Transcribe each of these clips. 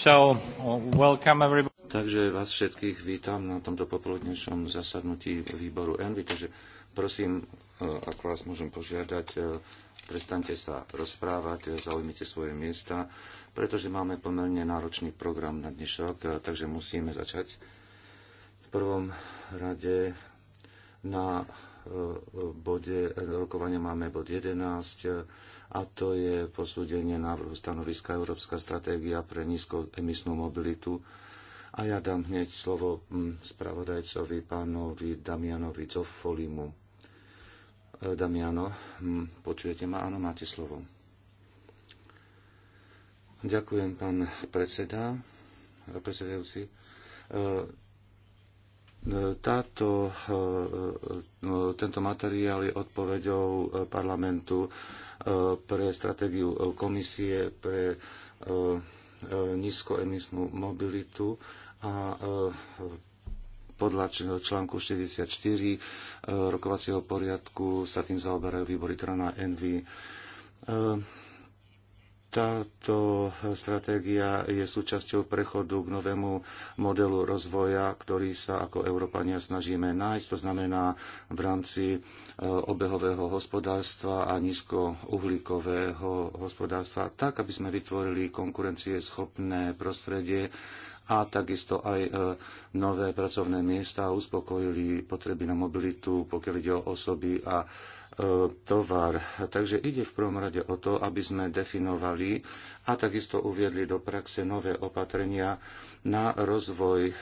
So, takže vás všetkých vítam na tomto popoludnejšom zasadnutí výboru ENVY, takže prosím, e, ak vás môžem požiadať, e, prestante sa rozprávať, e, zaujmite svoje miesta, pretože máme pomerne náročný program na dnešok, takže musíme začať. V prvom rade na bode rokovania máme bod 11 a to je posúdenie návrhu stanoviska Európska stratégia pre nízkoemisnú mobilitu. A ja dám hneď slovo mm, spravodajcovi pánovi Damianovi Zoffolimu. E, Damiano, mm, počujete ma? Áno, máte slovo. Ďakujem, pán predseda, predsedajúci e, táto, eh, tento materiál je odpoveďou parlamentu eh, pre stratégiu komisie pre eh, nízkoemisnú mobilitu a podľa článku 64 rokovacieho poriadku sa tým zaoberajú výbory Trana Envy. Táto stratégia je súčasťou prechodu k novému modelu rozvoja, ktorý sa ako Európania snažíme nájsť. To znamená v rámci e, obehového hospodárstva a nízkouhlíkového hospodárstva, tak aby sme vytvorili konkurencieschopné prostredie a takisto aj e, nové pracovné miesta a uspokojili potreby na mobilitu, pokiaľ ide o osoby a E, tovar. Takže ide v prvom rade o to, aby sme definovali a takisto uviedli do praxe nové opatrenia na rozvoj e,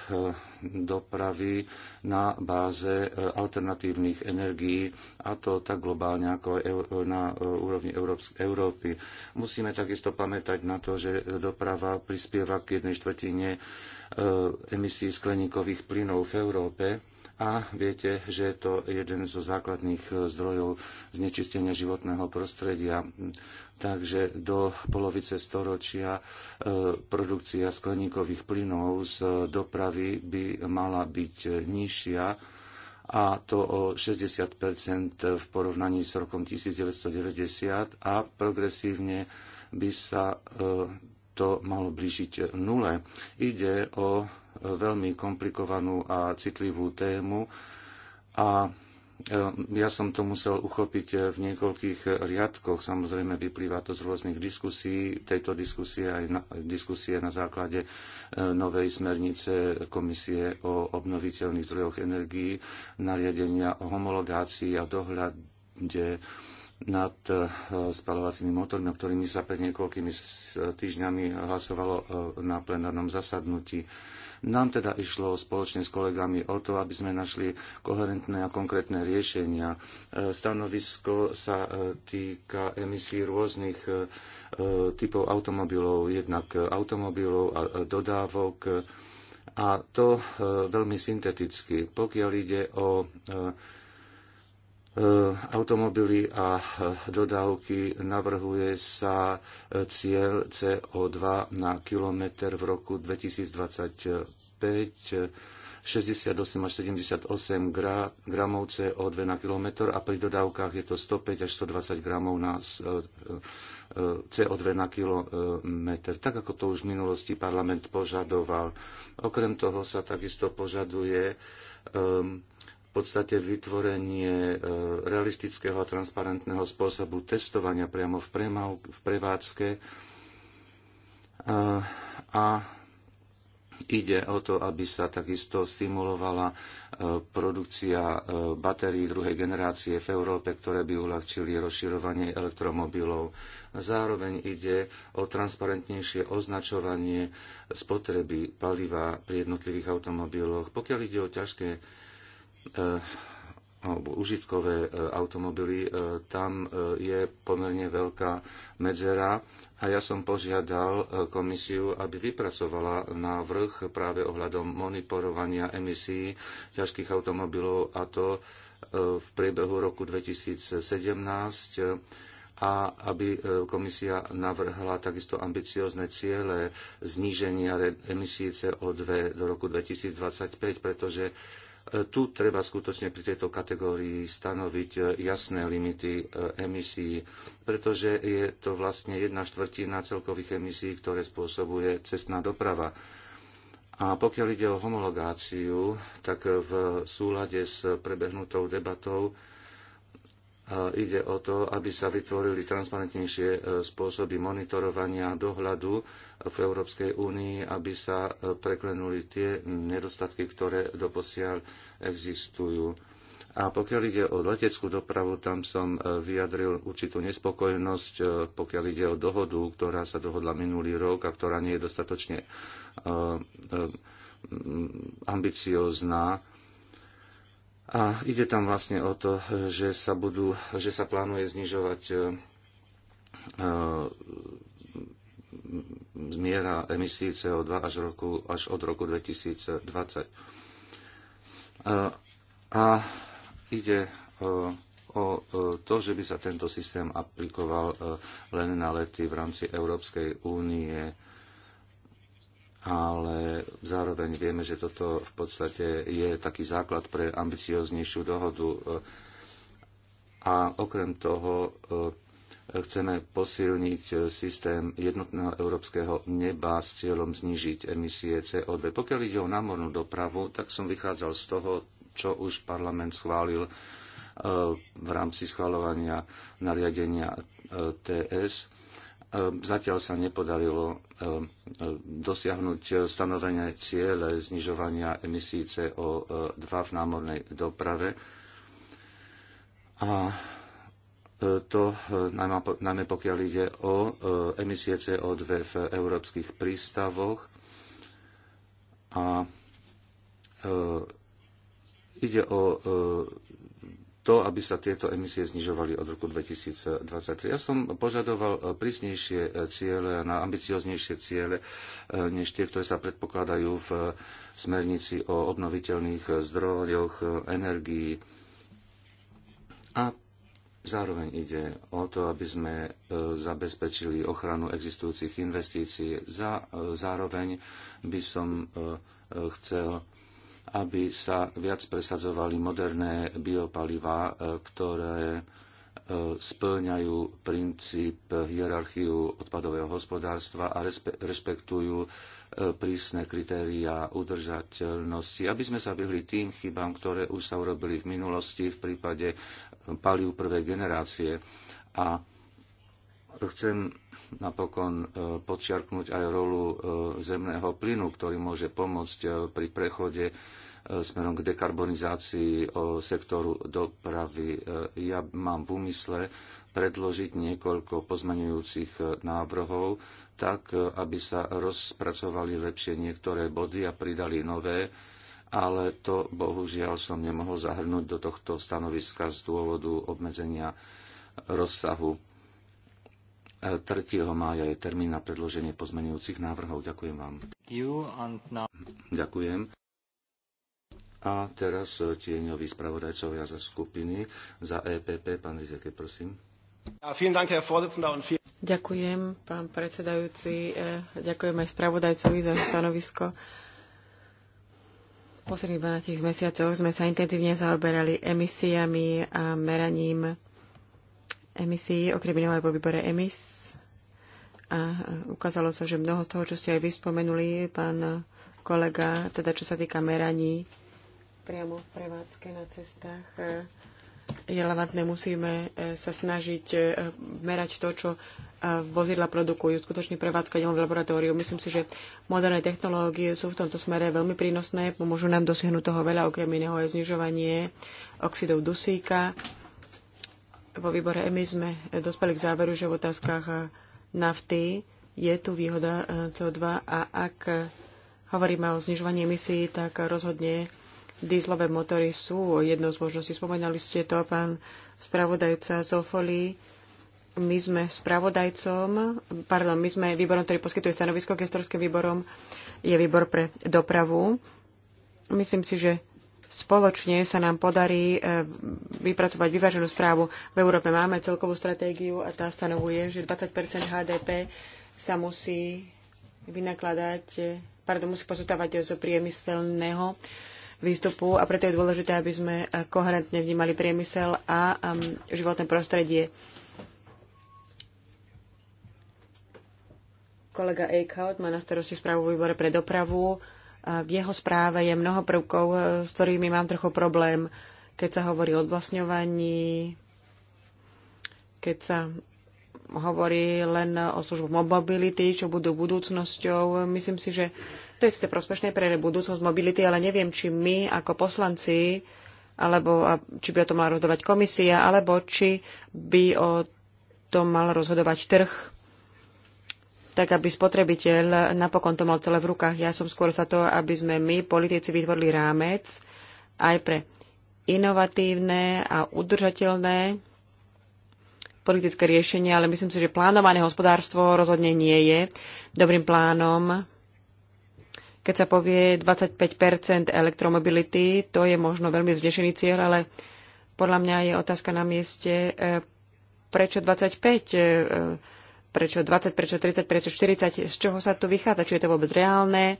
dopravy na báze e, alternatívnych energií, a to tak globálne ako na úrovni Európy. Musíme takisto pamätať na to, že doprava prispieva k jednej štvrtine emisí skleníkových plynov v Európe a viete, že je to jeden zo základných zdrojov znečistenia životného prostredia. Takže do polovice storočia e, produkcia skleníkových plynov z dopravy by mala byť nižšia a to o 60 v porovnaní s rokom 1990 a progresívne by sa e, to malo blížiť nule. Ide o veľmi komplikovanú a citlivú tému a e, ja som to musel uchopiť e, v niekoľkých riadkoch. Samozrejme, vyplýva to z rôznych diskusí, tejto diskusie aj na, diskusie na základe e, novej smernice Komisie o obnoviteľných zdrojoch energií, nariadenia o homologácii a dohľade nad spalovacími motormi, o ktorými sa pred niekoľkými týždňami hlasovalo na plenárnom zasadnutí. Nám teda išlo spoločne s kolegami o to, aby sme našli koherentné a konkrétne riešenia. E, stanovisko sa e, týka emisí rôznych e, typov automobilov, jednak automobilov a dodávok, a to veľmi synteticky. Pokiaľ ide o E, automobily a e, dodávky navrhuje sa e, cieľ CO2 na kilometr v roku 2025 68 až 78 gramov CO2 na kilometr a pri dodávkach je to 105 až 120 gramov na CO2 na kilometr, tak ako to už v minulosti parlament požadoval. Okrem toho sa takisto požaduje um, podstate vytvorenie e, realistického a transparentného spôsobu testovania priamo v, prevádzke. E, a ide o to, aby sa takisto stimulovala e, produkcia batérií druhej generácie v Európe, ktoré by uľahčili rozširovanie elektromobilov. Zároveň ide o transparentnejšie označovanie spotreby paliva pri jednotlivých automobiloch. Pokiaľ ide o ťažké E, alebo užitkové e, automobily, e, tam je pomerne veľká medzera a ja som požiadal komisiu, aby vypracovala návrh práve ohľadom monitorovania emisí ťažkých automobilov a to v priebehu roku 2017 a aby komisia navrhla takisto ambiciozne ciele zníženia emisí CO2 do roku 2025, pretože E, tu treba skutočne pri tejto kategórii stanoviť e, jasné limity e, emisí, pretože je to vlastne jedna štvrtina celkových emisí, ktoré spôsobuje cestná doprava. A pokiaľ ide o homologáciu, tak v súlade s prebehnutou debatou ide o to, aby sa vytvorili transparentnejšie e, spôsoby monitorovania dohľadu v Európskej únii, aby sa e, preklenuli tie nedostatky, ktoré doposiaľ existujú. A pokiaľ ide o leteckú dopravu, tam som e, vyjadril určitú nespokojnosť, pokiaľ ide o dohodu, ktorá sa dohodla minulý rok a ktorá nie je dostatočne ambiciozná a ide tam vlastne o to, že sa, budú, že sa plánuje znižovať e, e, miera emisí CO2 až, roku, až od roku 2020. E, a ide o to, že by sa tento systém aplikoval len na lety v rámci Európskej únie ale zároveň vieme, že toto v podstate je taký základ pre ambicioznejšiu dohodu. A okrem toho e, chceme posilniť e, systém jednotného európskeho neba s cieľom znížiť emisie CO2. Pokiaľ ide o námornú dopravu, tak som vychádzal z toho, čo už parlament schválil e, v rámci schvalovania nariadenia TS Ehm, zatiaľ sa nepodarilo ehm, ehm, dosiahnuť eh, stanovené ciele znižovania emisí CO2 eh, v námornej doprave. A eh, to najmä pokiaľ ide o emisie CO2 v európskych prístavoch. A ide o to, aby sa tieto emisie znižovali od roku 2023. Ja som požadoval eh, prísnejšie eh, ciele, na ambicioznejšie ciele, eh, než tie, ktoré sa predpokladajú v smernici o obnoviteľných zdrojoch energií. A zároveň ide o to, aby sme zabezpečili ochranu existujúcich investícií. Za, zároveň by som chcel aby sa viac presadzovali moderné biopalivá, e, ktoré e, splňajú princíp hierarchiu odpadového hospodárstva a rešpektujú e, prísne kritériá udržateľnosti, aby sme sa vyhli tým chybám, ktoré už sa urobili v minulosti v prípade palív prvej generácie. A chcem napokon e, podčiarknúť aj rolu e, zemného plynu, ktorý môže pomôcť e, pri prechode smerom k dekarbonizácii sektoru dopravy. Ja mám v úmysle predložiť niekoľko pozmenujúcich návrhov, tak aby sa rozpracovali lepšie niektoré body a pridali nové, ale to bohužiaľ som nemohol zahrnúť do tohto stanoviska z dôvodu obmedzenia rozsahu 3. mája je termín na predloženie pozmenujúcich návrhov. Ďakujem vám. Ďakujem. A teraz eh, tieňový spravodajcovia za skupiny, za EPP. Pán Rizeke, prosím. Ďakujem, pán predsedajúci. Eh, ďakujem aj spravodajcovi za stanovisko. V posledných 12 mesiacoch sme sa intenzívne zaoberali emisiami a meraním emisí, okrem iného aj vo výbore emis. A ukázalo sa, že mnoho z toho, čo ste aj vyspomenuli, pán kolega, teda čo sa týka meraní priamo v prevádzke na cestách, e, je levantné, Musíme e, sa snažiť e, merať to, čo vozidla produkujú. Skutočne prevádzka len v laboratóriu. Myslím si, že moderné technológie sú v tomto smere veľmi prínosné. Pomôžu nám dosiahnuť toho veľa, okrem iného aj znižovanie oxidov dusíka vo výbore EMI sme dospeli k záveru, že v otázkach eh, nafty je tu výhoda eh, CO2 a ak eh, hovoríme o znižovaní emisí, tak rozhodne dízlové motory sú jednou z možností. Spomenali ste to, pán spravodajca Zofoli. My sme spravodajcom, pardon, my sme výborom, ktorý poskytuje stanovisko gestorským výborom, je výbor pre dopravu. Myslím si, že spoločne sa nám podarí e, vypracovať vyváženú správu. V Európe máme celkovú stratégiu a tá stanovuje, že 20 HDP sa musí vynakladať, e, pardon, musí pozostávať z priemyselného výstupu a preto je dôležité, aby sme e, koherentne vnímali priemysel a životné prostredie. Kolega Eichhout má na starosti správu výbore pre dopravu v jeho správe je mnoho prvkov, e, s ktorými mám trochu problém, keď sa hovorí o odvlastňovaní, keď sa hovorí len o službu mobility, čo budú budúcnosťou. Myslím si, že to je ste prospešné pre budúcnosť mobility, ale neviem, či my ako poslanci, alebo či by o tom mala rozhodovať komisia, alebo či by o tom mal rozhodovať trh tak aby spotrebiteľ napokon to mal celé v rukách. Ja som skôr za to, aby sme my, politici, vytvorili rámec aj pre inovatívne a udržateľné politické riešenie, ale myslím si, že plánované hospodárstvo rozhodne nie je dobrým plánom. Keď sa povie 25 elektromobility, to je možno veľmi vznešený cieľ, ale podľa mňa je otázka na mieste, eh, prečo 25 prečo 20, prečo 30, prečo 40, z čoho sa tu vychádza, či je to vôbec reálne.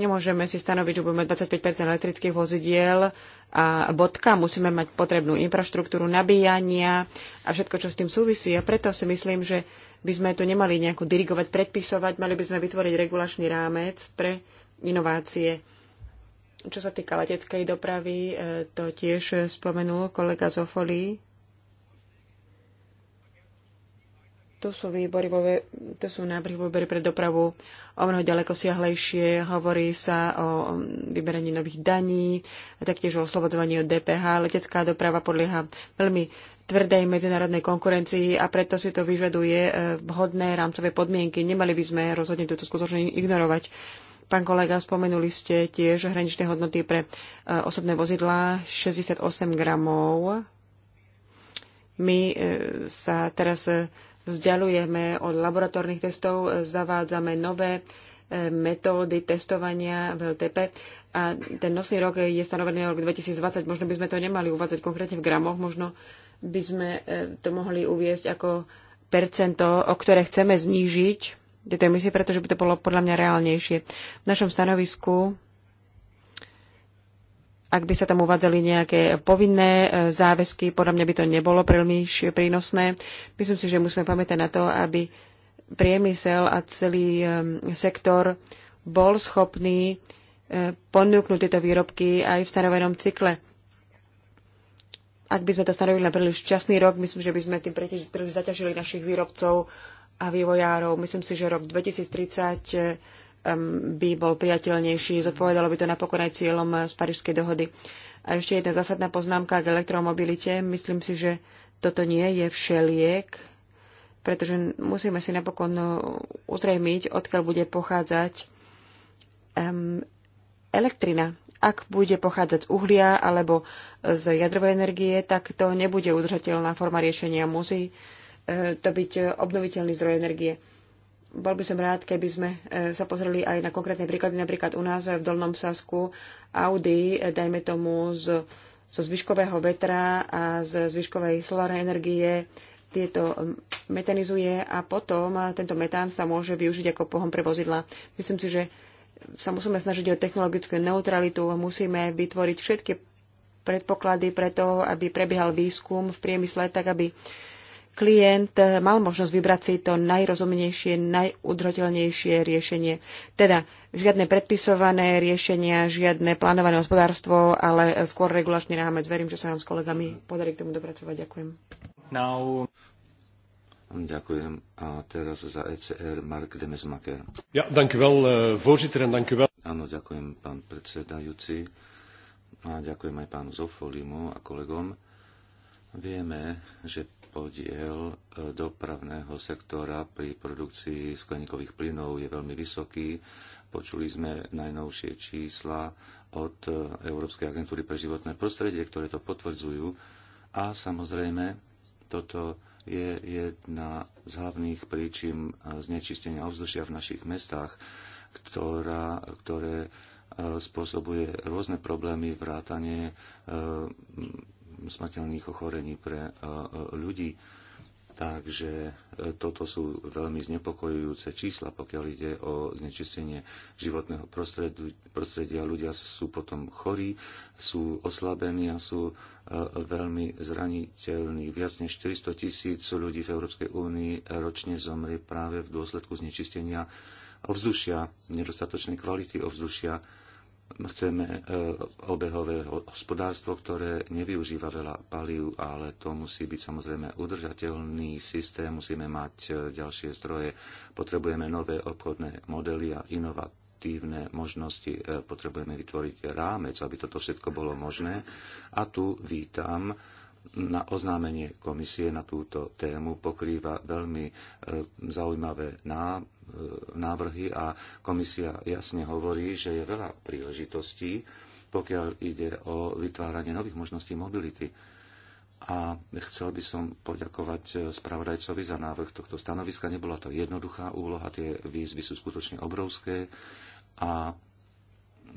Nemôžeme si stanoviť, že budeme 25 elektrických vozidiel a bodka. Musíme mať potrebnú infraštruktúru nabíjania a všetko, čo s tým súvisí. A preto si myslím, že by sme tu nemali nejako dirigovať, predpisovať, mali by sme vytvoriť regulačný rámec pre inovácie. Čo sa týka leteckej dopravy, e, to tiež spomenul kolega Zofoli Tu sú, výbory vo, tu sú návrhy vo pre dopravu o mnoho ďaleko siahlejšie. Hovorí sa o vyberení nových daní, taktiež o oslobodovaní od DPH. Letecká doprava podlieha veľmi tvrdej medzinárodnej konkurencii a preto si to vyžaduje e, vhodné rámcové podmienky. Nemali by sme rozhodne túto skutočnosť ignorovať. Pán kolega, spomenuli ste tiež hraničné hodnoty pre e, osobné vozidlá 68 gramov. My e, sa teraz vzdialujeme od laboratórnych testov, zavádzame nové eh, metódy testovania v LTP a ten nosný rok je stanovený na rok 2020. Možno by sme to nemali uvádzať konkrétne v gramoch, možno by sme eh, to mohli uviesť ako percento, o ktoré chceme znížiť tieto emisie, pretože by to bolo podľa mňa reálnejšie. V našom stanovisku ak by sa tam uvádzali nejaké povinné e, záväzky, podľa mňa by to nebolo príliš prínosné. Myslím si, že musíme pamätať na to, aby priemysel a celý e, sektor bol schopný e, ponúknuť tieto výrobky aj v stanovenom cykle. Ak by sme to stanovili na príliš časný rok, myslím, že by sme tým príliš zaťažili našich výrobcov a vývojárov. Myslím si, že rok 2030 by bol priateľnejší, zodpovedalo by to napokon aj cieľom eh, z Parížskej dohody. A ešte jedna zásadná poznámka k elektromobilite. Myslím si, že toto nie je všeliek, pretože musíme si napokon eh, uzrejmiť, odkiaľ bude pochádzať um, elektrina. Ak bude pochádzať z uhlia alebo z jadrovej energie, tak to nebude udržateľná forma riešenia. Musí eh, to byť obnoviteľný zdroj energie bol by som rád, keby sme e, sa pozreli aj na konkrétne príklady. Napríklad u nás v Dolnom Sasku Audi, dajme tomu, z, zo zvyškového vetra a z zvyškovej solárnej energie tieto metanizuje a potom e, tento metán sa môže využiť ako pohon pre vozidla. Myslím si, že sa musíme snažiť o technologickú neutralitu, musíme vytvoriť všetky predpoklady pre to, aby prebiehal výskum v priemysle, tak aby uh, klient eh, mal možnosť vybrať si to najrozumnejšie, najudrotelnejšie riešenie. Teda žiadne predpisované riešenia, žiadne plánované hospodárstvo, ale skôr regulačný rámec. Verím, že sa nám s kolegami podarí k tomu dopracovať. Ďakujem. Now... Ďakujem. A teraz za ECR Mark Demesmaker. Ja, dank u wel, eh, voorzitter, en dank u wel. Áno, ďakujem, pán predsedajúci. A ďakujem aj pánu Zofolimu a kolegom. Vieme, že podiel e, dopravného sektora pri produkcii skleníkových plynov je veľmi vysoký. Počuli sme najnovšie čísla od e, Európskej agentúry pre životné prostredie, ktoré to potvrdzujú. A samozrejme, toto je jedna z hlavných príčin e, znečistenia ovzdušia v našich mestách, ktorá, ktoré spôsobuje rôzne problémy, vrátanie smrteľných ochorení pre e, e, ľudí. Takže e, toto sú veľmi znepokojujúce čísla, pokiaľ ide o znečistenie životného prostredia. Ľudia sú potom chorí, sú oslabení a sú veľmi zraniteľní. Viac než 400 tisíc ľudí v Európskej únii ročne zomrie práve v dôsledku znečistenia ovzdušia, nedostatočnej kvality ovzdušia chceme e, obehové hospodárstvo, ktoré nevyužíva veľa palív, ale to musí byť samozrejme udržateľný systém, musíme mať e, ďalšie zdroje, potrebujeme nové obchodné modely a inovatívne možnosti, e, potrebujeme vytvoriť rámec, aby toto všetko bolo možné. A tu vítam na oznámenie komisie na túto tému pokrýva veľmi zaujímavé E, návrhy a komisia jasne hovorí, že je veľa príležitostí, pokiaľ ide o vytváranie nových možností mobility. A chcel by som poďakovať e, spravodajcovi za návrh tohto stanoviska. Nebola to jednoduchá úloha, tie výzvy sú skutočne obrovské a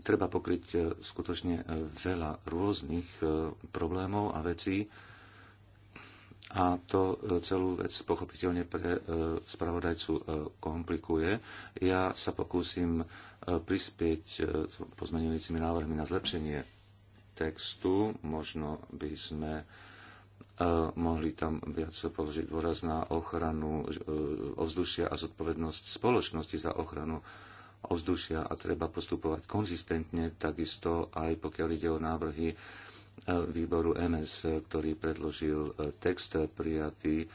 treba pokryť e, skutočne veľa rôznych problémov a vecí a to e, celú vec pochopiteľne pre e, spravodajcu e, komplikuje. Ja sa pokúsim prispieť pozmenujúcimi návrhmi na zlepšenie textu. Možno by sme mohli tam viac položiť dôraz na ochranu ovzdušia a zodpovednosť spoločnosti za ochranu ovzdušia a treba postupovať konzistentne, takisto aj pokiaľ ide o návrhy výboru MS, ktorý predložil e, text prijatý e,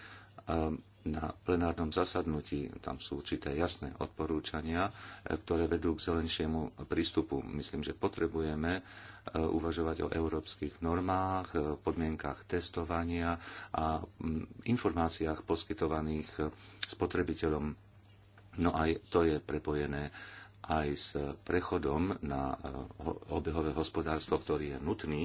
na plenárnom zasadnutí. Tam sú určité jasné odporúčania, e, ktoré vedú k zelenšiemu prístupu. Myslím, že potrebujeme uvažovať o európskych normách, podmienkách testovania a informáciách poskytovaných spotrebiteľom. No aj to je prepojené aj s prechodom na obehové hospodárstvo, ktorý je nutný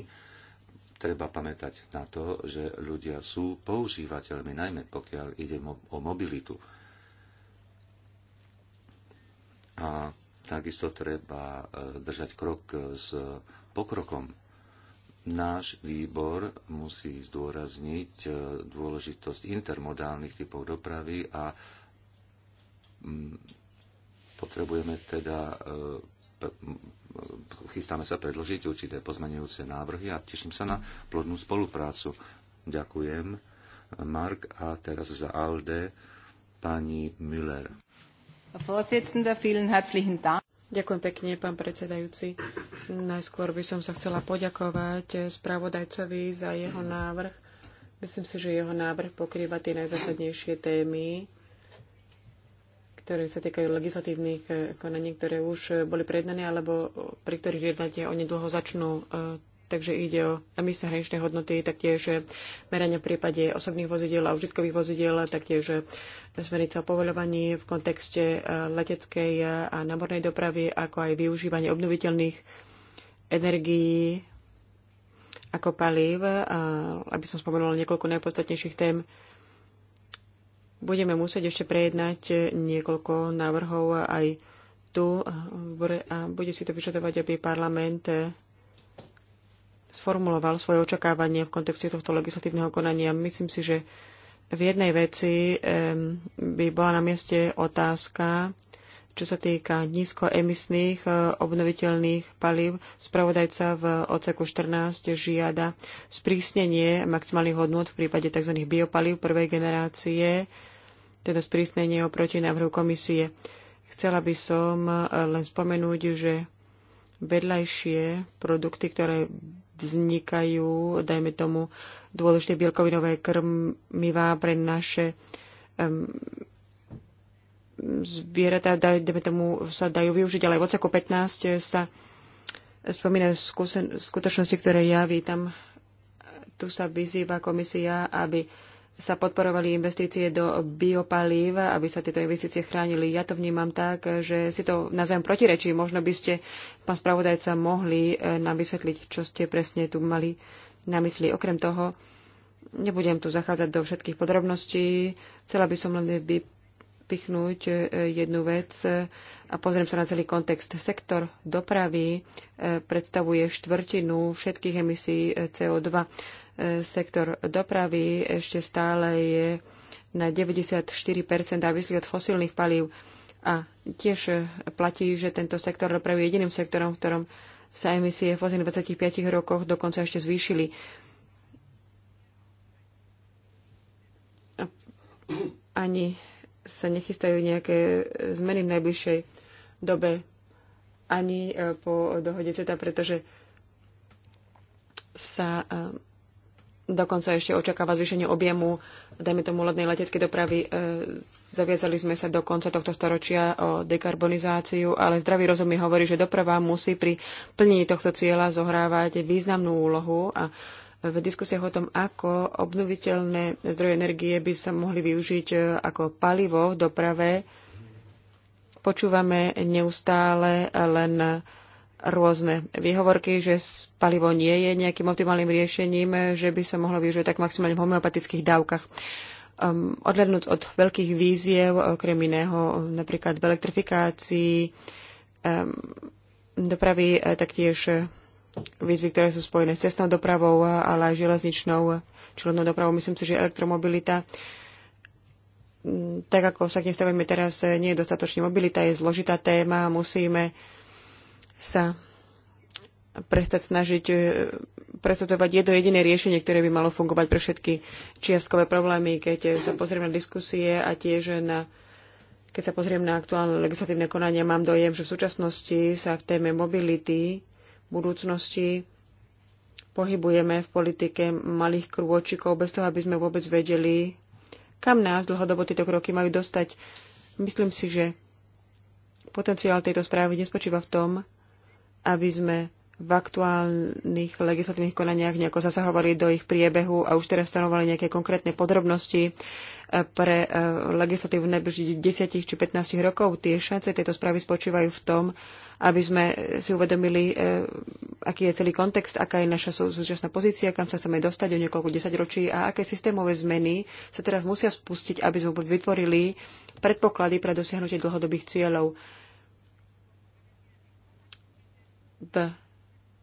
treba pamätať na to, že ľudia sú používateľmi, najmä pokiaľ ide o mobilitu. A takisto treba e, držať krok s pokrokom. Náš výbor musí zdôrazniť e, dôležitosť intermodálnych typov dopravy a mm, potrebujeme teda e, chystáme sa predložiť určité pozmenujúce návrhy a teším sa na plodnú spoluprácu. Ďakujem, Mark, a teraz za ALDE pani Müller. Ďakujem pekne, pán predsedajúci. Najskôr by som sa chcela poďakovať spravodajcovi za jeho návrh. Myslím si, že jeho návrh pokrýva tie najzásadnejšie témy, ktoré sa týkajú legislatívnych eh, konaní, ktoré už eh, boli prednané, alebo eh, pri ktorých jednáte oni dlho začnú. Takže ide o emisie hraničnej hodnoty, taktiež merania v prípade osobných vozidiel a užitkových vozidiel, taktiež smernica o povoľovaní v kontexte leteckej a námornej dopravy, ako aj využívanie obnoviteľných energií ako palív, aby som spomenula niekoľko najpodstatnejších tém, budeme musieť ešte prejednať eh, niekoľko návrhov aj tu eh, a bude si to vyžadovať, aby parlament eh, sformuloval svoje očakávanie v kontexte tohto legislatívneho konania. Myslím si, že v jednej veci by bola na mieste otázka, čo sa týka nízkoemisných obnoviteľných palív. Spravodajca v oceku 14 žiada sprísnenie maximálnych hodnot v prípade tzv. biopalív prvej generácie teda sprísnenie oproti návrhu komisie. Chcela by som e, len spomenúť, že vedľajšie produkty, ktoré vznikajú, dajme tomu, dôležité bielkovinové krmivá pre naše um, zvieratá, dajme tomu, sa dajú využiť, ale aj v odseku 15 sa spomínajú skutočnosti, ktoré ja vítam. Tu sa vyzýva komisia, aby sa podporovali investície do biopalív, aby sa tieto investície chránili. Ja to vnímam tak, že si to navzájom protirečí. Možno by ste, pán spravodajca, mohli e, nám vysvetliť, čo ste presne tu mali na mysli. Okrem toho, nebudem tu zachádzať do všetkých podrobností. Chcela by som len vypichnúť e, jednu vec a pozriem sa na celý kontext. Sektor dopravy e, predstavuje štvrtinu všetkých emisí CO2 Sektor dopravy ešte stále je na 94% závislý od fosílnych palív. A tiež platí, že tento sektor dopravy je jediným sektorom, v ktorom sa emisie v posledných 25 rokoch dokonca ešte zvýšili. Ani sa nechystajú nejaké zmeny v najbližšej dobe, ani eh, po dohode CETA, pretože sa eh, dokonca ešte očakáva zvýšenie objemu, dajme tomu, lodnej leteckej dopravy. E, zaviazali sme sa do konca tohto storočia o dekarbonizáciu, ale zdravý rozum mi hovorí, že doprava musí pri plnení tohto cieľa zohrávať významnú úlohu a v diskusiách o tom, ako obnoviteľné zdroje energie by sa mohli využiť e, ako palivo v doprave, počúvame neustále len rôzne výhovorky, že palivo nie je nejakým optimálnym riešením, že by sa mohlo využívať tak maximálne v homeopatických dávkach. Um, odhľadnúť od veľkých víziev, okrem iného napríklad v elektrifikácii, um, dopravy, eh, taktiež eh, výzvy, ktoré sú spojené s cestnou dopravou, ale aj železničnou člennou dopravou. Myslím si, že elektromobilita, mm, tak ako sa k nej stavíme teraz, eh, nie je dostatočne mobilita, je zložitá téma, musíme sa prestať snažiť e, presetovať jedno jediné riešenie, ktoré by malo fungovať pre všetky čiastkové problémy, keď sa pozriem na diskusie a tiež na keď sa pozriem na aktuálne legislatívne konania, mám dojem, že v súčasnosti sa v téme mobility v budúcnosti pohybujeme v politike malých krôčikov bez toho, aby sme vôbec vedeli, kam nás dlhodobo tieto kroky majú dostať. Myslím si, že potenciál tejto správy nespočíva v tom, aby sme v aktuálnych legislatívnych konaniach nejako zasahovali do ich priebehu a už teraz stanovali nejaké konkrétne podrobnosti e, pre e, legislatívu najbližších 10 či 15 rokov. Tie šance tejto správy spočívajú v tom, aby sme si uvedomili, e, aký je celý kontext, aká je naša súčasná pozícia, kam sa chceme dostať o niekoľko desaťročí a aké systémové zmeny sa teraz musia spustiť, aby sme vytvorili predpoklady pre dosiahnutie dlhodobých cieľov v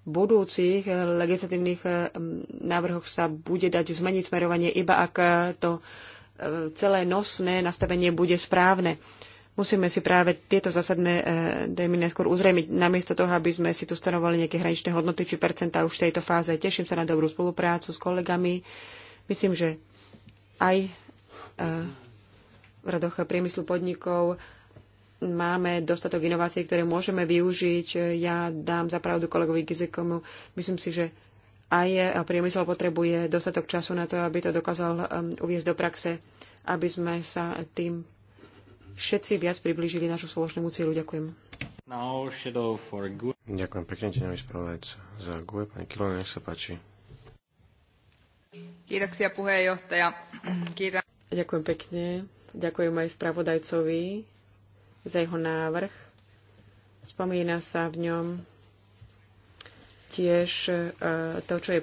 budúcich legislatívnych eh, návrhoch sa bude dať zmeniť smerovanie, iba ak eh, to eh, celé nosné nastavenie bude správne. Musíme si práve tieto zásadné dejmy neskôr uzrejmiť, namiesto toho, aby sme si tu stanovali nejaké hraničné hodnoty či percentá už v tejto fáze. Teším sa na dobrú spoluprácu s kolegami. Myslím, že aj v radoch priemyslu podnikov máme dostatok inovácií, ktoré môžeme využiť. Ja dám za pravdu kolegovi Gizekomu. Myslím si, že aj priemysel potrebuje dostatok času na to, aby to dokázal um, uviezť do praxe, aby sme sa tým všetci viac priblížili našu spoločnému cieľu. Ďakujem. Ďakujem pekne, tenový spravodajca za GUE. Pani Kilo, nech sa páči. Ďakujem pekne. Ďakujem aj spravodajcovi za jeho návrh. Spomína sa v ňom tiež e, to, čo je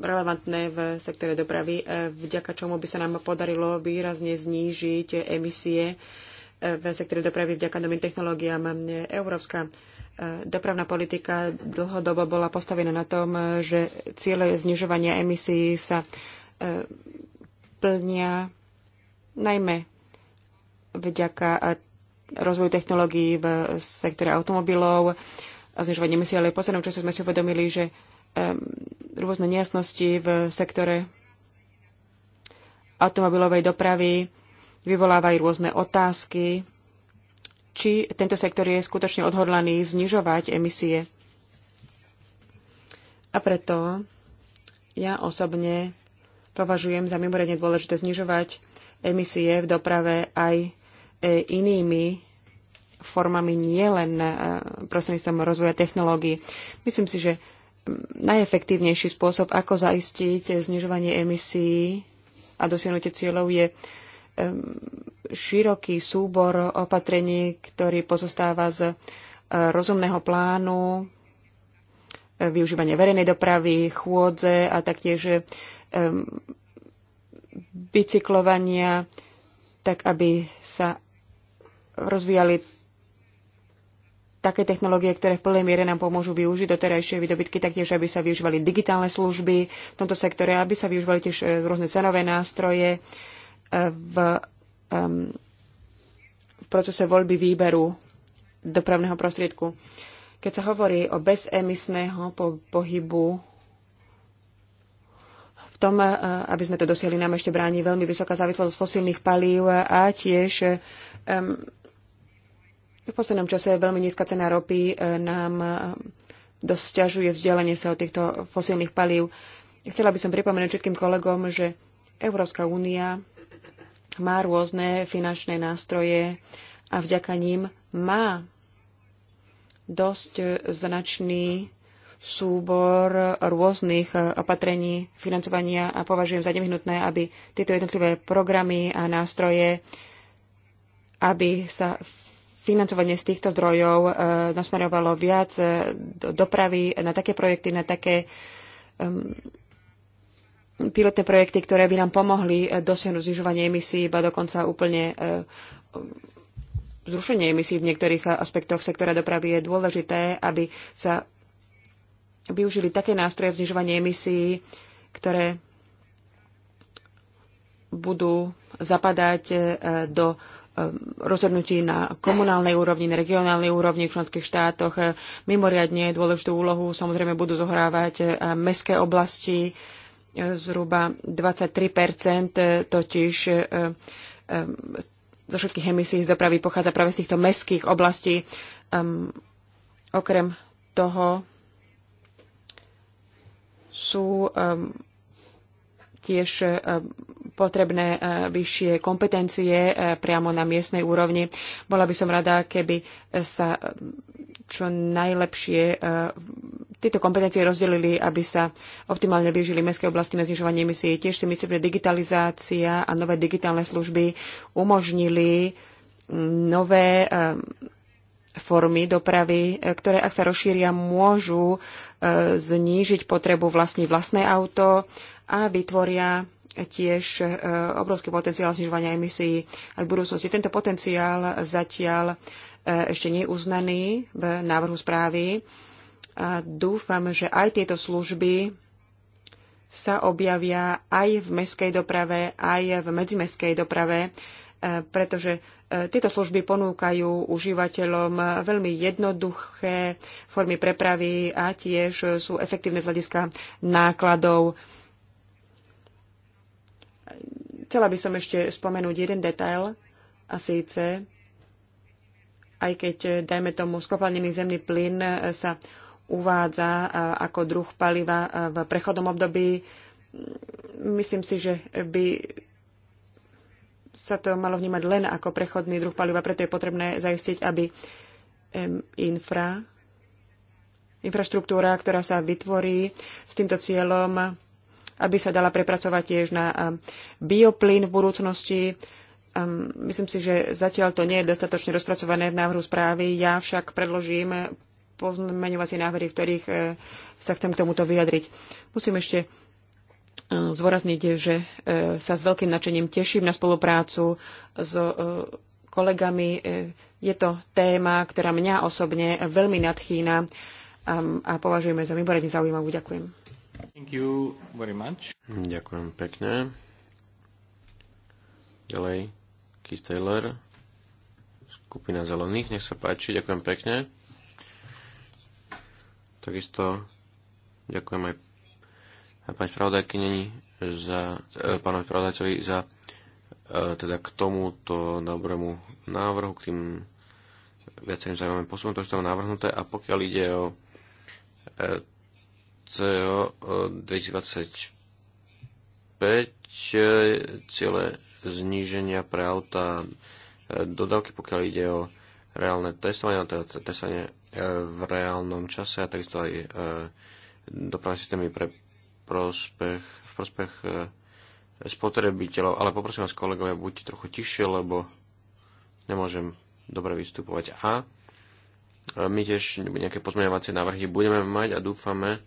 relevantné v sektore dopravy, e, vďaka čomu by sa nám podarilo výrazne znížiť emisie e, v sektore dopravy vďaka novým technológiám. Európska dopravná politika dlhodobo bola postavená na tom, že cieľe znižovania emisí sa plnia najmä vďaka rozvoju technológií v sektore automobilov a znižovanie emisie, ale v poslednom čase sme si uvedomili, že um, rôzne nejasnosti v sektore automobilovej dopravy vyvolávajú rôzne otázky, či tento sektor je skutočne odhodlaný znižovať emisie. A preto ja osobne považujem za mimoriadne dôležité znižovať emisie v doprave aj E, inými formami, nielen e, prostredníctvom rozvoja technológií. Myslím si, že najefektívnejší spôsob, ako zaistiť znižovanie emisí a dosiahnutie cieľov je široký súbor opatrení, ktorý pozostáva z e, rozumného plánu, využívanie verejnej dopravy, chôdze a taktiež bicyklovania, tak aby sa rozvíjali také technológie, ktoré v plnej miere nám pomôžu využiť doterajšie výdobytky, taktiež aby sa využívali digitálne služby v tomto sektore, aby sa využívali tiež e, rôzne cenové nástroje e, v, v procese voľby výberu dopravného prostriedku. Keď sa hovorí o bezemisného po- pohybu, v tom, e, aby sme to dosiahli, nám ešte bráni veľmi vysoká závislosť fosílnych palív a tiež um, v poslednom čase veľmi nízka cena ropy e, nám e, dosť ťažuje vzdialenie sa od týchto fosílnych palív. Chcela by som pripomenúť všetkým kolegom, že Európska únia má rôzne finančné nástroje a vďaka ním má dosť e, značný súbor rôznych opatrení financovania a považujem za nevyhnutné, aby tieto jednotlivé programy a nástroje, aby sa financovanie z týchto zdrojov e, nasmerovalo viac e, do dopravy na také projekty, na také um, pilotné projekty, ktoré by nám pomohli e, dosiahnuť znižovanie emisí, iba dokonca úplne zrušenie emisí v niektorých aspektoch sektora dopravy je dôležité, aby sa využili také nástroje v znižovaní emisí, ktoré budú zapadať do Ehm, rozhodnutí na komunálnej úrovni, na regionálnej úrovni v členských štátoch. E, mimoriadne dôležitú úlohu samozrejme budú zohrávať e, mestské oblasti, e, zhruba 23 totiž zo všetkých emisí z dopravy pochádza práve z týchto mestských oblastí. Ehm, okrem toho sú ehm, tiež potrebné e, vyššie kompetencie e, priamo na miestnej úrovni. Bola by som rada, keby e, sa čo najlepšie tieto kompetencie rozdelili, aby sa optimálne využili mestské oblasti na znižovanie emisí. Tiež si myslím, že digitalizácia a nové digitálne služby umožnili nové formy dopravy, ktoré, ak sa rozšíria, môžu znížiť potrebu vlastní vlastné auto a vytvoria tiež e, obrovský potenciál znižovania emisí aj v budúcnosti. Tento potenciál zatiaľ e, ešte nie je uznaný v návrhu správy. A dúfam, že aj tieto služby sa objavia aj v meskej doprave, aj v medzimeskej doprave, e, pretože tieto služby ponúkajú užívateľom veľmi jednoduché formy prepravy a tiež sú efektívne z hľadiska nákladov Chcela by som ešte spomenúť jeden detail, a síce, aj keď, dajme tomu, skopalnený zemný plyn e, sa uvádza e, ako druh paliva e, v prechodom období, myslím si, že by sa to malo vnímať len ako prechodný druh paliva, preto je potrebné zaistiť, aby infra, infraštruktúra, ktorá sa vytvorí s týmto cieľom, aby sa dala prepracovať tiež na um, bioplyn v budúcnosti. Um, myslím si, že zatiaľ to nie je dostatočne rozpracované v návrhu správy. Ja však predložím pozmeňovacie návrhy, v ktorých e, sa chcem k tomuto vyjadriť. Musím ešte e, zvorazniť, že e, sa s veľkým nadšením teším na spoluprácu s kolegami. Je to téma, ktorá mňa osobne veľmi nadchýna um, a považujeme za mimoriadne zaujímavú. Ďakujem. Thank you very much. Ďakujem pekne. Ďalej, Keith Taylor, skupina zelených, nech sa páči, ďakujem pekne. Takisto ďakujem aj, aj pani spravodajkyni za, e, pánovi spravodajcovi za e, teda k tomuto dobrému návrhu, k tým viacerým zaujímavým posunom, ktoré sú tam navrhnuté a pokiaľ ide o e, CO 2025 e, e, ciele zníženia pre auta e, dodávky, pokiaľ ide o reálne testovanie, teda testovanie v reálnom čase a takisto aj dopravné systémy pre prospech, v prospech spotrebiteľov. Ale poprosím vás, kolegovia, buďte trochu tiššie, lebo nemôžem dobre vystupovať. A my tiež nejaké pozmeňovacie návrhy budeme mať a dúfame,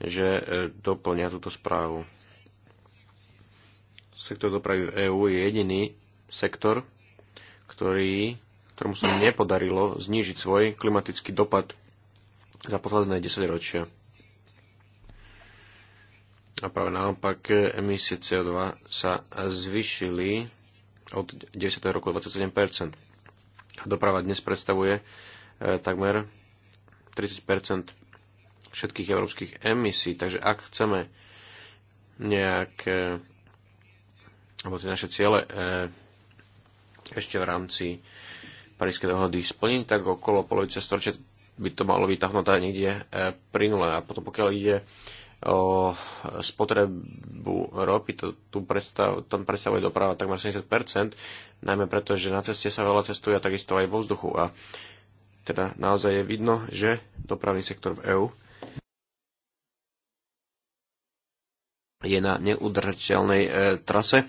že e, doplňa túto správu. Sektor dopravy v EÚ je jediný sektor, ktorý, ktorému sa nepodarilo znížiť svoj klimatický dopad za posledné 10 ročia. A práve naopak e, emisie CO2 sa zvyšili od 10. roku 27%. A doprava dnes predstavuje e, takmer 30 všetkých európskych emisí. Takže ak chceme nejaké alebo tie naše ciele eh, ešte v rámci Parískej dohody splniť, tak okolo polovice storočia by to malo byť aj no niekde eh, pri nule. A potom pokiaľ ide o spotrebu ropy, to, tu predstav, tam predstavuje doprava takmer 70%, najmä preto, že na ceste sa veľa cestuje a takisto aj vo vzduchu. A teda naozaj je vidno, že dopravný sektor v EÚ je na neudržateľnej e, trase, e,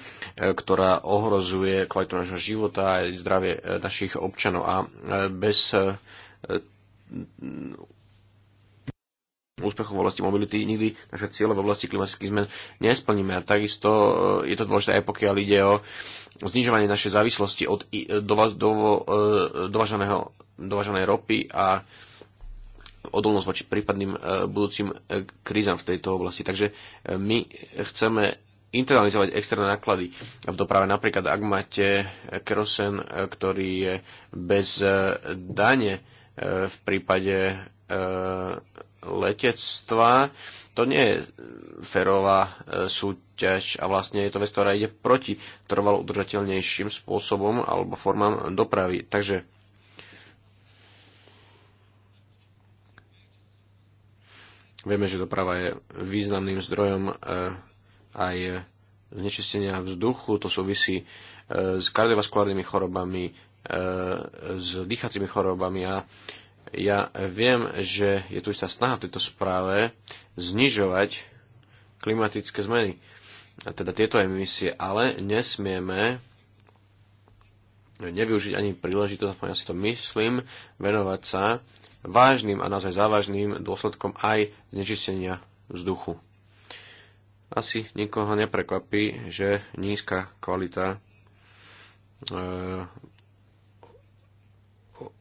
ktorá ohrozuje kvalitu našho života a zdravie e, našich občanov. A e, bez e, e úspechov v oblasti mobility nikdy naše cieľe v oblasti klimatických zmen nesplníme. A takisto e, je to dôležité aj pokiaľ ide o znižovanie našej závislosti od e, dovažaného, dovaženej ropy a odolnosť voči prípadným e, budúcim e, krízam v tejto oblasti. Takže e, my chceme internalizovať externé náklady v doprave. Napríklad, ak máte kerosen, ktorý je bez dane v prípade letectva, to nie je férová súťaž a vlastne je to vec, ktorá ide proti trvalo udržateľnejším spôsobom alebo formám dopravy. Takže Vieme, že doprava je významným zdrojom e, aj znečistenia vzduchu, to súvisí e, s kardiovaskulárnymi chorobami, e, s dýchacími chorobami a ja viem, že je tu istá snaha v tejto správe znižovať klimatické zmeny, a teda tieto emisie, ale nesmieme nevyužiť ani príležitosť, aspoň ja si to myslím, venovať sa vážnym a naozaj závažným dôsledkom aj znečistenia vzduchu. Asi nikoho neprekvapí, že nízka kvalita e,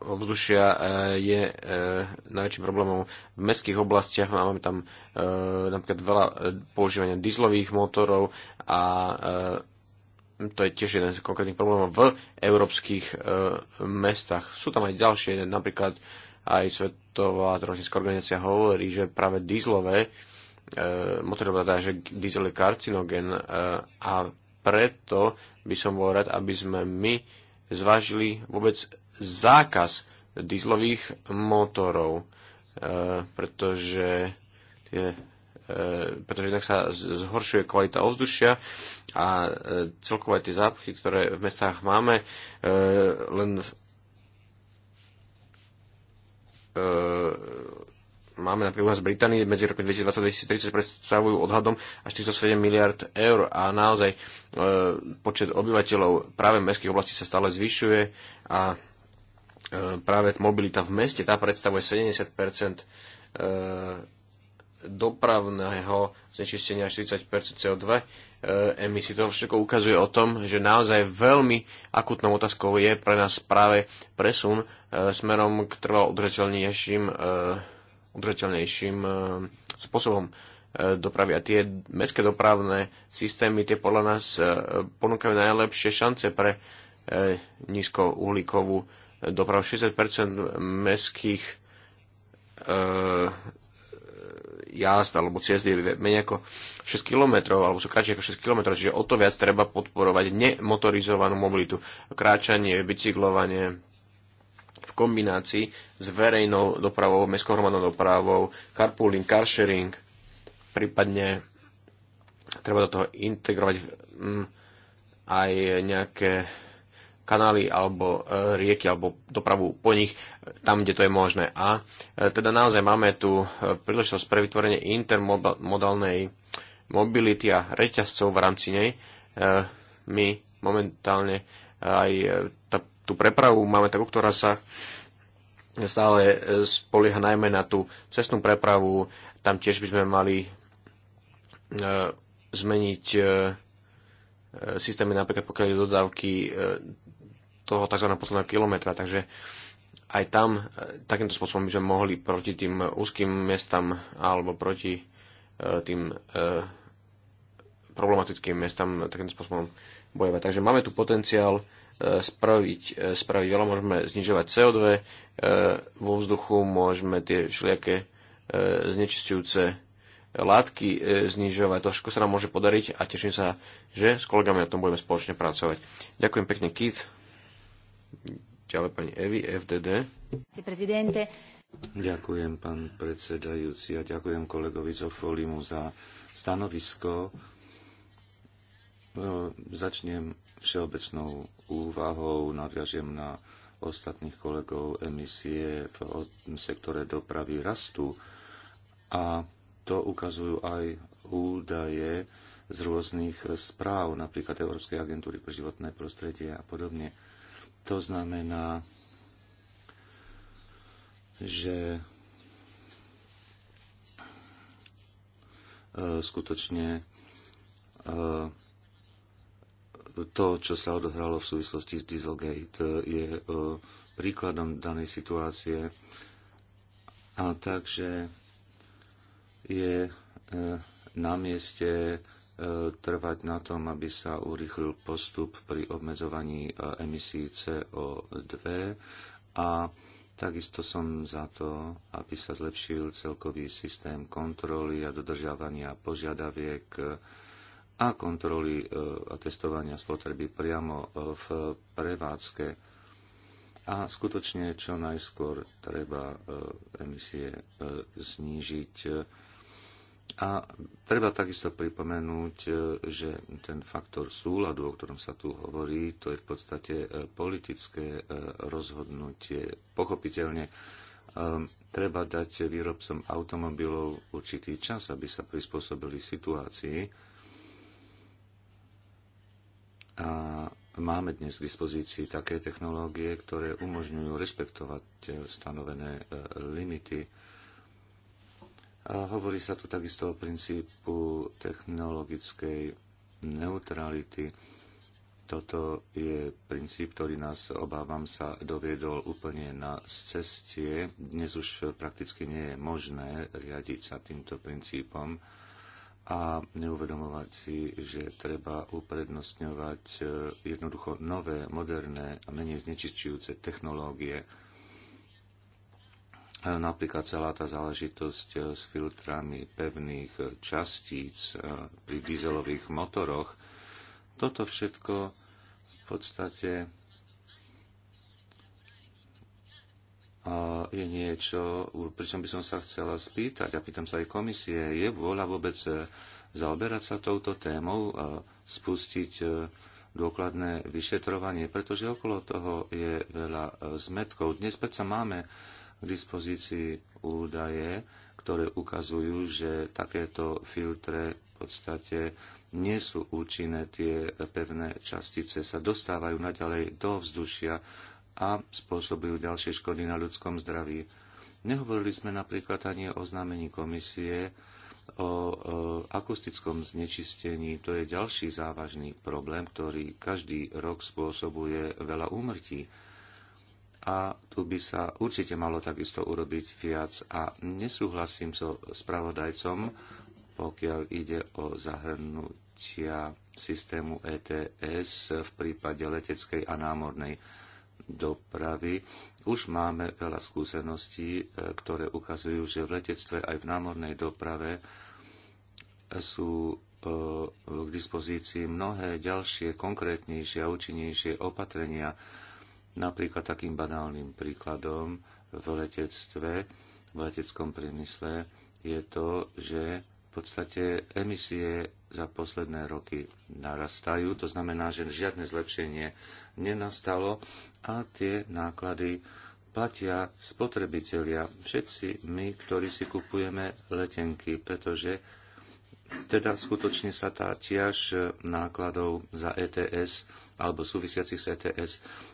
ovzdušia e, je e, najväčším problémom v mestských oblastiach. Máme tam napríklad veľa používania dieslových motorov a to je tiež jeden z konkrétnych problémov v európskych mestách. Sú tam aj ďalšie, napríklad aj Svetová zdravotnícká organizácia hovorí, že práve dieselové e, motory, teda, že diesel je karcinogen e, a preto by som bol rád, aby sme my zvážili vôbec zákaz dieselových motorov, e, pretože tie e, pretože inak sa zhoršuje kvalita ovzdušia a e, celkové tie zápchy, ktoré v mestách máme, e, len E, máme napríklad z Británie medzi rokmi 2020 a 2030 predstavujú odhadom až 47 miliard eur a naozaj e, počet obyvateľov práve v mestských oblasti sa stále zvyšuje a e, práve mobilita v meste tá predstavuje 70 e, dopravného znečistenia 40 CO2 e, emisí. To všetko ukazuje o tom, že naozaj veľmi akutnou otázkou je pre nás práve presun E, smerom k trvalo e, udržateľnejším, udržateľnejším spôsobom e, dopravy. A tie mestské dopravné systémy, tie podľa nás ponúkajú najlepšie šance pre nízkouhlíkovú dopravu. 60% mestských jazd alebo ciest je menej ako 6 km, alebo sú kratšie ako 6 km, čiže o to viac treba podporovať nemotorizovanú mobilitu. Kráčanie, bicyklovanie, kombinácii s verejnou dopravou, mestskou hromadnou dopravou, carpooling, carsharing, prípadne treba do toho integrovať mm, aj nejaké kanály alebo e, rieky alebo dopravu po nich tam, kde to je možné. A e, teda naozaj máme tu e, príležitosť pre vytvorenie intermodálnej mobility a reťazcov v rámci nej. My momentálne aj tú prepravu máme takú, ktorá sa stále e, spolieha najmä na tú cestnú prepravu. Tam tiež by sme mali e, zmeniť e, systémy, napríklad pokiaľ je dodávky toho tzv. posledného kilometra. Takže aj tam takýmto spôsobom by sme mohli proti tým úzkým miestam alebo proti tým problematickým miestam takýmto spôsobom bojovať. Takže máme tu potenciál spraviť, e, spraviť veľa. Môžeme znižovať CO2 e, vo vzduchu, môžeme tie všelijaké e, znečistujúce látky znižovať. To všetko sa nám môže podariť a teším sa, že s kolegami na tom budeme spoločne pracovať. Ďakujem pekne, Kit. Ďalej pani Evi, FDD. Ďakujem, pán predsedajúci, a ďakujem kolegovi Zofolimu za stanovisko. No, začnem všeobecnou úvahou nadviažem na ostatných kolegov emisie v sektore dopravy rastu A to ukazujú aj údaje z rôznych správ, napríklad Európskej agentúry pre životné prostredie a podobne. To znamená, že e, skutočne e, to, čo sa odohralo v súvislosti s Dieselgate, je e, príkladom danej situácie. A takže je e, na mieste e, trvať na tom, aby sa urýchlil postup pri obmedzovaní emisí CO2 a takisto som za to, aby sa zlepšil celkový systém kontroly a dodržiavania požiadaviek a kontroly e, a testovania spotreby priamo e, v prevádzke. A skutočne čo najskôr treba e, emisie znížiť. A treba takisto pripomenúť, že ten faktor súladu, o ktorom sa tu hovorí, to je v podstate politické rozhodnutie. Pochopiteľne treba dať výrobcom automobilov určitý čas, aby sa prispôsobili situácii, a máme dnes k dispozícii také technológie, ktoré umožňujú rešpektovať e, stanovené e, limity. A hovorí sa tu takisto o princípu technologickej neutrality. Toto je princíp, ktorý nás, obávam sa, doviedol úplne na cestie. Dnes už prakticky nie je možné riadiť sa týmto princípom a neuvedomovať si, že treba uprednostňovať e, jednoducho nové, moderné a menej znečistujúce technológie. E, napríklad celá tá záležitosť e, s filtrami pevných častíc pri dieselových motoroch. Toto všetko v podstate je niečo, pričom by som sa chcela spýtať a pýtam sa aj komisie, je vôľa vôbec e, zaoberať sa touto témou a spustiť e, dôkladné vyšetrovanie, pretože okolo toho je veľa e, zmetkov. Dnes sa máme k dispozícii údaje, ktoré ukazujú, že takéto filtre v podstate nie sú účinné, tie pevné častice sa dostávajú naďalej do vzdušia a spôsobujú ďalšie škody na ľudskom zdraví. Nehovorili sme napríklad ani o oznámení komisie o, akustickom znečistení. To je ďalší závažný problém, ktorý každý rok spôsobuje veľa úmrtí. A tu by sa určite malo takisto urobiť viac. A nesúhlasím so spravodajcom, pokiaľ ide o zahrnutia systému ETS v prípade leteckej a námornej dopravy už máme veľa skúseností, e, ktoré ukazujú, že v letectve aj v námornej doprave sú e, k dispozícii mnohé ďalšie konkrétnejšie a účinnejšie opatrenia. Napríklad takým banálnym príkladom v letectve, v leteckom priemysle je to, že v podstate emisie za posledné roky narastajú. To znamená, že žiadne zlepšenie nenastalo a tie náklady platia spotrebitelia, všetci my, ktorí si kupujeme letenky, pretože teda skutočne sa tá tiež nákladov za ETS alebo súvisiacich s ETS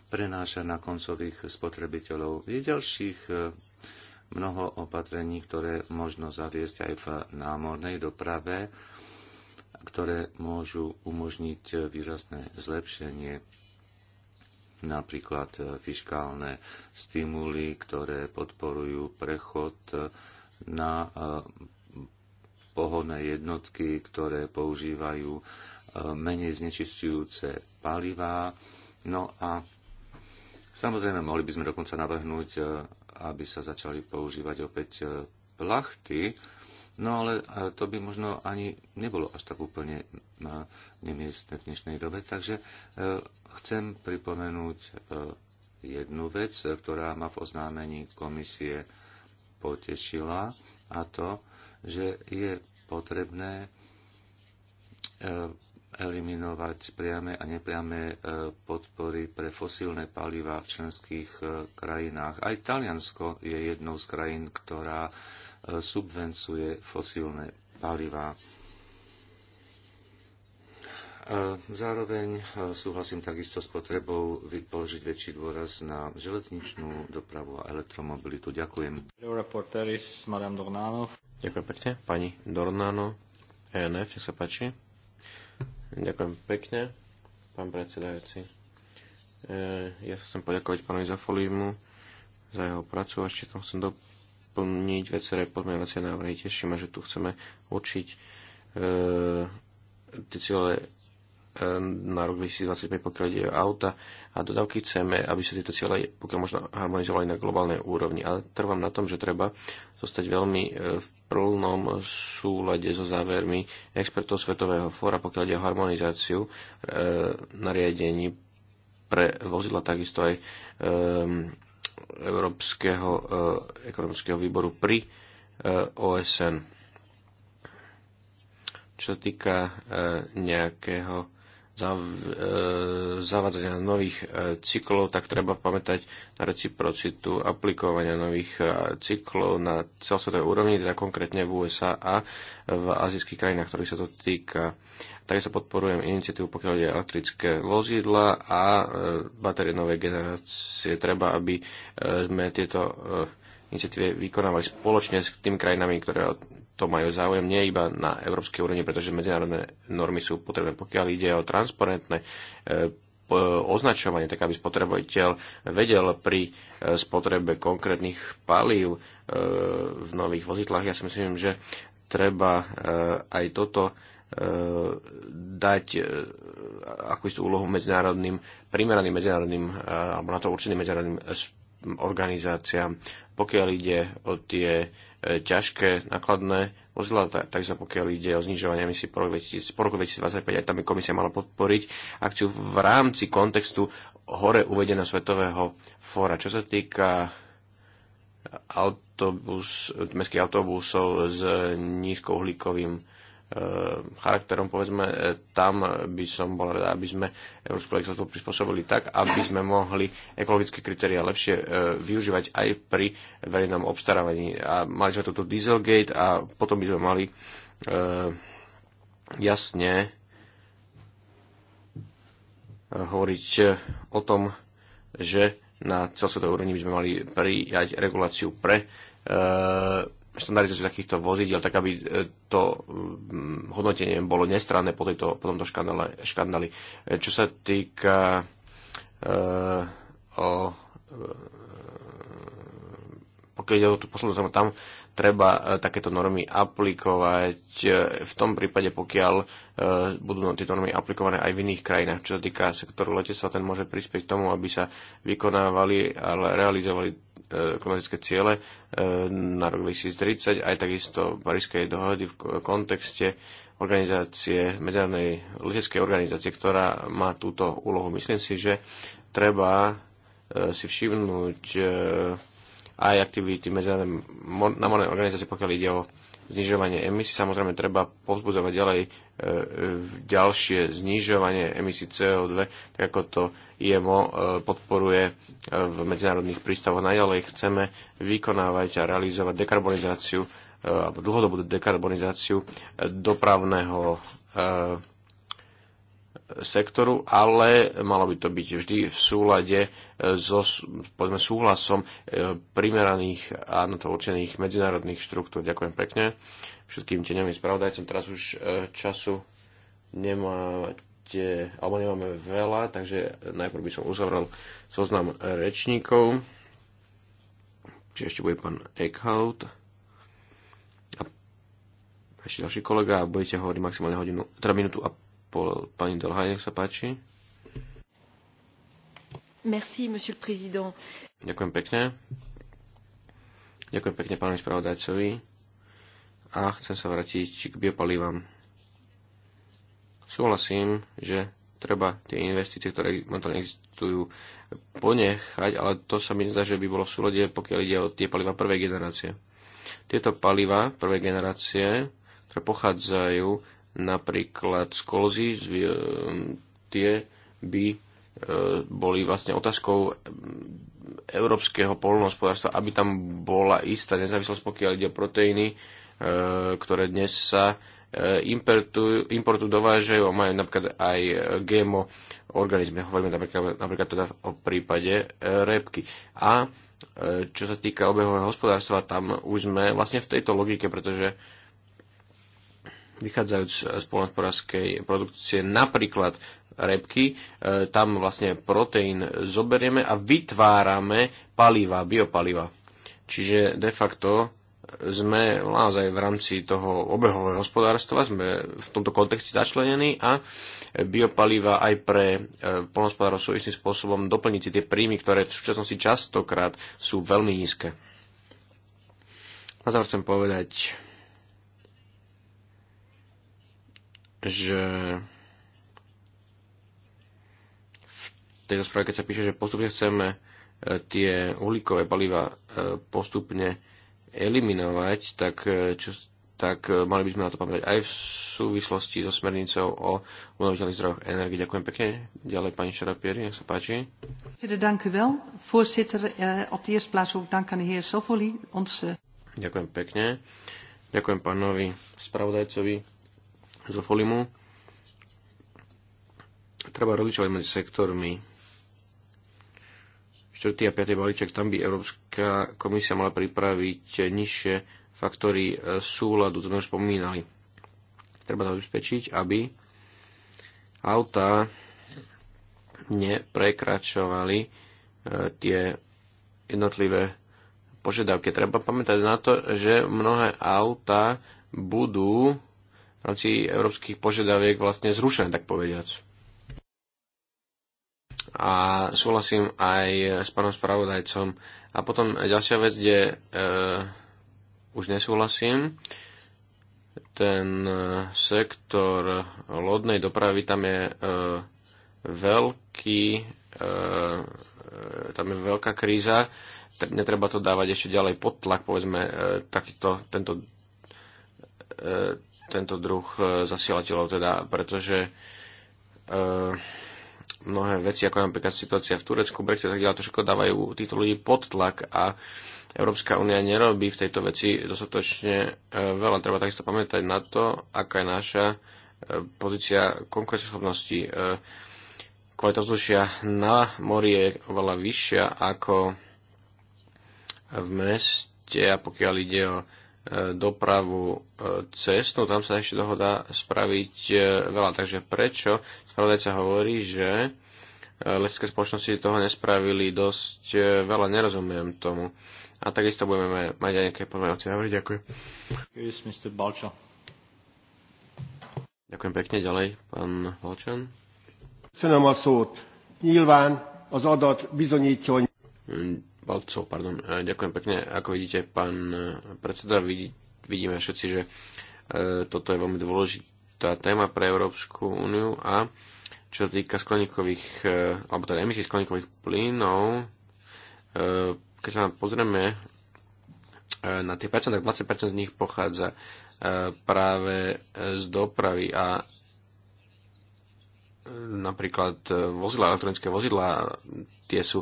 prenáša na koncových spotrebiteľov. Je ďalších e, mnoho opatrení, ktoré možno zaviesť aj v námornej doprave, ktoré môžu umožniť výrazné zlepšenie napríklad e, fiskálne stimuly, ktoré podporujú prechod e, na e, pohodné jednotky, ktoré používajú menej znečistujúce palivá. No a samozrejme mohli by sme dokonca navrhnúť, aby sa začali používať opäť plachty, No ale to by možno ani nebolo až tak úplne nemiestne v dnešnej dobe. Takže e, chcem pripomenúť e, jednu vec, ktorá ma v oznámení komisie potešila a to, že je potrebné e, eliminovať priame a nepriame podpory pre fosílne paliva v členských krajinách. Aj Taliansko je jednou z krajín, ktorá subvencuje fosílne palivá. Zároveň e, súhlasím takisto s potrebou vypoložiť väčší dôraz na železničnú dopravu a elektromobilitu. Ďakujem. Ďakujem pekne. Pani Dornano, ENF, nech sa páči. Ďakujem pekne, pán predsedajúci. E, ja sa chcem poďakovať pánovi Zafolímu za jeho prácu a ešte tam chcem doplniť splniť viaceré pozmeňovacie návrhy. tešíme, ma, že tu chceme určiť e, tie ciele e, na rok 2025, pokiaľ ide auta a dodávky, chceme, aby sa tieto ciele pokiaľ možno harmonizovali na globálnej úrovni. Ale trvám na tom, že treba zostať veľmi e, v plnom súlade so závermi expertov Svetového fóra, pokiaľ ide o harmonizáciu e, nariadení pre vozidla, takisto aj e, Európskeho e, ekonomického výboru pri e, OSN. Čo sa týka e, nejakého E, zavádzania nových e, cyklov, tak treba pamätať na reciprocitu aplikovania nových e, cyklov na celosvetovej úrovni, teda konkrétne v USA a v azijských krajinách, ktorých sa to týka. Takisto podporujem iniciatívu, pokiaľ ide elektrické vozidla a batérie novej generácie. Treba, aby sme tieto iniciatívy vykonávali spoločne s tými krajinami, ktoré to majú záujem nie iba na európskej úrovni, pretože medzinárodné normy sú potrebné, pokiaľ ide o transparentné eh, označovanie, tak aby spotrebiteľ vedel pri eh, spotrebe konkrétnych palív eh, v nových vozidlách. Ja si myslím, že treba aj toto dať akú istú úlohu medzinárodným, primeraným medzinárodným, alebo na to určeným medzinárodným organizáciám, pokiaľ ide o tie E, ťažké, nákladné vozidla, takže pokiaľ ide o znižovanie emisí po roku 2025, aj tam by komisia mala podporiť akciu v rámci kontextu hore uvedeného svetového fóra. Čo sa týka autobus, mestských autobusov s nízkouhlíkovým Eh, charakterom, povedzme, eh, tam by som bol rada, aby sme európsku legislatívu prispôsobili tak, aby sme mohli ekologické kritéria lepšie eh, využívať aj pri verejnom obstarávaní. A mali sme toto Dieselgate a potom by sme mali jasne hovoriť o tom, že na celosvetovej úrovni by sme mali prijať reguláciu pre štandardizáciu takýchto vozidiel, tak aby e, to mm, hodnotenie bolo nestranné po, tejto, po tomto škandále, škandáli. E, čo sa týka uh, o, uh, pokiaľ ide o tú poslednú tam treba e, takéto normy aplikovať e, v tom prípade, pokiaľ e, budú tieto normy aplikované aj v iných krajinách. Čo sa týka sektoru letectva, ten môže prispieť k tomu, aby sa vykonávali a realizovali klimatické ciele na rok 2030, aj takisto Parískej dohody v kontexte organizácie, medzinárodnej leteckej organizácie, ktorá má túto úlohu. Myslím si, že treba si všimnúť aj aktivity medzinárodnej na mornej organizácie, pokiaľ ide o znižovanie emisí. Samozrejme, treba povzbudzovať ďalej e, e ďalšie znižovanie emisí CO2, tak ako to IMO e, podporuje e, v medzinárodných prístavoch. Najďalej chceme vykonávať a realizovať dekarbonizáciu e, alebo dlhodobú dekarbonizáciu e, dopravného e, sektoru, ale malo by to byť vždy v súlade e, so poďme, súhlasom e, primeraných a na to určených medzinárodných štruktúr. Ďakujem pekne všetkým teňovým spravodajcom. Teraz už e, času nemáte, alebo nemáme veľa, takže najprv by som uzavrel zoznam rečníkov. Či ešte bude pán Eckhout a ešte ďalší kolega a budete hovoriť maximálne hodinu, teda minútu a Pani Dolhaj, nech sa páči. Merci, monsieur le président. Ďakujem pekne. Ďakujem pekne pánovi spravodajcovi. A chcem sa vrátiť k biopalivám. Súhlasím, že treba tie investície, ktoré momentálne existujú, ponechať, ale to sa mi zdá, že by bolo v súlade, pokiaľ ide o tie paliva prvej generácie. Tieto paliva prvej generácie, ktoré pochádzajú napríklad skolzy, tie by e, boli vlastne otázkou e, európskeho polnohospodárstva, aby tam bola istá nezávislosť, pokiaľ ide o proteíny, e, ktoré dnes sa importujú, importu dovážajú a majú napríklad aj GMO organizmy. Hovoríme napríklad, napríklad teda o prípade repky. A čo sa týka obehového hospodárstva, tam už sme vlastne v tejto logike, pretože vychádzajúc z polnohospodárskej produkcie, napríklad repky, e, tam vlastne proteín zoberieme a vytvárame paliva, biopaliva. Čiže de facto sme naozaj v rámci toho obehového hospodárstva, sme v tomto kontexte začlenení a biopaliva aj pre e, polnohospodárov sú istým spôsobom doplniť tie príjmy, ktoré v súčasnosti častokrát sú veľmi nízke. Na záver chcem povedať, že v tejto správe, keď sa píše, že postupne chceme e, tie uhlíkové paliva e, postupne eliminovať, tak, e, čo, tak mali by sme na to pamätať aj v súvislosti so smernicou o obnoviteľných zdrojoch energie. Ďakujem pekne. Ďalej pani Šarapieri, nech sa páči. Eh, Ďakujem pekne. Ďakujem pánovi spravodajcovi zo Folimu. Treba rozličovať medzi sektormi. 4. a 5. balíček, tam by Európska komisia mala pripraviť nižšie faktory e, súladu, to sme už spomínali. Treba zabezpečiť, aby autá neprekračovali e, tie jednotlivé požiadavky. Treba pamätať na to, že mnohé autá budú rámci európskych požiadaviek vlastne zrušené, tak povediac. A súhlasím aj s pánom spravodajcom. A potom ďalšia vec, kde e, už nesúhlasím, ten e, sektor lodnej dopravy, tam je e, veľký, e, e tam je veľká kríza, netreba to dávať ešte ďalej pod tlak, povedzme, e, takýto, tento, e, tento druh e, zasielateľov, teda, pretože e, mnohé veci, ako napríklad situácia v Turecku, Brexit a tak ďalej, to všetko dávajú týchto ľudí pod tlak a Európska únia nerobí v tejto veci dostatočne e, veľa. Treba takisto pamätať na to, aká je naša pozícia konkurenceschopnosti. Kvalita vzdušia na mori je oveľa vyššia ako v meste a pokiaľ ide o dopravu e, cest, no tam sa ešte dohoda spraviť e, veľa. Takže prečo spravodajca hovorí, že e, letecké spoločnosti toho nespravili dosť veľa, nerozumiem tomu. A takisto budeme mať aj nejaké pozmeňovacie návrhy. Ďakujem. Ďakujem pekne. Ďalej, pán Balčan. Köszönöm a szót. Nyilván az adat bizonyítja, mm, Balcov, pardon. E, ďakujem pekne. Ako vidíte, pán e, predseda, vidí, vidíme všetci, že e, toto je veľmi dôležitá téma pre Európsku úniu a čo sa týka skleníkových, alebo teda emisí skleníkových plynov, keď sa pozrieme na tie tak 20% z nich pochádza práve z dopravy a napríklad vozidla, elektronické vozidla, tie sú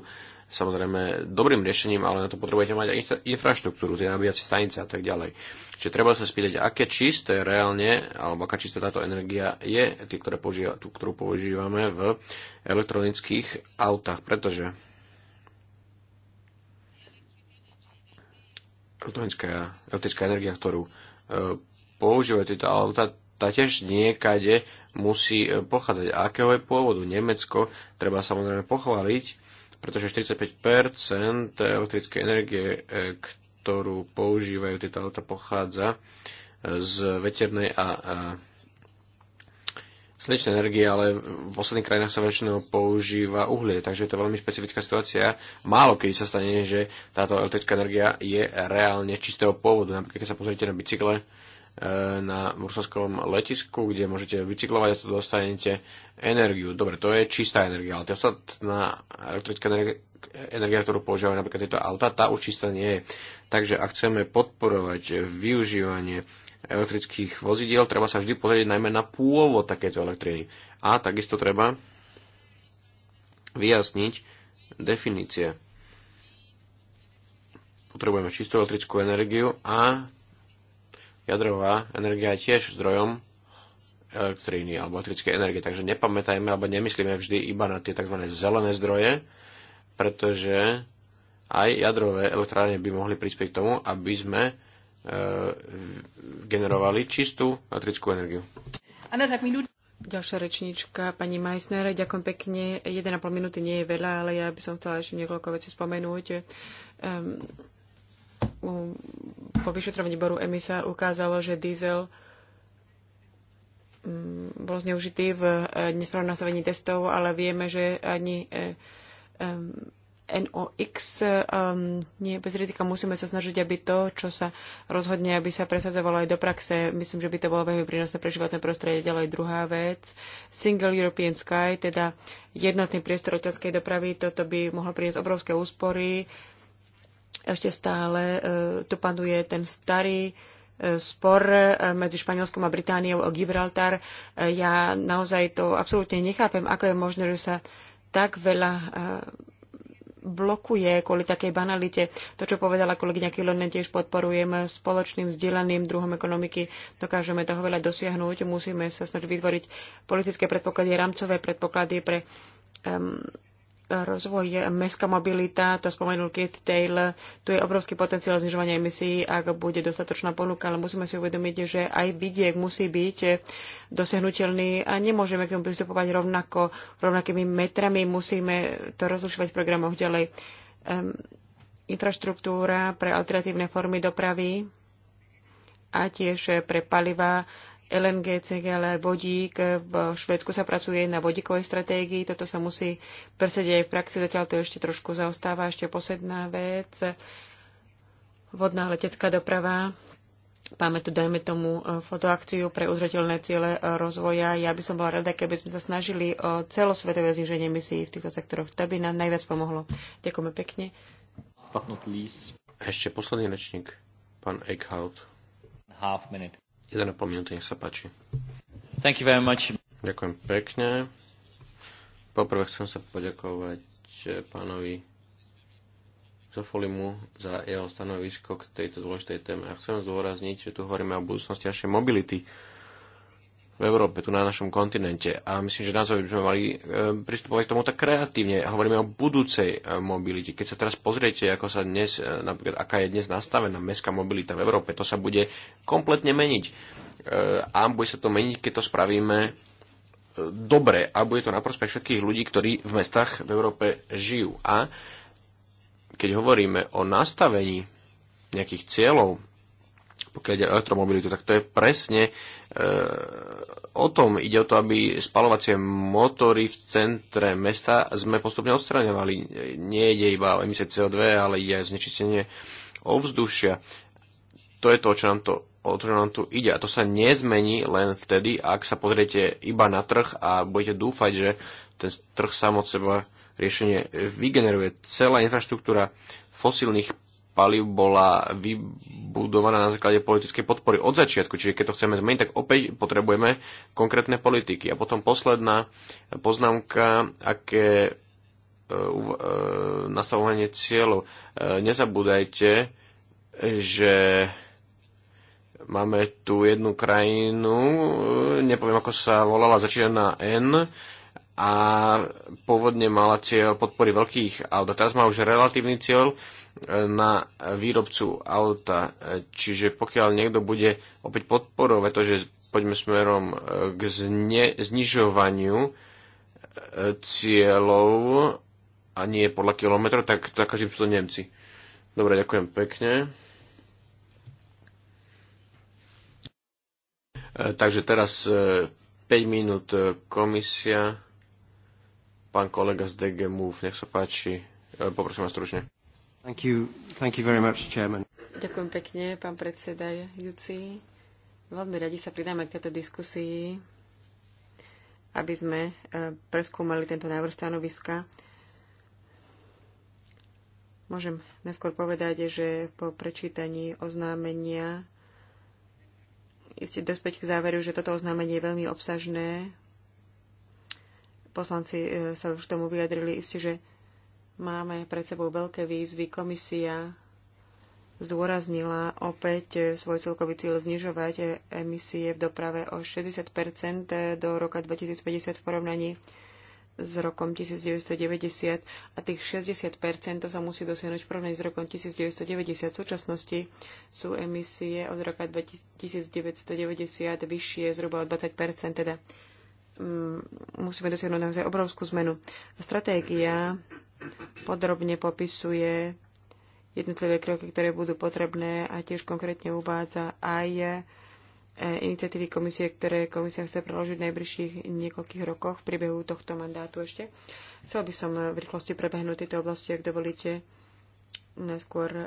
samozrejme dobrým riešením, ale na to potrebujete mať aj infraštruktúru, tie nabíjacie stanice a tak ďalej. Čiže treba sa spýtať, aké čisté reálne, alebo aká čistá táto energia je, tí, ktoré požíva, tú, ktorú používame v elektronických autách, pretože elektronická, elektrická energia, ktorú e, používajú tieto auta, tá tiež niekade musí e, pochádzať. A akého je pôvodu? Nemecko treba samozrejme pochváliť, pretože 45 elektrickej energie, e, ktorú používajú tieto auta, pochádza e, z veternej a slnečnej energie, ale v ostatných krajinách sa väčšinou používa uhlie, takže je to veľmi špecifická situácia. Málo kedy sa stane, že táto elektrická energia je reálne čistého pôvodu. Napríklad, keď sa pozriete na bicykle, E, na Mursovskom letisku, kde môžete bicyklovať a to dostanete energiu. Dobre, to je čistá energia, ale tá ostatná elektrická energia, energia ktorú používajú napríklad tieto auta, tá už čistá nie je. Takže ak chceme podporovať využívanie elektrických vozidiel, treba sa vždy pozrieť najmä na pôvod takéto elektriny. A takisto treba vyjasniť definície. Potrebujeme čistú elektrickú energiu a jadrová energia je tiež zdrojom elektriny alebo elektrickej energie. Takže nepamätajme alebo nemyslíme vždy iba na tie tzv. zelené zdroje, pretože aj jadrové elektrárne by mohli prispieť k tomu, aby sme e, generovali čistú elektrickú energiu. Ďalšia rečníčka, pani Meissner, ďakujem pekne. 1,5 minúty nie je veľa, ale ja by som chcela ešte niekoľko vecí spomenúť. Um, po vyšetrovaní boru EMISA ukázalo, že diesel mm, bol zneužitý v eh, nesprávnom nastavení testov, ale vieme, že ani eh, NOx nie je bez rizika. Musíme sa snažiť, aby to, čo sa rozhodne, aby sa presadzovalo aj do praxe. Myslím, že by to bolo veľmi prínosné pre životné prostredie. Ďalej druhá vec. Single European Sky, teda jednotný priestor leteckej dopravy, toto by mohlo priniesť obrovské úspory. Ešte stále e, tu panuje ten starý e, spor e, medzi Španielskom a Britániou o Gibraltar. Ja naozaj to absolútne nechápem, ako je možné, že sa tak veľa blokuje kvôli takej banalite. To, čo povedala kolegyňa Kilonen, tiež podporujeme spoločným vzdielaným druhom ekonomiky. Dokážeme toho veľa dosiahnuť. Musíme sa snažiť vytvoriť politické predpoklady, rámcové predpoklady pre um, rozvoj mestská mobilita, to spomenul Keith Taylor, tu je obrovský potenciál znižovania emisí, ak bude dostatočná ponuka, ale musíme si uvedomiť, že aj vidiek musí byť dosiahnutelný a nemôžeme k tomu pristupovať rovnako, rovnakými metrami, musíme to rozlišovať v programoch ďalej. Um, infraštruktúra pre alternatívne formy dopravy a tiež pre paliva LNG, CGL, vodík. V Švedsku sa pracuje na vodíkovej stratégii. Toto sa musí presedieť v praxi. Zatiaľ to ešte trošku zaostáva. Ešte posledná vec. Vodná letecká doprava. Máme tu, dajme tomu, fotoakciu pre uzrateľné ciele rozvoja. Ja by som bola rada, keby sme sa snažili o celosvetové zniženie emisí v týchto sektoroch. To by nám najviac pomohlo. Ďakujeme pekne. Ešte posledný rečník, pán Eichhout. Half minute. 1,5 minúty, nech sa páči. Thank you very much. Ďakujem pekne. Poprvé chcem sa poďakovať eh, pánovi Zofolimu za jeho stanovisko k tejto dôležitej téme. A chcem zdôrazniť, že tu hovoríme o budúcnosti našej mobility Európe, tu na našom kontinente. A myslím, že naozaj by sme mali e, pristupovať k tomu tak kreatívne. Hovoríme o budúcej e, mobilite. Keď sa teraz pozriete, ako sa dnes, e, napríklad, aká je dnes nastavená mestská mobilita v Európe, to sa bude kompletne meniť. A bude sa to meniť, keď to spravíme dobre a bude to na prospech všetkých ľudí, ktorí v mestách v Európe žijú. A keď hovoríme o nastavení nejakých cieľov pokiaľ ide elektromobilitu, tak to je presne e, o tom. Ide o to, aby spalovacie motory v centre mesta sme postupne odstraňovali. Nie ide iba o emisie CO2, ale ide aj o znečistenie ovzdušia. To je to, čo nám to o čo nám tu ide. A to sa nezmení len vtedy, ak sa pozriete iba na trh a budete dúfať, že ten trh sám od seba riešenie vygeneruje. Celá infraštruktúra fosílnych palív bola vybudovaná na základe politickej podpory od začiatku. Čiže keď to chceme zmeniť, tak opäť potrebujeme konkrétne politiky. A potom posledná poznámka, aké e, e, nastavovanie cieľov. E, nezabúdajte, že máme tu jednu krajinu, nepoviem, ako sa volala, začína na N, a pôvodne mala cieľ podpory veľkých aut. A teraz má už relatívny cieľ e, na výrobcu auta. E, čiže pokiaľ niekto bude opäť podporovať to, že poďme smerom e, k zne, znižovaniu cieľov a nie podľa kilometra, tak každým sú to Nemci. Dobre, ďakujem pekne. Takže teraz 5 minút komisia Pán kolega z DG Move, nech sa páči. E, poprosím vás stručne. Thank you. Thank you very much, chairman. Ďakujem pekne, pán predsedajúci. Veľmi radi sa pridáme k tejto diskusii, aby sme e, preskúmali tento návrh stanoviska. Môžem neskôr povedať, že po prečítaní oznámenia ste dospäť k záveru, že toto oznámenie je veľmi obsažné Poslanci e, sa už k tomu vyjadrili isté, že máme pred sebou veľké výzvy. Komisia zdôraznila opäť e, svoj celkový cieľ znižovať e, emisie v doprave o 60 do roka 2050 v porovnaní s rokom 1990 a tých 60 to sa musí dosiahnuť v porovnaní s rokom 1990. V súčasnosti sú emisie od roka 1990 vyššie zhruba o 20 teda Mm, musíme dosiahnuť naozaj obrovskú zmenu. Stratégia podrobne popisuje jednotlivé kroky, ktoré budú potrebné a tiež konkrétne uvádza aj e, iniciatívy komisie, ktoré komisia chce preložiť v najbližších niekoľkých rokoch v priebehu tohto mandátu ešte. Chcel by som e, v rýchlosti prebehnúť tieto oblasti, ak dovolíte, najskôr e,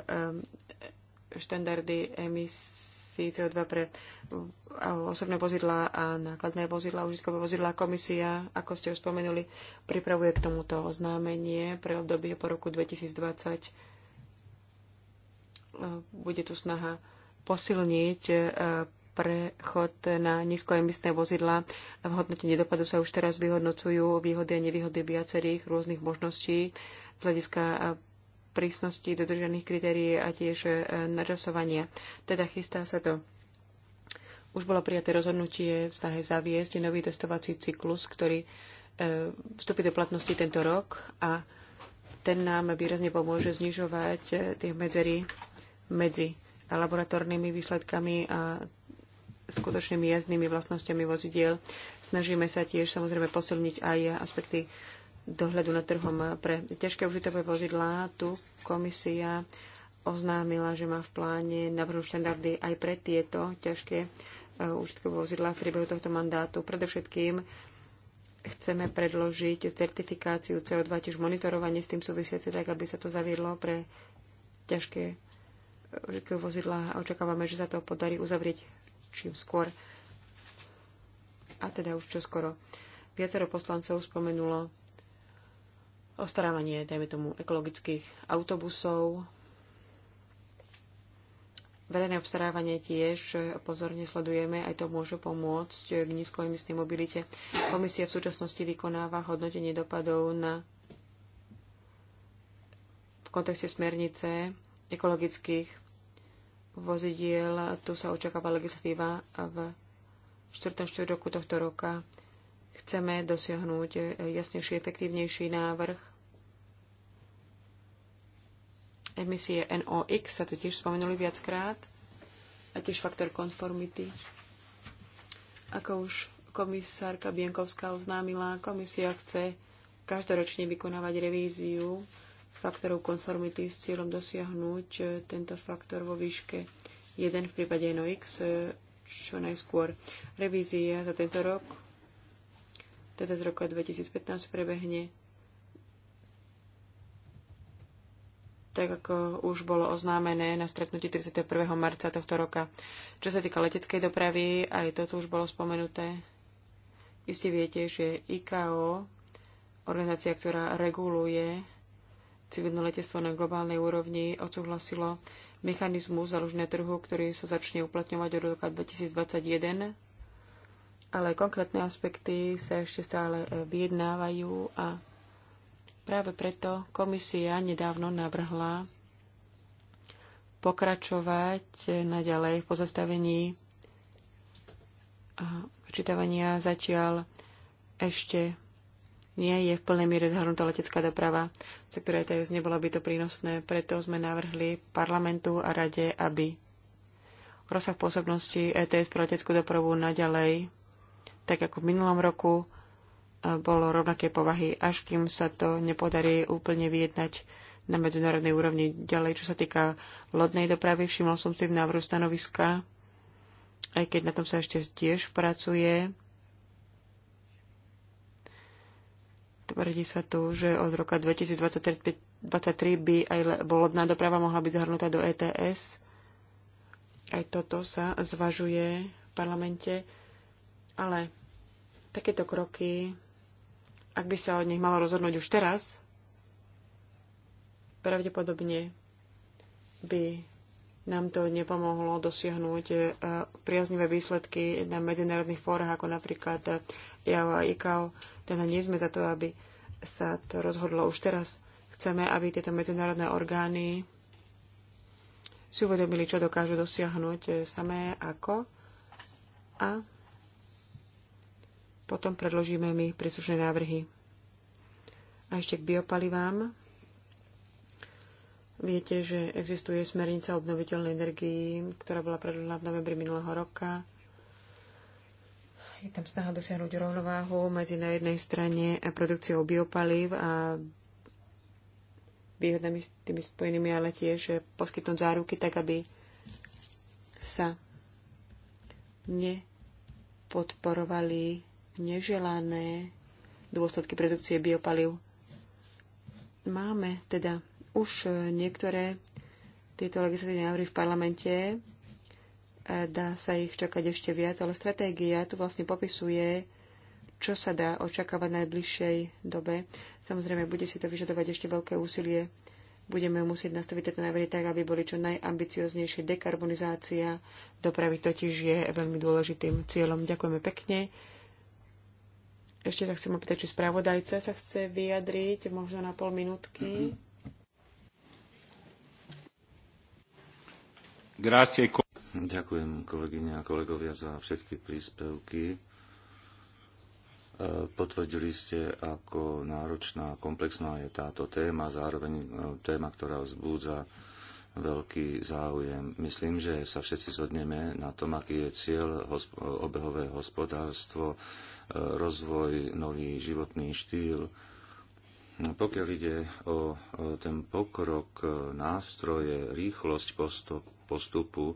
štandardy emis emisí CO2 pre osobné vozidlá a nákladné vozidlá, užitkové vozidlá. Komisia, ako ste už spomenuli, pripravuje k tomuto oznámenie pre obdobie po roku 2020. E, bude tu snaha posilniť e, prechod na nízkoemisné vozidlá. V hodnotení dopadu sa už teraz vyhodnocujú výhody a nevýhody viacerých rôznych možností z hľadiska e, prísnosti dodržaných kritérií a tiež e, načasovania. Teda chystá sa to. Už bolo prijaté rozhodnutie v snahe zaviesť nový testovací cyklus, ktorý e, vstúpi do platnosti tento rok a ten nám výrazne pomôže znižovať e, tie medzery medzi laboratórnymi výsledkami a skutočnými jazdnými vlastnosťami vozidiel. Snažíme sa tiež samozrejme posilniť aj aspekty dohľadu nad trhom pre ťažké užitové vozidlá. Tu komisia oznámila, že má v pláne navrhnúť štandardy aj pre tieto ťažké e, užitkové vozidlá v priebehu tohto mandátu. Predovšetkým chceme predložiť certifikáciu CO2, tiež monitorovanie s tým súvisiace, tak aby sa to zaviedlo pre ťažké e, užitkové vozidlá a očakávame, že sa to podarí uzavrieť čím skôr a teda už čo skoro. Viacero poslancov spomenulo ostarávanie, dajme tomu, ekologických autobusov. Verejné obstarávanie tiež pozorne sledujeme, aj to môže pomôcť k nízkoemisnej mobilite. Komisia v súčasnosti vykonáva hodnotenie dopadov na v kontexte smernice ekologických vozidiel. Tu sa očakáva legislatíva v 4. roku tohto roka. Chceme dosiahnuť jasnejší, efektívnejší návrh. Emisie NOx sa tu tiež spomenuli viackrát a tiež faktor konformity. Ako už komisárka Bienkovská oznámila, komisia chce každoročne vykonávať revíziu faktorov konformity s cieľom dosiahnuť tento faktor vo výške 1 v prípade NOx čo najskôr. Revízia za tento rok teda z roku 2015 prebehne tak ako už bolo oznámené na stretnutí 31. marca tohto roka. Čo sa týka leteckej dopravy, aj toto už bolo spomenuté. Isté viete, že IKO, organizácia, ktorá reguluje civilné letectvo na globálnej úrovni, odsúhlasilo mechanizmus založený trhu, ktorý sa začne uplatňovať od roka 2021 ale konkrétne aspekty sa ešte stále e, vyjednávajú a práve preto komisia nedávno navrhla pokračovať e, naďalej v pozastavení a prečítavania zatiaľ ešte nie je v plnej miere zahrnutá letecká doprava, za ktoré teraz nebolo by to prínosné. Preto sme navrhli parlamentu a rade, aby rozsah pôsobnosti ETS pre leteckú dopravu naďalej tak ako v minulom roku, e, bolo rovnaké povahy, až kým sa to nepodarí úplne vyjednať na medzinárodnej úrovni. Ďalej, čo sa týka lodnej dopravy, všimol som si v návrhu stanoviska, aj keď na tom sa ešte tiež pracuje. Tvrdí sa tu, že od roka 2023 by aj lodná doprava mohla byť zahrnutá do ETS. Aj toto sa zvažuje v parlamente, ale Takéto kroky, ak by sa od nich malo rozhodnúť už teraz, pravdepodobne by nám to nepomohlo dosiahnuť e, priaznivé výsledky na medzinárodných fórach, ako napríklad IAO e, a IKAO. Teda nie sme za to, aby sa to rozhodlo už teraz. Chceme, aby tieto medzinárodné orgány si uvedomili, čo dokážu dosiahnuť e, samé, ako a potom predložíme my príslušné návrhy. A ešte k biopalivám. Viete, že existuje smernica obnoviteľnej energii, ktorá bola predložená v novembri minulého roka. Je tam snaha dosiahnuť rovnováhu medzi na jednej strane produkciou biopalív a výhodami s tými spojenými, ale tiež poskytnúť záruky tak, aby sa nepodporovali neželané dôsledky produkcie biopaliv. Máme teda už niektoré tieto legislatívne návrhy v parlamente. E, dá sa ich čakať ešte viac, ale stratégia tu vlastne popisuje, čo sa dá očakávať v najbližšej dobe. Samozrejme, bude si to vyžadovať ešte veľké úsilie. Budeme musieť nastaviť tieto návrhy tak, aby boli čo najambicioznejšie. Dekarbonizácia dopravy totiž je veľmi dôležitým cieľom. Ďakujeme pekne. Ešte sa chcem opýtať, či spravodajca sa chce vyjadriť, možno na pol minútky. Ďakujem kolegyne a kolegovia za všetky príspevky. E, potvrdili ste, ako náročná, komplexná je táto téma, zároveň e, téma, ktorá vzbúdza veľký záujem. Myslím, že sa všetci zhodneme na tom, aký je cieľ obehové hospodárstvo, e, rozvoj, nový životný štýl. No, pokiaľ ide o ten pokrok, e, nástroje, rýchlosť postupu,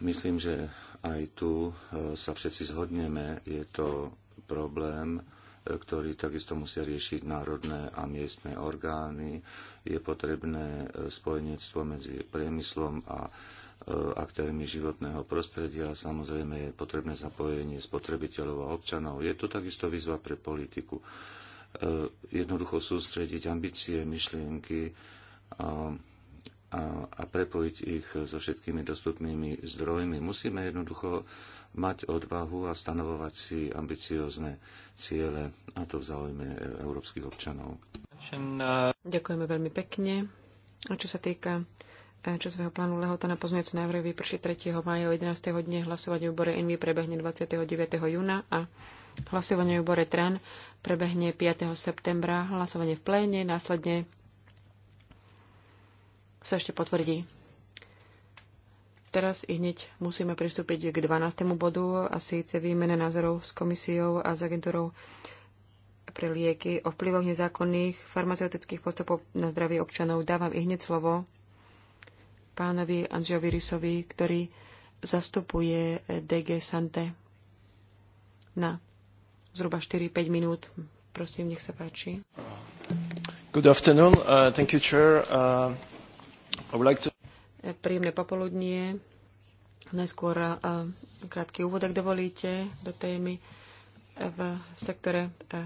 myslím, že aj tu e, sa všetci zhodneme. Je to problém, ktorý takisto musia riešiť národné a miestne orgány. Je potrebné e, spojenectvo medzi priemyslom a e, aktérmi životného prostredia. Samozrejme je potrebné zapojenie spotrebiteľov a občanov. Je to takisto výzva pre politiku. E, jednoducho sústrediť ambície, myšlienky a, a, a prepojiť ich so všetkými dostupnými zdrojmi. Musíme jednoducho mať odvahu a stanovovať si ambiciozne ciele, a to v záujme e, európskych občanov. Ďakujeme veľmi pekne. A čo sa týka e, časového plánu lehota na pozmiac návrh vyprší 3. maja o 11. hodine. Hlasovanie v bore NV prebehne 29. júna a hlasovanie v bore TRAN prebehne 5. septembra. Hlasovanie v pléne následne sa ešte potvrdí. Teraz i hneď musíme pristúpiť k 12. bodu a síce výmena názorov s komisiou a s agentúrou pre lieky o vplyvoch nezákonných farmaceutických postupov na zdravie občanov. Dávam i hneď slovo pánovi Anžiovi Rysovi, ktorý zastupuje DG Sante na zhruba 4-5 minút. Prosím, nech sa páči. Good afternoon. Uh, thank you, Chair. Uh, I would like to príjemné popoludnie. Najskôr e, krátky úvod, ak dovolíte, do témy v sektore e,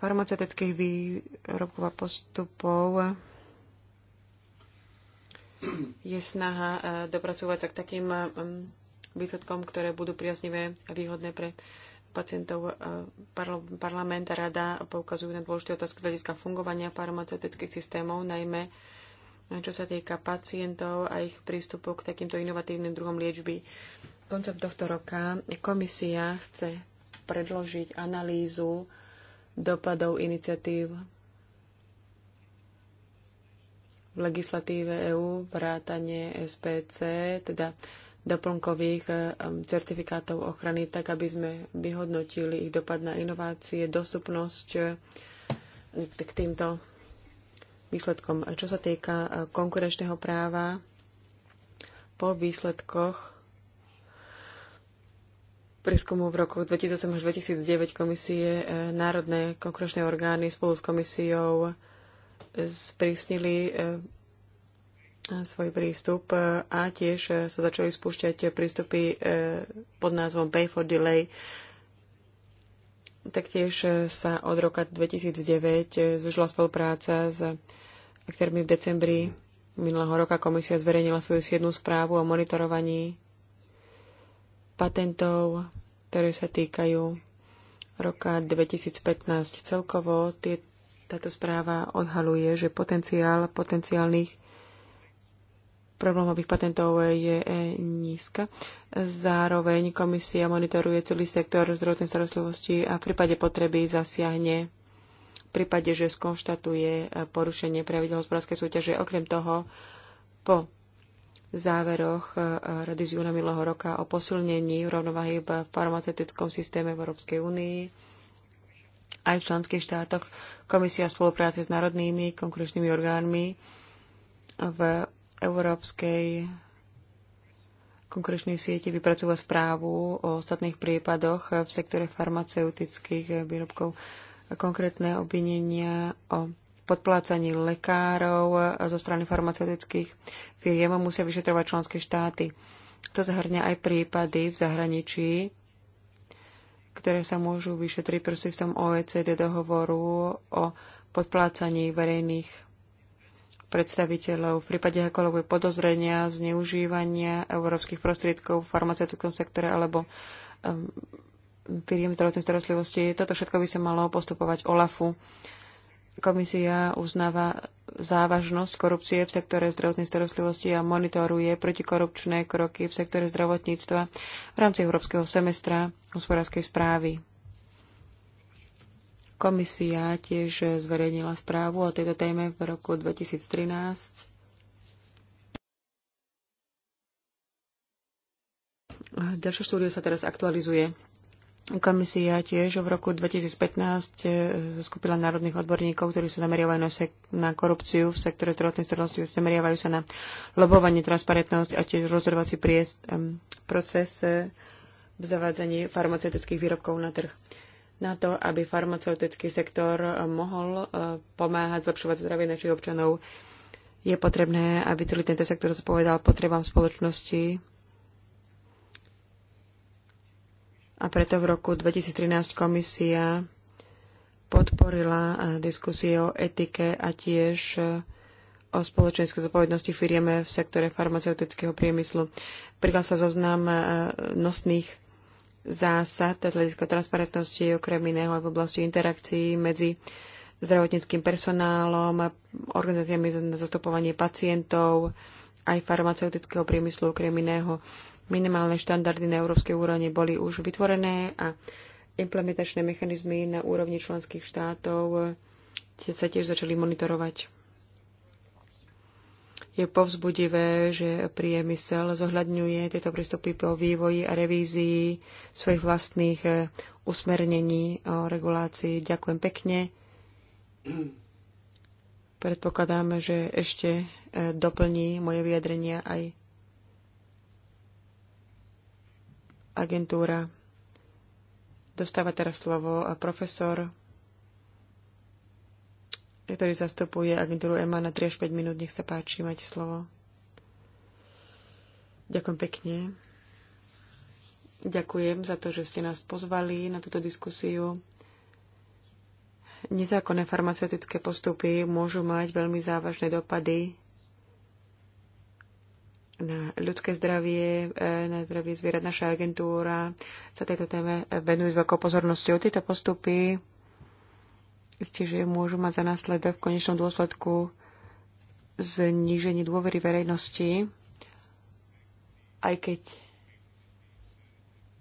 farmaceutických výrobkov a postupov je snaha e, dopracovať sa k takým výsledkom, ktoré budú priaznivé a výhodné pre pacientov. Parlament a rada poukazujú na dôležité otázky hľadiska fungovania farmaceutických systémov, najmä No, čo sa týka pacientov a ich prístupu k takýmto inovatívnym druhom liečby. Koncom tohto roka komisia chce predložiť analýzu dopadov iniciatív v legislatíve EÚ vrátanie SPC, teda doplnkových e, certifikátov ochrany, tak aby sme vyhodnotili ich dopad na inovácie, dostupnosť e, k týmto výsledkom. Čo sa týka e, konkurenčného práva, po výsledkoch prieskumu v roku 2008 až 2009 komisie e, národné konkurenčné orgány spolu s komisiou e, sprísnili svoj prístup a tiež sa začali spúšťať prístupy pod názvom Pay for Delay. Taktiež sa od roka 2009 zvyšila spolupráca s ktorými v decembri minulého roka komisia zverejnila svoju siednú správu o monitorovaní patentov, ktoré sa týkajú roka 2015. Celkovo tie, táto správa odhaluje, že potenciál potenciálnych problémových patentov je e, nízka. Zároveň komisia monitoruje celý sektor zdravotnej starostlivosti a v prípade potreby zasiahne v prípade, že skonštatuje e, porušenie pravidel hospodárskej súťaže. Okrem toho, po záveroch e, Rady z júna minulého roka o posilnení rovnováhy v farmaceutickom systéme v Európskej únii aj v členských štátoch Komisia spolupráce s národnými konkurenčnými orgánmi v Európskej konkurenčnej siete vypracúva správu o ostatných prípadoch v sektore farmaceutických výrobkov konkrétne obvinenia o podplácaní lekárov zo strany farmaceutických firiem musia vyšetrovať členské štáty. To zahrňa aj prípady v zahraničí, ktoré sa môžu vyšetriť v tom OECD dohovoru o podplácaní verejných predstaviteľov v prípade akéhokoľvek podozrenia, zneužívania európskych prostriedkov v farmaceutickom sektore alebo um, firiem zdravotnej starostlivosti. Toto všetko by sa malo postupovať OLAFu. Komisia uznáva závažnosť korupcie v sektore zdravotnej starostlivosti a monitoruje protikorupčné kroky v sektore zdravotníctva v rámci Európskeho semestra hospodárskej správy. Komisia tiež zverejnila správu o tejto téme v roku 2013. Ďalšia štúdia sa teraz aktualizuje. Komisia tiež v roku 2015 e, skupila národných odborníkov, ktorí sa zameriavajú na, na korupciu v sektore zdravotnej starostlivosti, zameriavajú sa na lobovanie, transparentnosť a tiež rozhodovací e, proces e, v zavádzaní farmaceutických výrobkov na trh. Na to, aby farmaceutický sektor mohol pomáhať zlepšovať zdravie našich občanov, je potrebné, aby celý tento sektor zodpovedal potrebám spoločnosti A preto v roku 2013 komisia podporila eh, diskusie o etike a tiež eh, o spoločenskej zodpovednosti firiem v sektore farmaceutického priemyslu. Pridal sa zoznam eh, nosných zásad z hľadiska transparentnosti okrem iného aj v oblasti interakcií medzi zdravotníckým personálom, organizáciami na zastupovanie pacientov, aj farmaceutického priemyslu okrem iného. Minimálne štandardy na európskej úrovni boli už vytvorené a implementačné mechanizmy na úrovni členských štátov sa tiež začali monitorovať. Je povzbudivé, že priemysel zohľadňuje tieto prístupy po vývoji a revízii svojich vlastných eh, usmernení o regulácii. Ďakujem pekne. Predpokladáme, že ešte eh, doplní moje vyjadrenia aj agentúra. Dostáva teraz slovo a profesor, ktorý zastupuje agentúru EMA na 3 až 5 minút. Nech sa páči, máte slovo. Ďakujem pekne. Ďakujem za to, že ste nás pozvali na túto diskusiu. Nezákonné farmaceutické postupy môžu mať veľmi závažné dopady na ľudské zdravie, e, na zdravie zvierat. Naša agentúra sa tejto téme venuje s veľkou pozornosťou. Tieto postupy ste, že môžu mať za následok v konečnom dôsledku zníženie dôvery verejnosti, aj keď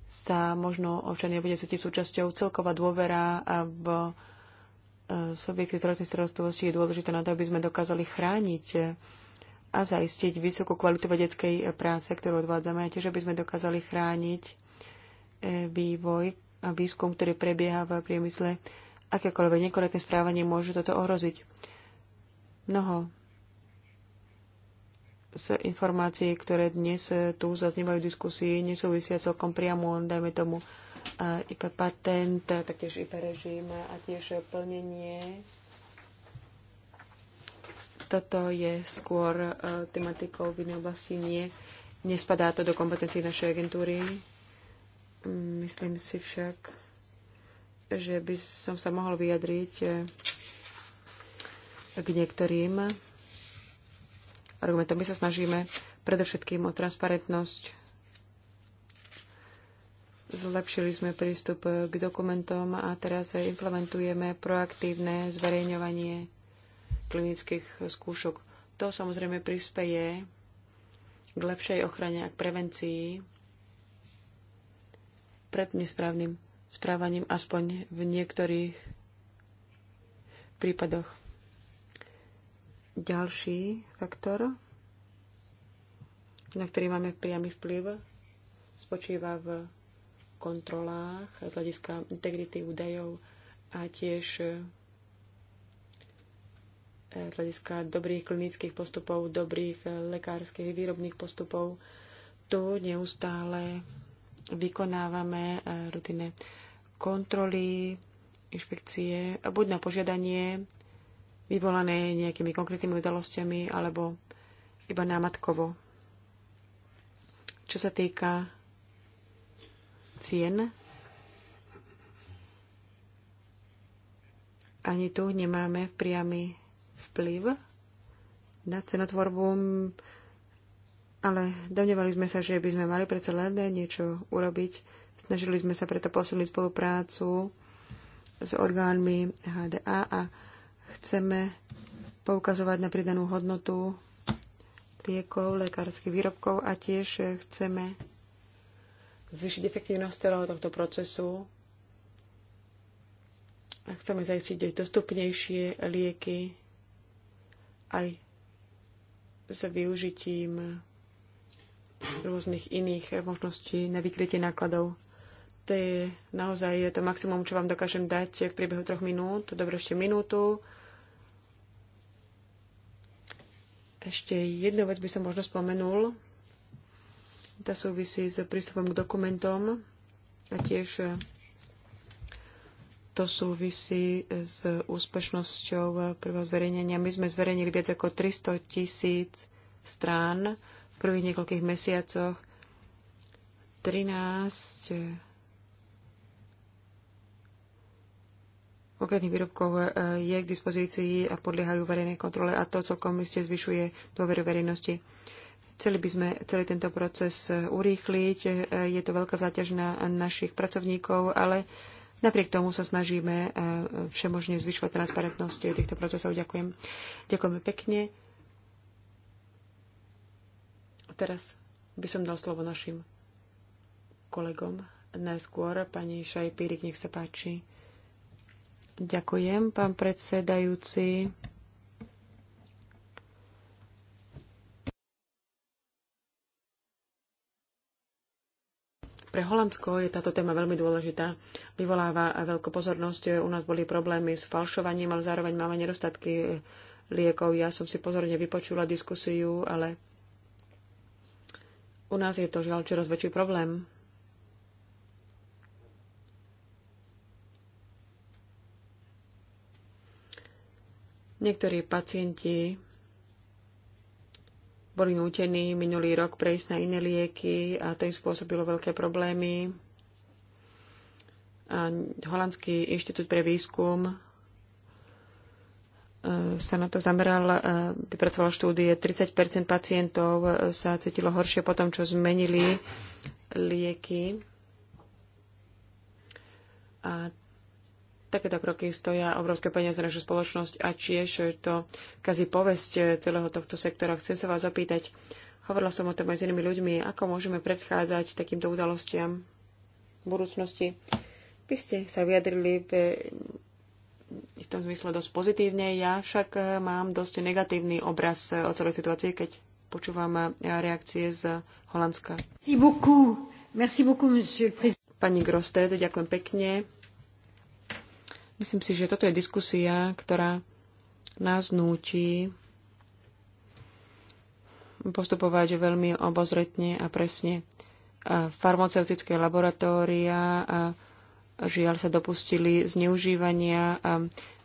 sa možno občania bude cítiť súčasťou celková dôvera v e, subjekty zdravotnej starostlivosti je dôležité na to, aby sme dokázali chrániť a zaistiť vysokú kvalitu vedeckej e, práce, ktorú odvádzame, a tiež aby sme dokázali chrániť e, vývoj a výskum, ktorý prebieha v priemysle. Akékoľvek nekorektné správanie môže toto ohroziť. Mnoho z informácií, ktoré dnes e, tu zaznievajú v diskusii, nesúvisia celkom priamo, dajme tomu, IP patent, taktiež IP režim a tiež plnenie toto je skôr e, tematikou v inej oblasti, nie. Nespadá to do kompetencií našej agentúry. Myslím si však, že by som sa mohol vyjadriť e, k niektorým argumentom. My sa snažíme predovšetkým o transparentnosť. Zlepšili sme prístup k dokumentom a teraz implementujeme proaktívne zverejňovanie klinických skúšok. To samozrejme prispeje k lepšej ochrane a k prevencii pred nesprávnym správaním, aspoň v niektorých prípadoch. Ďalší faktor, na ktorý máme priamy vplyv, spočíva v kontrolách z hľadiska integrity údajov a tiež E, z hľadiska dobrých klinických postupov, dobrých e, lekárskych výrobných postupov. Tu neustále vykonávame e, rutinné kontroly, inšpekcie, buď na požiadanie vyvolané nejakými konkrétnymi udalosťami, alebo iba námatkovo. Čo sa týka cien, ani tu nemáme priamy vplyv na cenotvorbu, ale domnievali sme sa, že by sme mali predsa len niečo urobiť. Snažili sme sa preto posilniť spoluprácu s orgánmi HDA a chceme poukazovať na pridanú hodnotu liekov, lekárskych výrobkov a tiež chceme zvýšiť efektívnosť celého tohto procesu a chceme zaistiť dostupnejšie lieky aj s využitím rôznych iných možností na vykrytie nákladov. To je naozaj to maximum, čo vám dokážem dať v priebehu troch minút. Dobre, ešte minútu. Ešte jednu vec by som možno spomenul. Tá súvisí s prístupom k dokumentom a tiež to súvisí s úspešnosťou prvého zverejnenia. My sme zverejnili viac ako 300 tisíc strán v prvých niekoľkých mesiacoch. 13 eh, konkrétnych výrobkov eh, je k dispozícii a podliehajú verejnej kontrole a to celkom iste zvyšuje dôveru verejnosti. Chceli by sme celý tento proces eh, urýchliť. Je to veľká záťaž na našich pracovníkov, ale Napriek tomu sa snažíme eh, všemožne zvyšovať transparentnosť týchto procesov. Ďakujem. Ďakujeme pekne. Teraz by som dal slovo našim kolegom. Najskôr pani Šajpírik, nech sa páči. Ďakujem, pán predsedajúci. Pre Holandsko je táto téma veľmi dôležitá. Vyvoláva veľkú pozornosť. U nás boli problémy s falšovaním, ale zároveň máme nedostatky liekov. Ja som si pozorne vypočula diskusiu, ale u nás je to žiaľ čoraz väčší problém. Niektorí pacienti boli nútení minulý rok prejsť na iné lieky a to im spôsobilo veľké problémy. A Holandský inštitút pre výskum e, sa na to zameral, e, vypracoval štúdie, 30 pacientov e, sa cítilo horšie po tom, čo zmenili lieky. A Takéto kroky stoja obrovské peniaze našu spoločnosť a tiež to kazí povesť celého tohto sektora. Chcem sa vás zapýtať, hovorila som o tom aj s inými ľuďmi, ako môžeme predchádzať takýmto udalostiam v budúcnosti. Vy ste sa vyjadrili v istom zmysle dosť pozitívne, ja však eh, mám dosť negatívny obraz eh, o celej situácii, keď počúvam eh, reakcie z Holandska. Merci beaucoup. Merci beaucoup, Pani Grosted, ďakujem pekne. Myslím si, že toto je diskusia, ktorá nás núti postupovať veľmi obozretne a presne. Farmaceutické laboratória a žiaľ sa dopustili zneužívania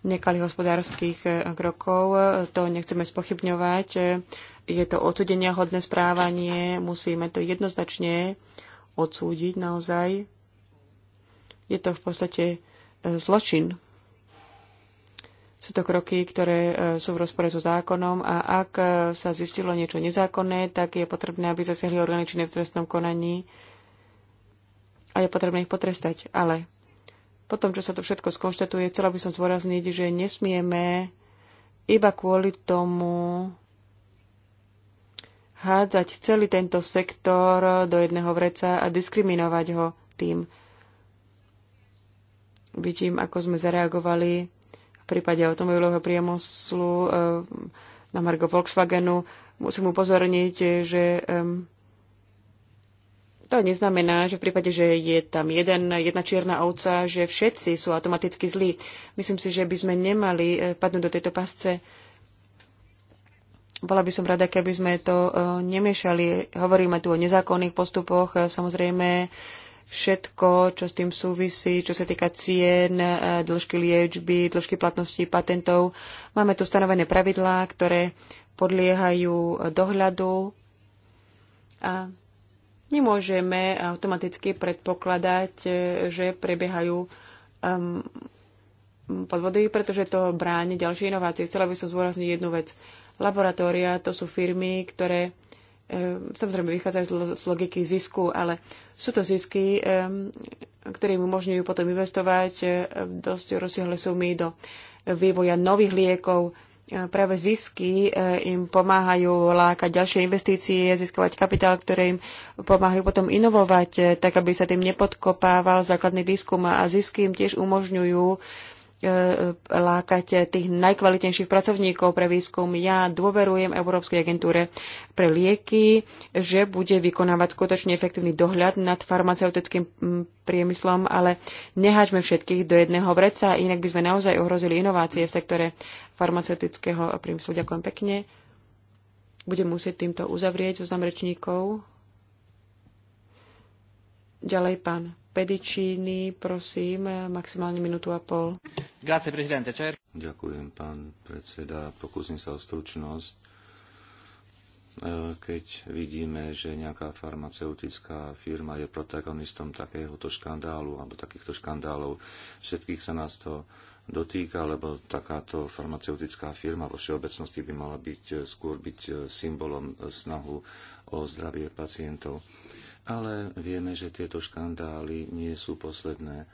nekalých hospodárskych e, krokov. To nechceme spochybňovať. Je to odsudenia hodné správanie. Musíme to jednoznačne odsúdiť naozaj. Je to v podstate e, zločin sú to kroky, ktoré e, sú v rozpore so zákonom a ak e, sa zistilo niečo nezákonné, tak je potrebné, aby zasiahli orgány činné v trestnom konaní a je potrebné ich potrestať. Ale potom, čo sa to všetko skonštatuje, chcela by som zdôrazniť, že nesmieme iba kvôli tomu hádzať celý tento sektor do jedného vreca a diskriminovať ho tým. Vidím, ako sme zareagovali v prípade automobilového priemyslu eh, na Margo Volkswagenu. Musím upozorniť, že eh, to neznamená, že v prípade, že je tam jeden, jedna čierna ovca, že všetci sú automaticky zlí. Myslím si, že by sme nemali eh, padnúť do tejto pasce. Bola by som rada, keby sme to nemiešali. Hovoríme tu o nezákonných postupoch. Samozrejme, všetko, čo s tým súvisí, čo sa týka cien, e, dĺžky liečby, dĺžky platnosti patentov. Máme tu stanovené pravidlá, ktoré podliehajú dohľadu a nemôžeme automaticky predpokladať, e, že prebiehajú um, podvody, pretože to bráni ďalšie inovácie. Chcela by som zúrazniť jednu vec. Laboratória to sú firmy, ktoré Ehm, samozrejme vychádzajú z logiky zisku, ale sú to zisky, ehm, ktoré umožňujú potom investovať ehm, dosť rozsiahle sumy do vývoja nových liekov. Práve zisky im pomáhajú lákať ďalšie investície, získovať kapitál, ktoré im pomáhajú potom inovovať, eh, tak aby sa tým nepodkopával základný výskum a zisky im tiež umožňujú E, e, lákať tých najkvalitnejších pracovníkov pre výskum. Ja dôverujem Európskej agentúre pre lieky, že bude vykonávať skutočne efektívny dohľad nad farmaceutickým priemyslom, ale nehačme všetkých do jedného vreca, inak by sme naozaj ohrozili inovácie v sektore farmaceutického priemyslu. Ďakujem pekne. Budem musieť týmto uzavrieť zoznam rečníkov. Ďalej pán Pedicini, prosím, maximálne minútu a pol. Ďakujem, pán predseda. Pokúsim sa o stručnosť. E, keď vidíme, že nejaká farmaceutická firma je protagonistom takéhoto škandálu alebo takýchto škandálov, všetkých sa nás to dotýka, lebo takáto farmaceutická firma vo všeobecnosti by mala byť e, skôr byť e, symbolom snahu o zdravie pacientov ale vieme, že tieto škandály nie sú posledné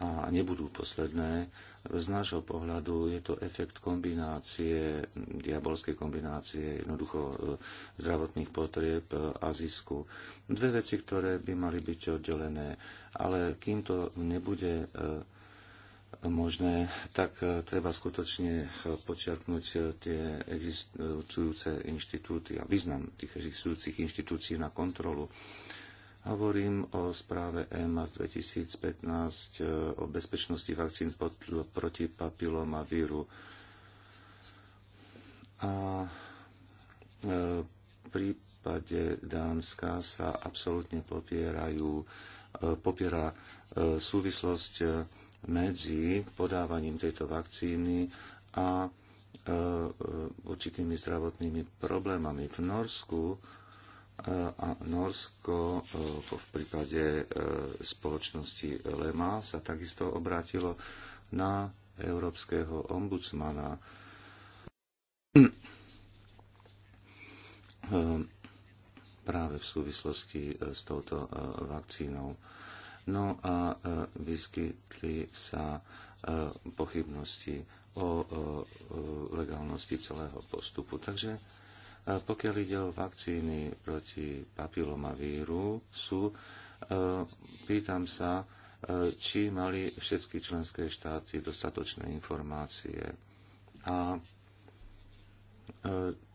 a nebudú posledné. Z nášho pohľadu je to efekt kombinácie, diabolskej kombinácie jednoducho e, zdravotných potrieb e, a zisku. Dve veci, ktoré by mali byť oddelené, ale kým to nebude e, možné, tak treba skutočne počiarknúť tie existujúce inštitúty a význam tých existujúcich inštitúcií na kontrolu Hovorím o správe EMA 2015 e, o bezpečnosti vakcín proti papilomavíru víru. A e, v prípade Dánska sa absolútne popierajú, e, popiera súvislosť medzi podávaním tejto vakcíny a určitými zdravotnými problémami. V Norsku a Norsko e, v prípade e, spoločnosti Lema sa takisto obrátilo na európskeho ombudsmana. Hm. Hm. práve v súvislosti e, s touto vakcínou. No a vyskytli sa pochybnosti o legálnosti celého postupu. Takže pokiaľ ide o vakcíny proti papilomavíru, sú, e, pýtam sa, e, či mali všetky členské štáty dostatočné informácie. A e,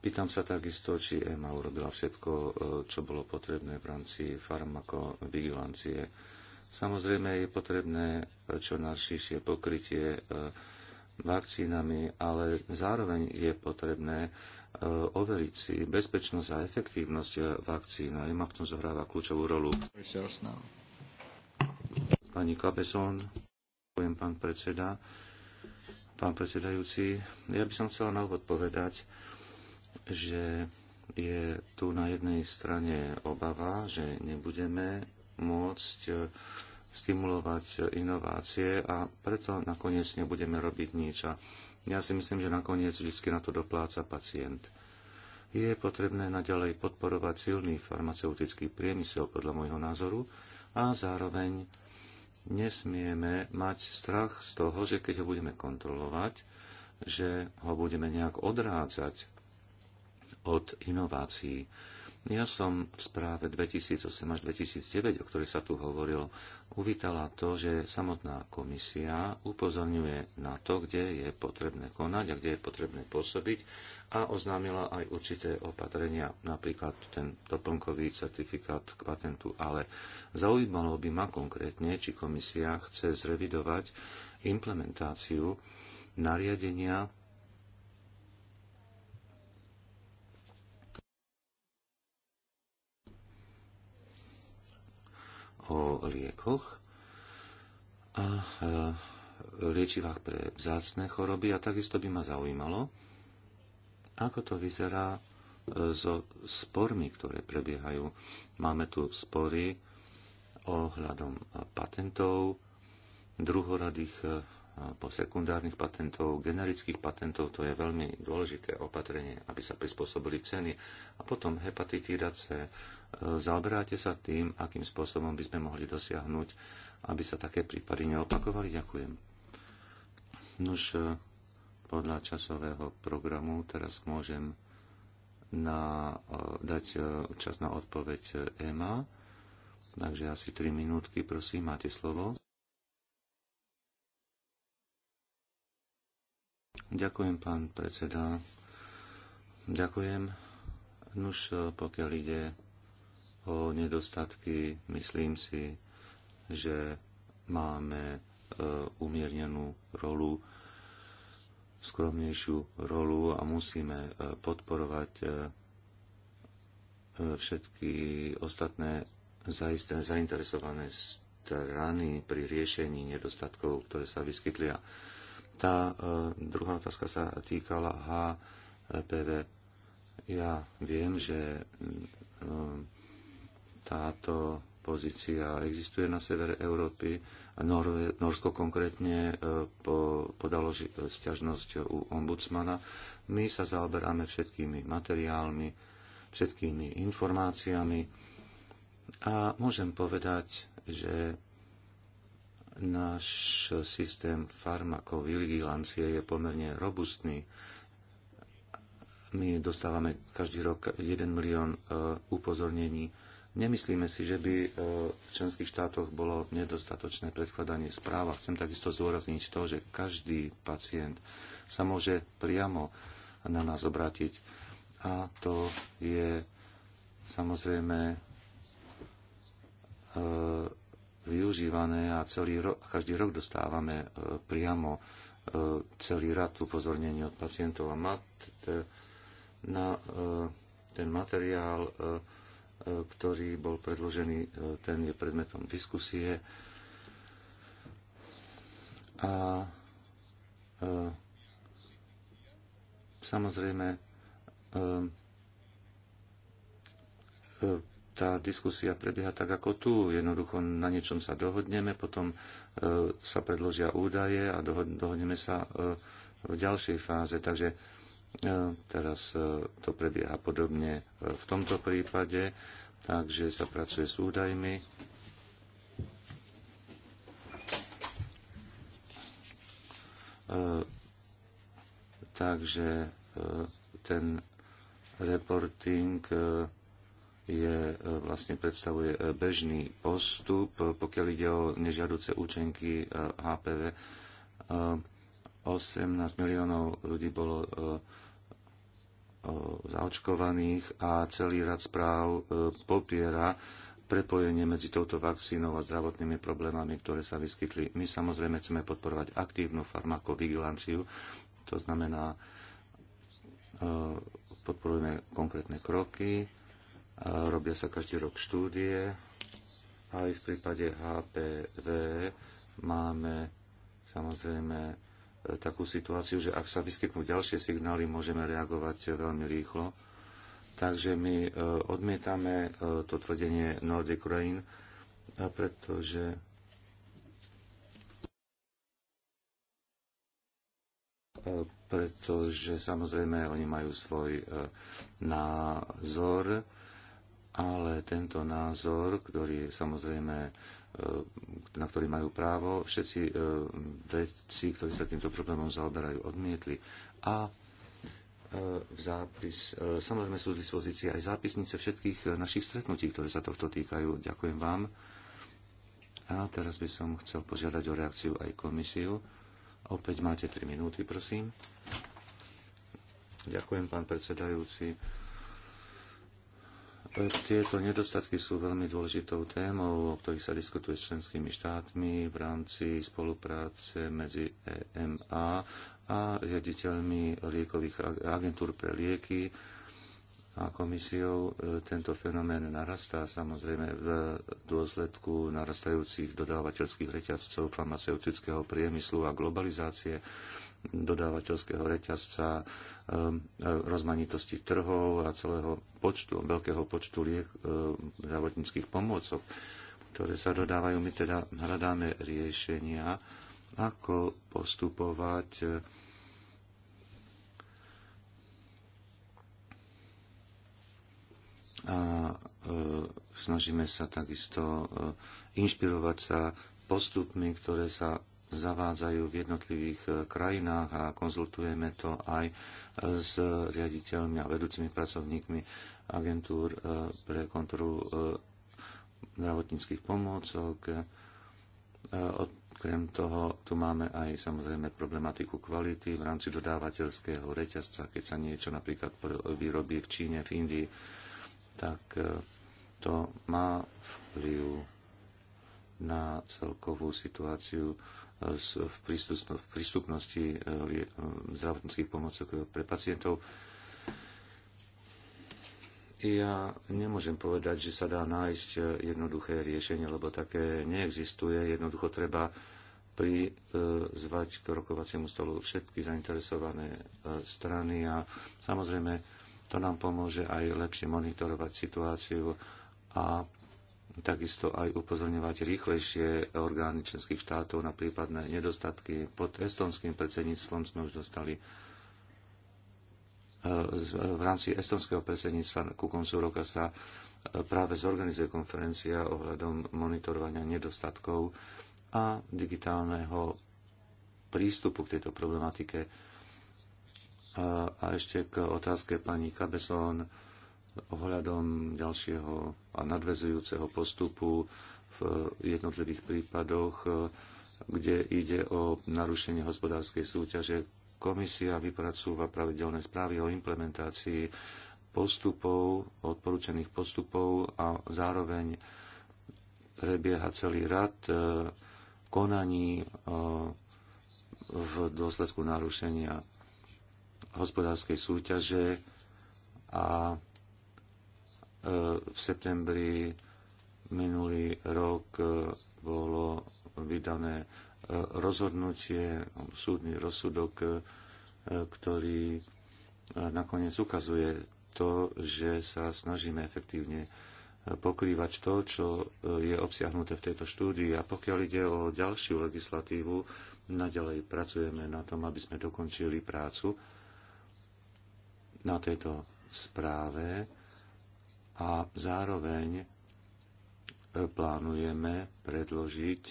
pýtam sa takisto, či EMA urobila všetko, čo bolo potrebné v rámci farmakovigilancie. Samozrejme je potrebné čo najširšie pokrytie vakcínami, ale zároveň je potrebné Eh, overiť si bezpečnosť a efektívnosť eh, vakcín a EMA v tom zohráva kľúčovú rolu. Pani Kabeson, ďakujem pán predseda. Pán predsedajúci, ja by som chcela na úvod povedať, že je tu na jednej strane obava, že nebudeme môcť eh, stimulovať inovácie a preto nakoniec nebudeme robiť nič. A ja si myslím, že nakoniec vždy na to dopláca pacient. Je potrebné naďalej podporovať silný farmaceutický priemysel, podľa môjho názoru, a zároveň nesmieme mať strach z toho, že keď ho budeme kontrolovať, že ho budeme nejak odrádzať od inovácií ja som v správe 2008 až 2009, o ktorej sa tu hovorilo, uvítala to, že samotná komisia upozorňuje na to, kde je potrebné konať a kde je potrebné pôsobiť a oznámila aj určité opatrenia, napríklad ten doplnkový certifikát k patentu. Ale zaujímalo by ma konkrétne, či komisia chce zrevidovať implementáciu nariadenia o liekoch a e, liečivách pre vzácne choroby a takisto by ma zaujímalo, ako to vyzerá e, so spormi, ktoré prebiehajú. Máme tu spory ohľadom patentov, druhoradých e, po sekundárnych patentov, generických patentov, to je veľmi dôležité opatrenie, aby sa prispôsobili ceny. A potom hepatitída C, Zaoberáte sa tým, akým spôsobom by sme mohli dosiahnuť, aby sa také prípady neopakovali? Ďakujem. Nož e, podľa časového programu teraz môžem na, e, dať e, čas na odpoveď EMA. Takže asi 3 minútky, prosím, máte slovo. Ďakujem, pán predseda. Ďakujem. Nuž, pokiaľ ide o nedostatky, myslím si, že máme e, umiernenú rolu, skromnejšiu rolu a musíme e, podporovať e, všetky ostatné zainteresované strany pri riešení nedostatkov, ktoré sa vyskytli. A tá druhá otázka sa týkala HPV. Ja viem, že táto pozícia existuje na severe Európy. Nor- Norsko konkrétne e, po- podalo stiažnosť u ombudsmana. My sa zaoberáme všetkými materiálmi, všetkými informáciami a môžem povedať, že náš systém farmakovigilancie je pomerne robustný. My dostávame každý rok 1 milión e, upozornení Nemyslíme si, že by e, v členských štátoch bolo nedostatočné predkladanie správ. Chcem takisto zdôrazniť to, že každý pacient sa môže priamo na nás obrátiť. A to je samozrejme e, využívané a celý rok, každý rok dostávame e, priamo celý rad upozornení od pacientov a mat, na ten materiál ktorý bol predložený, e, ten je predmetom diskusie. A e, samozrejme e, tá diskusia prebieha tak ako tu. Jednoducho na niečom sa dohodneme, potom sa predložia údaje a dohodneme sa v ďalšej fáze. Takže Teraz e, to prebieha podobne e, v tomto prípade, takže sa pracuje s údajmi. E, takže ten reporting je, vlastne predstavuje bežný postup, pokiaľ ide o nežiaduce účinky HPV. 18 miliónov ľudí bolo e, e, zaočkovaných a celý rad správ e, popiera prepojenie medzi touto vakcínou a zdravotnými problémami, ktoré sa vyskytli. My samozrejme chceme podporovať aktívnu farmakovigilanciu, to znamená, podporujeme konkrétne kroky, robia sa každý rok štúdie, aj v prípade HPV máme samozrejme takú situáciu, že ak sa vyskytnú ďalšie signály, môžeme reagovať veľmi rýchlo. Takže my e, odmietame e, to tvrdenie Nordic Rain, pretože e, pretože samozrejme oni majú svoj názor, ale tento názor, ktorý je samozrejme E, na ktorý majú právo. Všetci e, vedci, ktorí sa týmto problémom zaoberajú, odmietli. A e, v zápis, samozrejme sú v dispozícii aj zápisnice všetkých našich stretnutí, ktoré sa tohto týkajú. Ďakujem vám. A teraz by som chcel požiadať o reakciu aj komisiu. Opäť máte 3 minúty, prosím. Ďakujem, pán predsedajúci. Tieto nedostatky sú veľmi dôležitou témou, o ktorých sa diskutuje s členskými štátmi v rámci spolupráce medzi EMA a riaditeľmi liekových agentúr pre lieky a komisiou. E, tento fenomén narastá samozrejme v dôsledku narastajúcich dodávateľských reťazcov farmaceutického priemyslu a globalizácie dodávateľského reťazca, um, rozmanitosti trhov a celého počtu, veľkého počtu liek, um, zdravotníckých pomôcok, ktoré sa dodávajú. My teda hľadáme riešenia, ako postupovať a e, snažíme sa takisto e, inšpirovať sa postupmi, ktoré sa zavádzajú v jednotlivých e, krajinách a konzultujeme to aj e, s riaditeľmi a vedúcimi pracovníkmi agentúr e, pre kontrolu zdravotníckých pomôcok. Okrem toho tu máme aj samozrejme problematiku kvality v rámci dodávateľského reťazca. Keď sa niečo napríklad vyrobí v Číne, v Indii, tak to má vplyv na celkovú situáciu v prístupnosti eh, eh, zdravotníckých pomocok eh, pre pacientov. Ja nemôžem povedať, že sa dá nájsť jednoduché riešenie, lebo také neexistuje. Jednoducho treba prizvať k rokovaciemu stolu všetky zainteresované strany a samozrejme to nám pomôže aj lepšie monitorovať situáciu a takisto aj upozorňovať rýchlejšie orgány členských štátov na prípadné nedostatky. Pod estonským predsedníctvom sme už dostali e, v rámci estonského predsedníctva ku koncu roka sa e, práve zorganizuje konferencia ohľadom monitorovania nedostatkov a digitálneho prístupu k tejto problematike. E, a ešte k otázke pani Cabezón ohľadom ďalšieho a nadvezujúceho postupu v jednotlivých prípadoch, e, kde ide o narušenie hospodárskej súťaže. Komisia vypracúva pravidelné správy o implementácii postupov, odporúčených postupov a zároveň prebieha celý rad e, konaní e, v dôsledku narušenia hospodárskej súťaže a v septembri minulý rok e, bolo vydané e, rozhodnutie, súdny rozsudok, e, ktorý nakoniec ukazuje to, že sa snažíme efektívne pokrývať to, čo je obsiahnuté v tejto štúdii. A pokiaľ ide o ďalšiu legislatívu, naďalej pracujeme na tom, aby sme dokončili prácu na tejto správe a zároveň e, plánujeme predložiť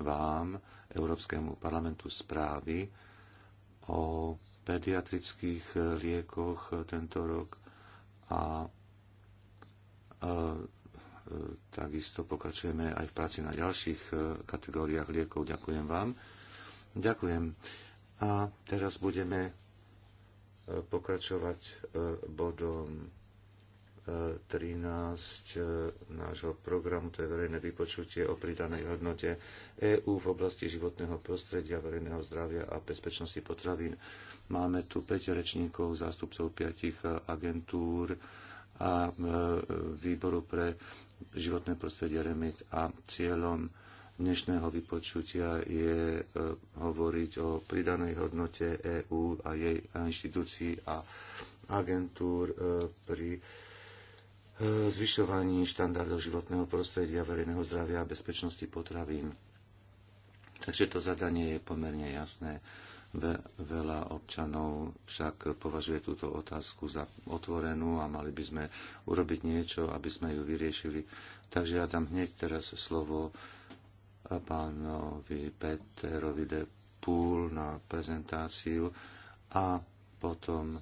vám, Európskemu parlamentu, správy o pediatrických e, liekoch e, tento rok a takisto pokračujeme aj v práci na ďalších kategóriách liekov. Ďakujem vám. Ďakujem. A teraz budeme pokračovať bodom 13 eh, nášho programu, to je verejné vypočutie o pridanej hodnote EÚ v oblasti životného prostredia, verejného zdravia a bezpečnosti potravín. Máme tu 5 rečníkov, zástupcov 5 agentúr a eh, výboru pre životné prostredie REMIT a cieľom dnešného vypočutia je eh, hovoriť o pridanej hodnote EÚ a jej inštitúcií a agentúr pri zvyšovaní štandardov životného prostredia, verejného zdravia a bezpečnosti potravín. Takže to zadanie je pomerne jasné. veľa občanov však považuje túto otázku za otvorenú a mali by sme urobiť niečo, aby sme ju vyriešili. Takže ja dám hneď teraz slovo pánovi Peterovi de Púl na prezentáciu a potom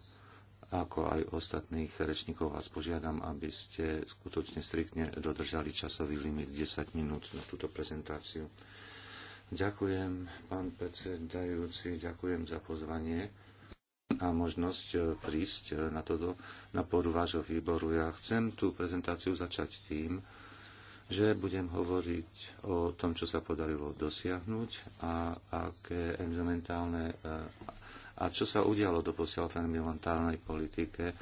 ako aj ostatných rečníkov vás požiadam, aby ste skutočne striktne dodržali časový limit 10 minút na túto prezentáciu. Ďakujem, pán predsedajúci, ďakujem za pozvanie a možnosť e, prísť e, na, toto, na pôdu vášho výboru. Ja chcem tú prezentáciu začať tým, že budem hovoriť o tom, čo sa podarilo dosiahnuť a aké environmentálne e, a čo sa udialo doposiaľ v environmentálnej politike?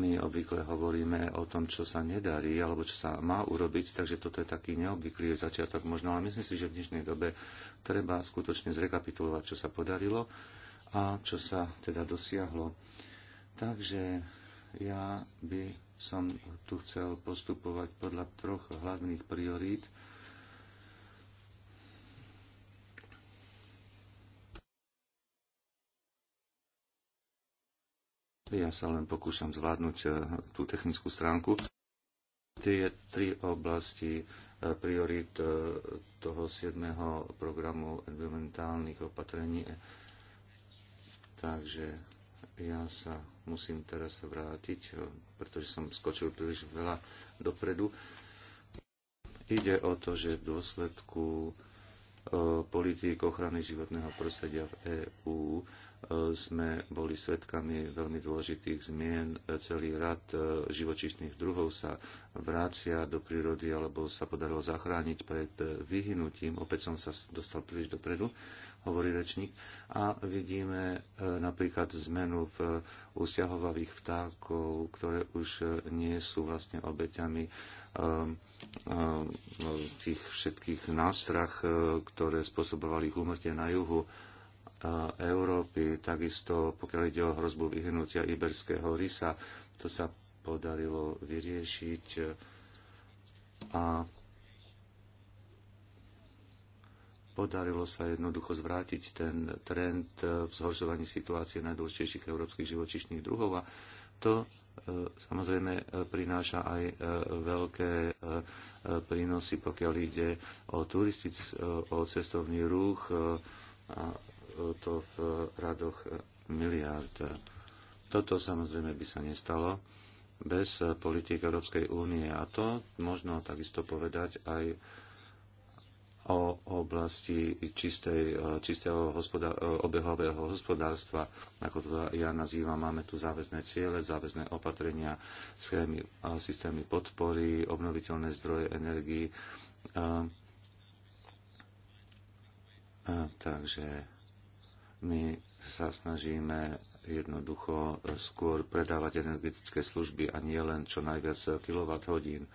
My obvykle hovoríme o tom, čo sa nedarí alebo čo sa má urobiť, takže toto je taký neobvyklý začiatok možno, ale myslím si, že v dnešnej dobe treba skutočne zrekapitulovať, čo sa podarilo a čo sa teda dosiahlo. Takže ja by som tu chcel postupovať podľa troch hlavných priorít Ja sa len pokúšam zvládnuť eh, tú technickú stránku. Tie tri oblasti eh, priorit eh, toho 7. programu environmentálnych opatrení. Takže ja sa musím teraz vrátiť, pretože som skočil príliš veľa dopredu. Ide o to, že v dôsledku politík ochrany životného prostredia v EÚ sme boli svetkami veľmi dôležitých zmien. Celý rad e, živočišných druhov sa vrácia do prírody alebo sa podarilo zachrániť pred e, vyhnutím. Opäť som sa dostal príliš dopredu, hovorí rečník. A vidíme e, napríklad zmenu v ústiahovavých vtákov, ktoré už nie sú vlastne obeťami tých všetkých nástrach, ktoré spôsobovali ich na juhu Európy, takisto pokiaľ ide o hrozbu vyhnutia iberského rysa, to sa podarilo vyriešiť a podarilo sa jednoducho zvrátiť ten trend v zhoršovaní situácie najdôležitejších európskych živočišných druhov a to e, samozrejme e, prináša aj e, veľké prínosy, pokiaľ ide o, turistic, o cestovný ruch a to v radoch miliárd. Toto samozrejme by sa nestalo bez politik Európskej únie. A to možno takisto povedať aj o oblasti čistej, čistého hospodár, obehového hospodárstva, ako to ja nazývam, máme tu záväzné ciele, záväzné opatrenia, schémy, systémy podpory, obnoviteľné zdroje energii. A, a, takže my sa snažíme jednoducho skôr predávať energetické služby a nie len čo najviac kilovat hodín.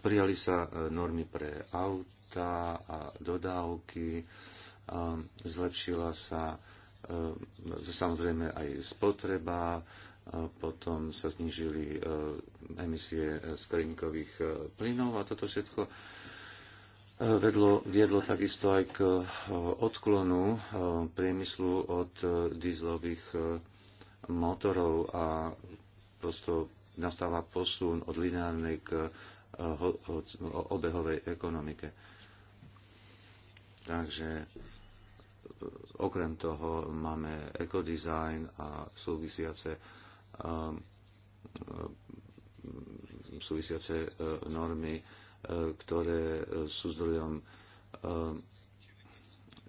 Prijali sa e, normy pre auta a dodávky, zlepšila sa e, samozrejme aj spotreba, potom sa znížili e, emisie skrinkových plynov a toto všetko vedlo, viedlo takisto aj k eh, odklonu eh, priemyslu od eh, dízlových motorov a prosto nastáva posun od lineárnej k obehovej ekonomike. Takže okrem toho máme ekodizajn a súvisiace súvisiace normy ktoré e, sú zdrojom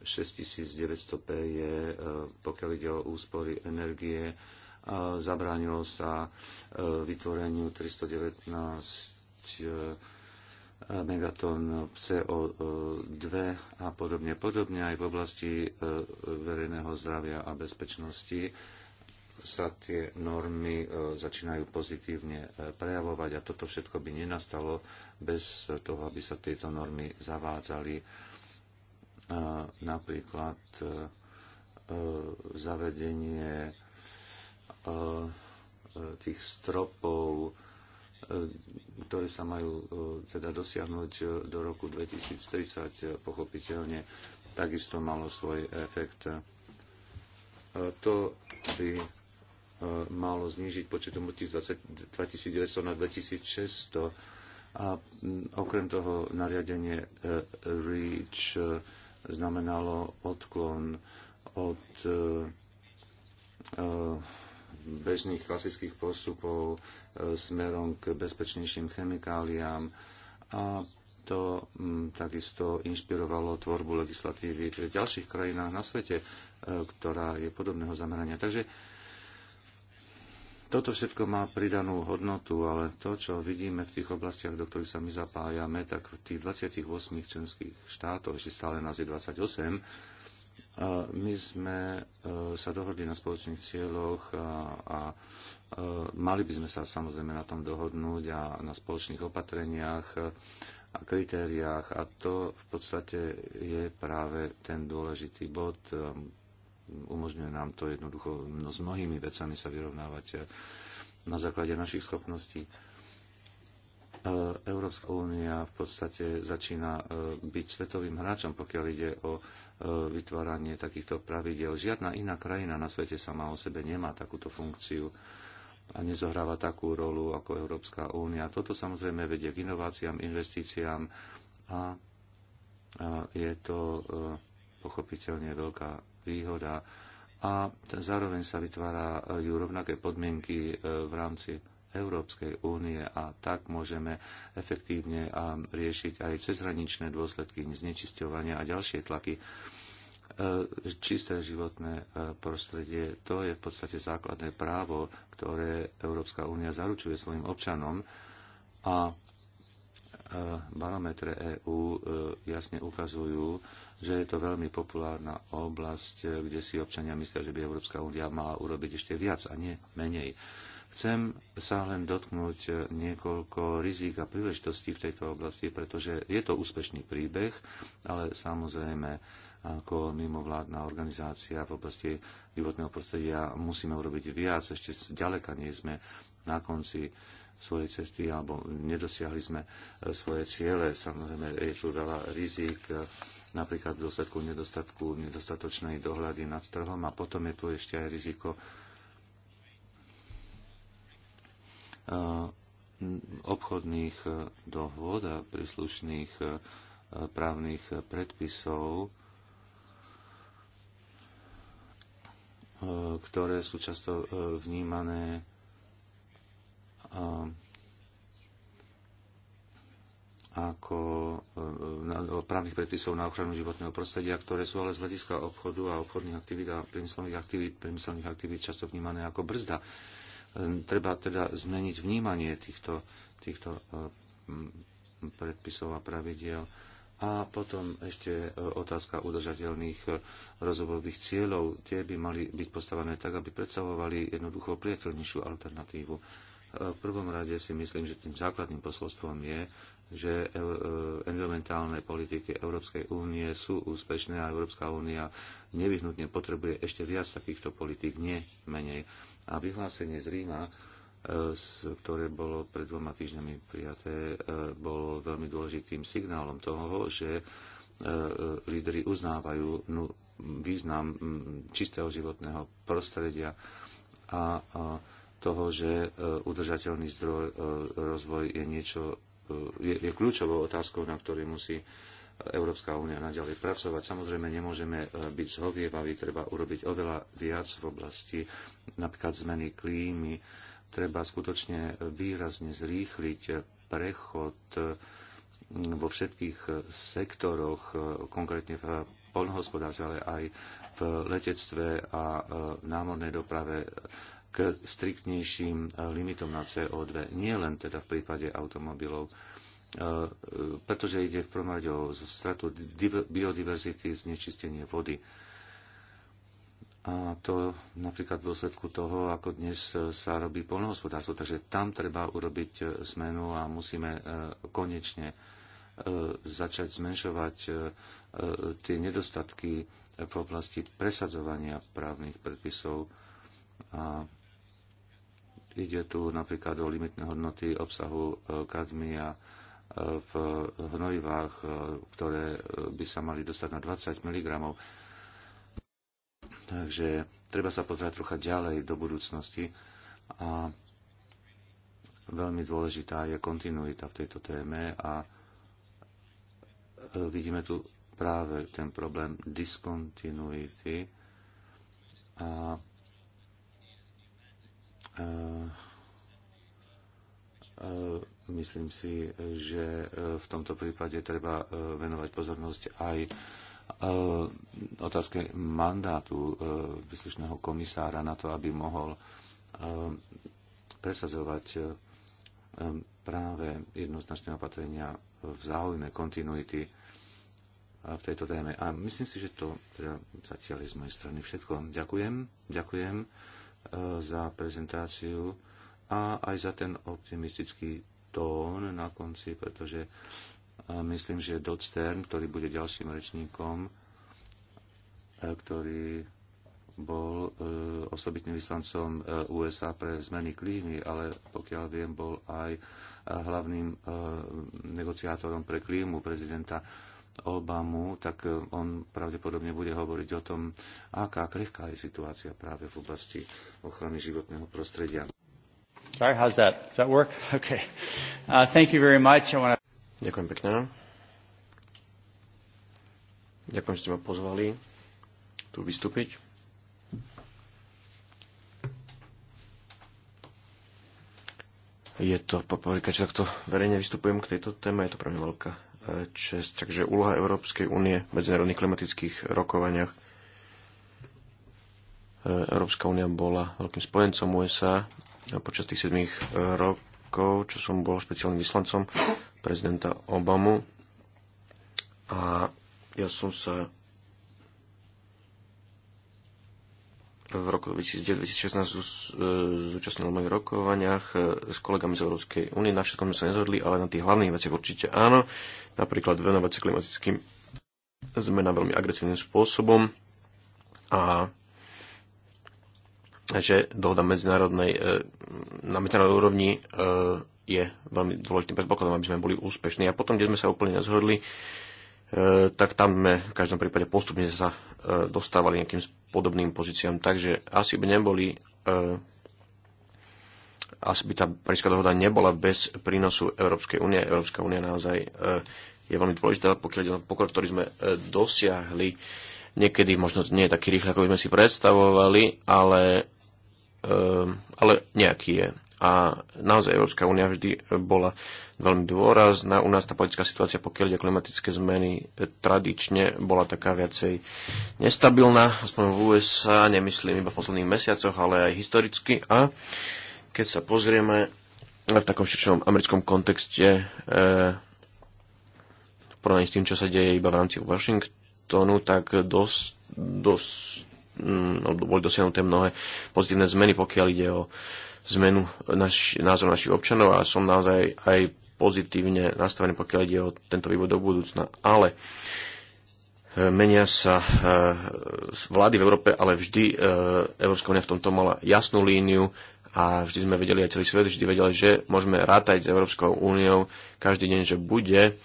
6900P e, je, e, pokiaľ ide o úspory energie, zabránilo sa vytvoreniu 319 megatón CO2 a podobne. Podobne aj v oblasti verejného zdravia a bezpečnosti sa tie normy e, začínajú pozitívne e, prejavovať a toto všetko by nenastalo bez toho, aby sa tieto normy zavádzali. E, napríklad zavedenie tých stropov, ktoré sa majú teda dosiahnuť do roku 2030, pochopiteľne, takisto malo svoj efekt. To by E, malo znižiť počet umrtí z 2900 na 2600 a mm, okrem toho nariadenie e, REACH e, znamenalo odklon od bežných klasických postupov smerom k bezpečnejším chemikáliám a to mm, takisto inšpirovalo tvorbu legislatívy v ďalších krajinách na svete, ktorá je podobného zamerania. Takže toto všetko má pridanú hodnotu, ale to, čo vidíme v tých oblastiach, do ktorých sa my zapájame, tak v tých 28 členských štátoch, ešte stále nás je 28, my sme e, sa dohodli na spoločných cieľoch a, a e, mali by sme sa samozrejme na tom dohodnúť a na spoločných opatreniach e, a kritériách a to v podstate je práve ten dôležitý bod, umožňuje nám to jednoducho no, s mnohými vecami sa vyrovnávať eh, na základe našich schopností. Eh, Európska únia v podstate začína eh, byť svetovým hráčom, pokiaľ ide o vytváranie takýchto pravidel. Žiadna iná krajina na svete sama o sebe nemá takúto funkciu a nezohráva takú rolu ako Európska únia. Toto samozrejme vedie k inováciám, investíciám a je to pochopiteľne veľká výhoda a zároveň sa vytvárajú rovnaké podmienky e, v rámci Európskej únie a tak môžeme efektívne riešiť aj cezhraničné dôsledky znečisťovania a ďalšie tlaky. E, čisté životné e, prostredie to je v podstate základné právo, ktoré Európska únia zaručuje svojim občanom a barometre EÚ jasne ukazujú, že je to veľmi populárna oblasť, eh, kde si občania myslia, že by Európska únia mala urobiť ešte viac a nie menej. Chcem sa len dotknúť eh, niekoľko rizík a príležitostí v tejto oblasti, pretože je to úspešný príbeh, ale samozrejme ako mimovládna organizácia v oblasti životného prostredia musíme urobiť viac. Ešte ďaleka nie sme na konci svojej cesty alebo nedosiahli sme eh, svoje ciele. Samozrejme, je tu veľa rizik napríklad v dôsledku nedostatku, nedostatočnej dohľady nad trhom a potom je tu ešte aj riziko eh, obchodných eh, dohôd a príslušných eh, právnych predpisov, ktoré sú často vnímané ako e, e, právnych predpisov na ochranu životného prostredia, ktoré sú ale z hľadiska obchodu a obchodných aktivít a priemyselných aktivít, priemyselných aktivít často vnímané ako brzda. E, treba teda zmeniť vnímanie týchto, týchto predpisov a pravidiel. A potom ešte otázka udržateľných rozvojových cieľov. Tie by mali byť postavené tak, aby predstavovali jednoducho priateľnejšiu alternatívu. V prvom rade si myslím, že tým základným posolstvom je, že e, e, environmentálne politiky Európskej únie sú úspešné a Európska únia nevyhnutne potrebuje ešte viac takýchto politik, nie menej. A vyhlásenie z Ríma, e, ktoré bolo pred dvoma týždňami prijaté, bolo veľmi dôležitým signálom toho, že lídry uznávajú no, význam čistého životného prostredia a toho, že udržateľný zdroj, rozvoj je niečo je, je kľúčovou otázkou, na ktorej musí Európska únia naďalej pracovať. Samozrejme, nemôžeme e, byť zhovievaví, treba urobiť oveľa viac v oblasti napríklad zmeny klímy. Treba skutočne výrazne zrýchliť prechod e, vo všetkých e, sektoroch, konkrétne v poľnohospodárstve, ale aj v letectve a námornej doprave k striktnejším e, limitom na CO2, nie len teda v prípade automobilov, e, e, pretože ide v prvom rade o stratu biodiverzity, znečistenie vody. A to napríklad v dôsledku toho, ako dnes sa robí polnohospodárstvo. Takže tam treba urobiť zmenu a musíme konečne začať zmenšovať tie nedostatky v oblasti presadzovania právnych predpisov a Ide tu napríklad o limitné hodnoty obsahu e, kadmia e, v hnojivách, e, ktoré by sa mali dostať na 20 mg. Takže treba sa pozrieť trocha ďalej do budúcnosti a veľmi dôležitá je kontinuita v tejto téme a vidíme tu práve ten problém diskontinuity a Eh, eh, myslím si, že eh, v tomto prípade treba venovať pozornosť aj otázke mandátu príslušného komisára na to, aby mohol presazovať práve jednoznačné opatrenia v záujme kontinuity v tejto téme. A myslím si, že to teda zatiaľ je z mojej strany všetko. Ďakujem, ďakujem za prezentáciu a aj za ten optimistický tón na konci, pretože e, myslím, že Dot Stern, ktorý bude ďalším rečníkom, e, ktorý bol e, osobitným vyslancom USA pre zmeny klímy, ale pokiaľ viem, bol aj hlavným negociátorom pre klímu prezidenta Obamu, tak e, on pravdepodobne bude hovoriť o tom, aká krehká je situácia práve v oblasti ochrany životného prostredia. Sorry, how's that? Does that work? Okay. Uh, thank you very much. I wanna... Ďakujem pekne. Ďakujem, že ste ma pozvali tu vystúpiť. Je to poprvýkrát, že takto verejne vystupujem k tejto téme, je to pre mňa veľká čest. Takže úloha Európskej únie v medzinárodných klimatických rokovaniach. E, Európska únia bola veľkým spojencom USA počas tých 7 e, rokov, čo som bol špeciálnym vyslancom prezidenta Obamu. A ja som sa v roku 2016 e, zúčastnil mojich rokovaniach e, s kolegami z Európskej únie. Na všetkom sme sa nezhodli, ale na tých hlavných veciach určite áno. Napríklad venovať sa klimatickým zmenám veľmi agresívnym spôsobom a že dohoda medzinárodnej, e, na medzinárodnej úrovni je veľmi dôležitým predpokladom, aby sme boli úspešní. A potom, kde sme sa úplne nezhodli, E, tak tam sme v každom prípade postupne sa e, dostávali nejakým podobným pozíciám. Takže asi by neboli e, asi by tá Paríska dohoda nebola bez prínosu Európskej únie. Európska únia naozaj je veľmi dôležitá, pokiaľ je pokrok, ktorý sme dosiahli. Niekedy možno nie je taký rýchly, ako by sme si predstavovali, ale, ale nejaký je. A naozaj Európska únia vždy bola veľmi dôrazná. U nás tá politická situácia, pokiaľ ide klimatické zmeny, tradične bola taká viacej nestabilná, aspoň v USA, nemyslím iba v posledných mesiacoch, ale aj historicky. A keď sa pozrieme v takom širšom americkom kontexte, e, v porovnaní s tým, čo sa deje iba v rámci Washingtonu, tak dosť, dosť mm, boli dosiahnuté mnohé pozitívne zmeny, pokiaľ ide o zmenu naš, názor našich občanov a som naozaj aj pozitívne nastavený, pokiaľ ide o tento vývoj do budúcna. Ale e, menia sa e, vlády v Európe, ale vždy e, Európska únia v tomto mala jasnú líniu a vždy sme vedeli, aj celý svet vždy vedeli, že môžeme rátať s Európskou úniou každý deň, že bude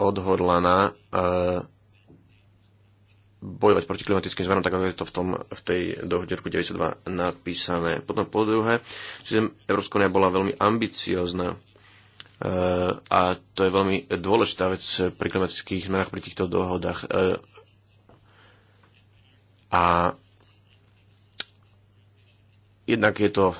odhodlaná bojovať proti klimatickým zmenám, tak ako je to v, tom, v tej dohode roku 92 napísané. Potom po druhé, čiže Európska unia bola veľmi ambiciozná e, a to je veľmi dôležitá vec pri klimatických zmenách, pri týchto dohodách. E, a jednak je to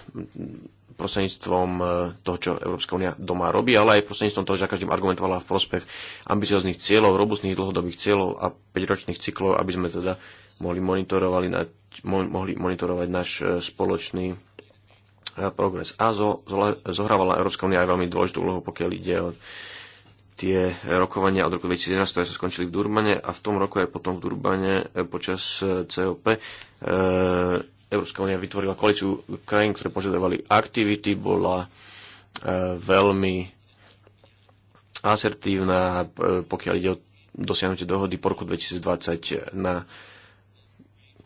prostredníctvom e, toho, čo Európska únia doma robí, ale aj prostredníctvom toho, že každým argumentovala v prospech ambicioznych cieľov, robustných dlhodobých cieľov a 5-ročných cyklov, aby sme teda mohli, monitorovali na, mohli monitorovať náš e, spoločný e, progres. A zo, zohrávala Európska únia aj veľmi dôležitú úlohu, pokiaľ ide o tie rokovania od roku 2011, ktoré sa skončili v Durbane a v tom roku aj potom v Durbane počas COP e, Európska únia vytvorila koalíciu krajín, ktoré požadovali aktivity, bola e, veľmi asertívna, e, pokiaľ ide o dosiahnutie dohody po roku 2020 na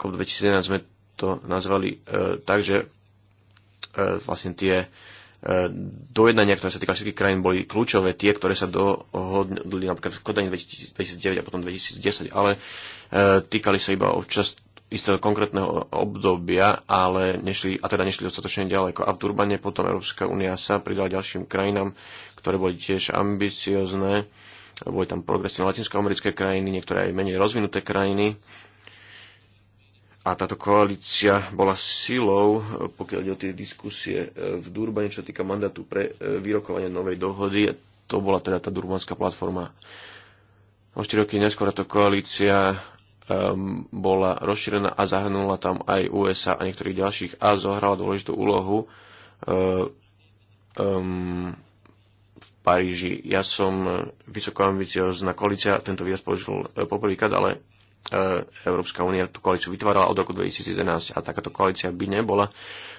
COP 2011 sme to nazvali e, tak, že e, vlastne tie e, dojednania, ktoré sa týka všetkých krajín, boli kľúčové, tie, ktoré sa dohodli napríklad v Kodani 2009 a potom 2010, ale e, týkali sa iba občas istého konkrétneho obdobia, ale nešli, a teda nešli dostatočne ďaleko. A v Durbane potom Európska únia sa pridala ďalším krajinám, ktoré boli tiež ambiciozne. Boli tam progresívne latinskoamerické krajiny, niektoré aj menej rozvinuté krajiny. A táto koalícia bola silou, pokiaľ ide o tie diskusie e, v Durbane, čo týka mandátu pre e, vyrokovanie novej dohody. To bola teda tá durbanská platforma. O 4 roky neskôr táto koalícia um, bola rozšírená a zahrnula tam aj USA a niektorých ďalších a zohrala dôležitú úlohu uh, um, v Paríži. Ja som vysoko ambiciozná koalícia, tento výraz použil e, poprvýkrát, ale e, Európska únia tú koalíciu vytvárala od roku 2011 a takáto koalícia by nebola,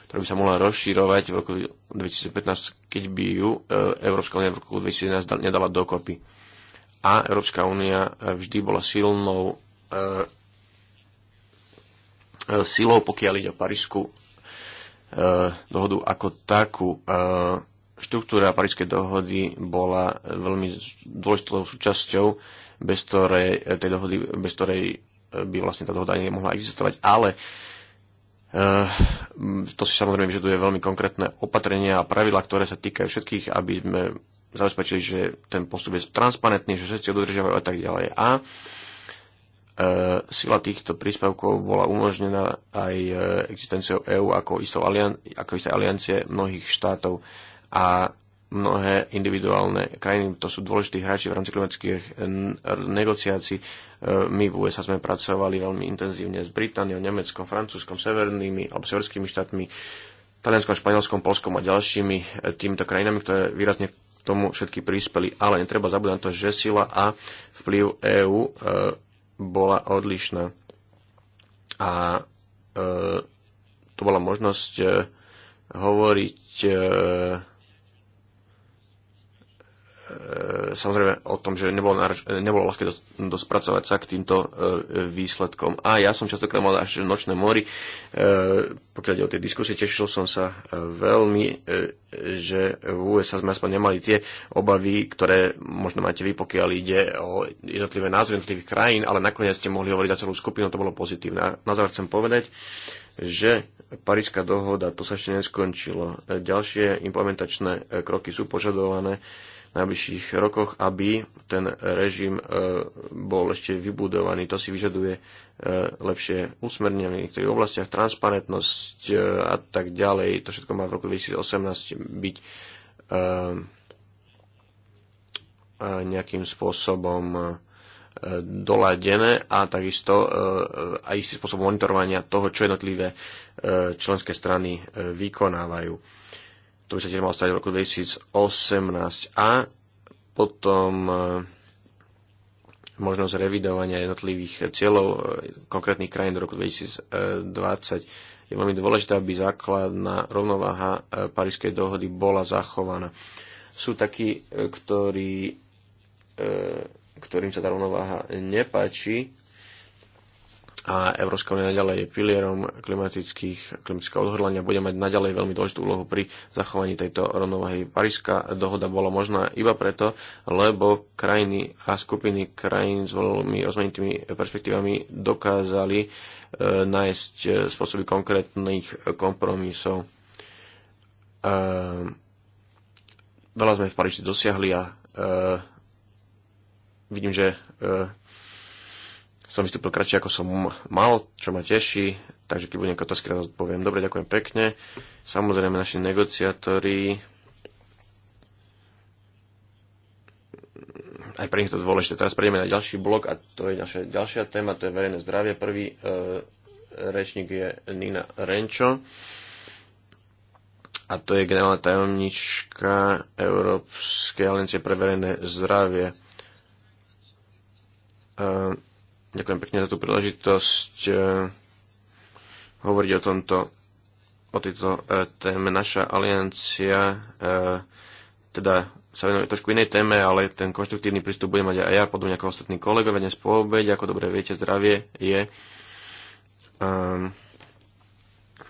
ktorá by sa mohla rozširovať v roku 2015, keď by ju e, Európska únia v roku 2011 nedala dokopy. A Európska únia vždy bola silnou E, e, silou, pokiaľ ide o Parížskú e, dohodu ako takú. Štruktúra Parížskej dohody bola veľmi dôležitou súčasťou, bez ktorej, tej dohody, bez ktorej by vlastne tá dohoda nemohla existovať, ale to si samozrejme vyžaduje veľmi konkrétne opatrenia a pravidla, ktoré sa týkajú všetkých, aby sme zabezpečili, že ten postup je transparentný, že všetci ho dodržiavajú a tak ďalej. A E, sila týchto príspevkov bola umožnená aj e, existenciou EÚ ako, alian- ako isté aliancie mnohých štátov a mnohé individuálne krajiny, to sú dôležití hráči v rámci klimatických negociácií. E, my v USA sme pracovali veľmi intenzívne s Britániou, Nemeckom, Francúzskom, Severnými alebo Severskými štátmi, Talianskom, Španielskom, Polskom a ďalšími týmito krajinami, ktoré výrazne tomu všetky prispeli. Ale netreba zabúdať na to, že sila a vplyv EÚ bola odlišná. A e, to bola možnosť e, hovoriť e, E, samozrejme o tom, že nebolo, náraž, nebolo ľahké dos, dospracovať sa k týmto e, výsledkom. A ja som častokrát mal až nočné mory. E, pokiaľ ide o tie diskusie, tešil som sa e, veľmi, e, že v USA sme aspoň nemali tie obavy, ktoré možno máte vy, pokiaľ ide o jednotlivé názvy jednotlivých krajín, ale nakoniec ste mohli hovoriť za celú skupinu, to bolo pozitívne. A na záver chcem povedať, že Paríska dohoda, to sa ešte neskončilo. E, ďalšie implementačné kroky sú požadované najbližších rokoch, aby ten režim e, bol ešte vybudovaný. To si vyžaduje e, lepšie usmernenie v niektorých oblastiach, transparentnosť e, a tak ďalej. To všetko má v roku 2018 byť nejakým spôsobom doladené a takisto aj istý spôsob monitorovania toho, čo jednotlivé členské strany vykonávajú ktorý sa tiež mal stať v roku 2018 a potom e, možnosť revidovania jednotlivých cieľov e, konkrétnych krajín do roku 2020. Je veľmi dôležité, aby základná rovnováha e, Parískej dohody bola zachovaná. Sú takí, ktorí, ktorým sa tá rovnováha nepáči a Európska únia naďalej je pilierom klimatických, klimatického odhodlania, bude mať naďalej veľmi dôležitú úlohu pri zachovaní tejto rovnováhy. Parížská dohoda bola možná iba preto, lebo krajiny a skupiny krajín s veľmi rozmanitými perspektívami dokázali e, nájsť e, spôsoby konkrétnych kompromisov. E, veľa sme v Paríži dosiahli a e, vidím, že e, som vystúpil kratšie, ako som mal, čo ma teší, takže keď budú nejaké otázky, raz odpoviem. Dobre, ďakujem pekne. Samozrejme, naši negociátori, aj pre nich to dôležité. Teraz prejdeme na ďalší blok a to je naša ďalšia téma, to je verejné zdravie. Prvý e, rečník je Nina Renčo a to je generálna tajomnička Európskej aliancie pre verejné zdravie. E, Ďakujem pekne za tú príležitosť e, hovoriť o tomto o tejto e, téme. Naša aliancia e, teda sa venuje trošku inej téme, ale ten konštruktívny prístup budem mať aj ja, podobne ako ostatní kolegovia dnes po obede. Ako dobre viete, zdravie je um,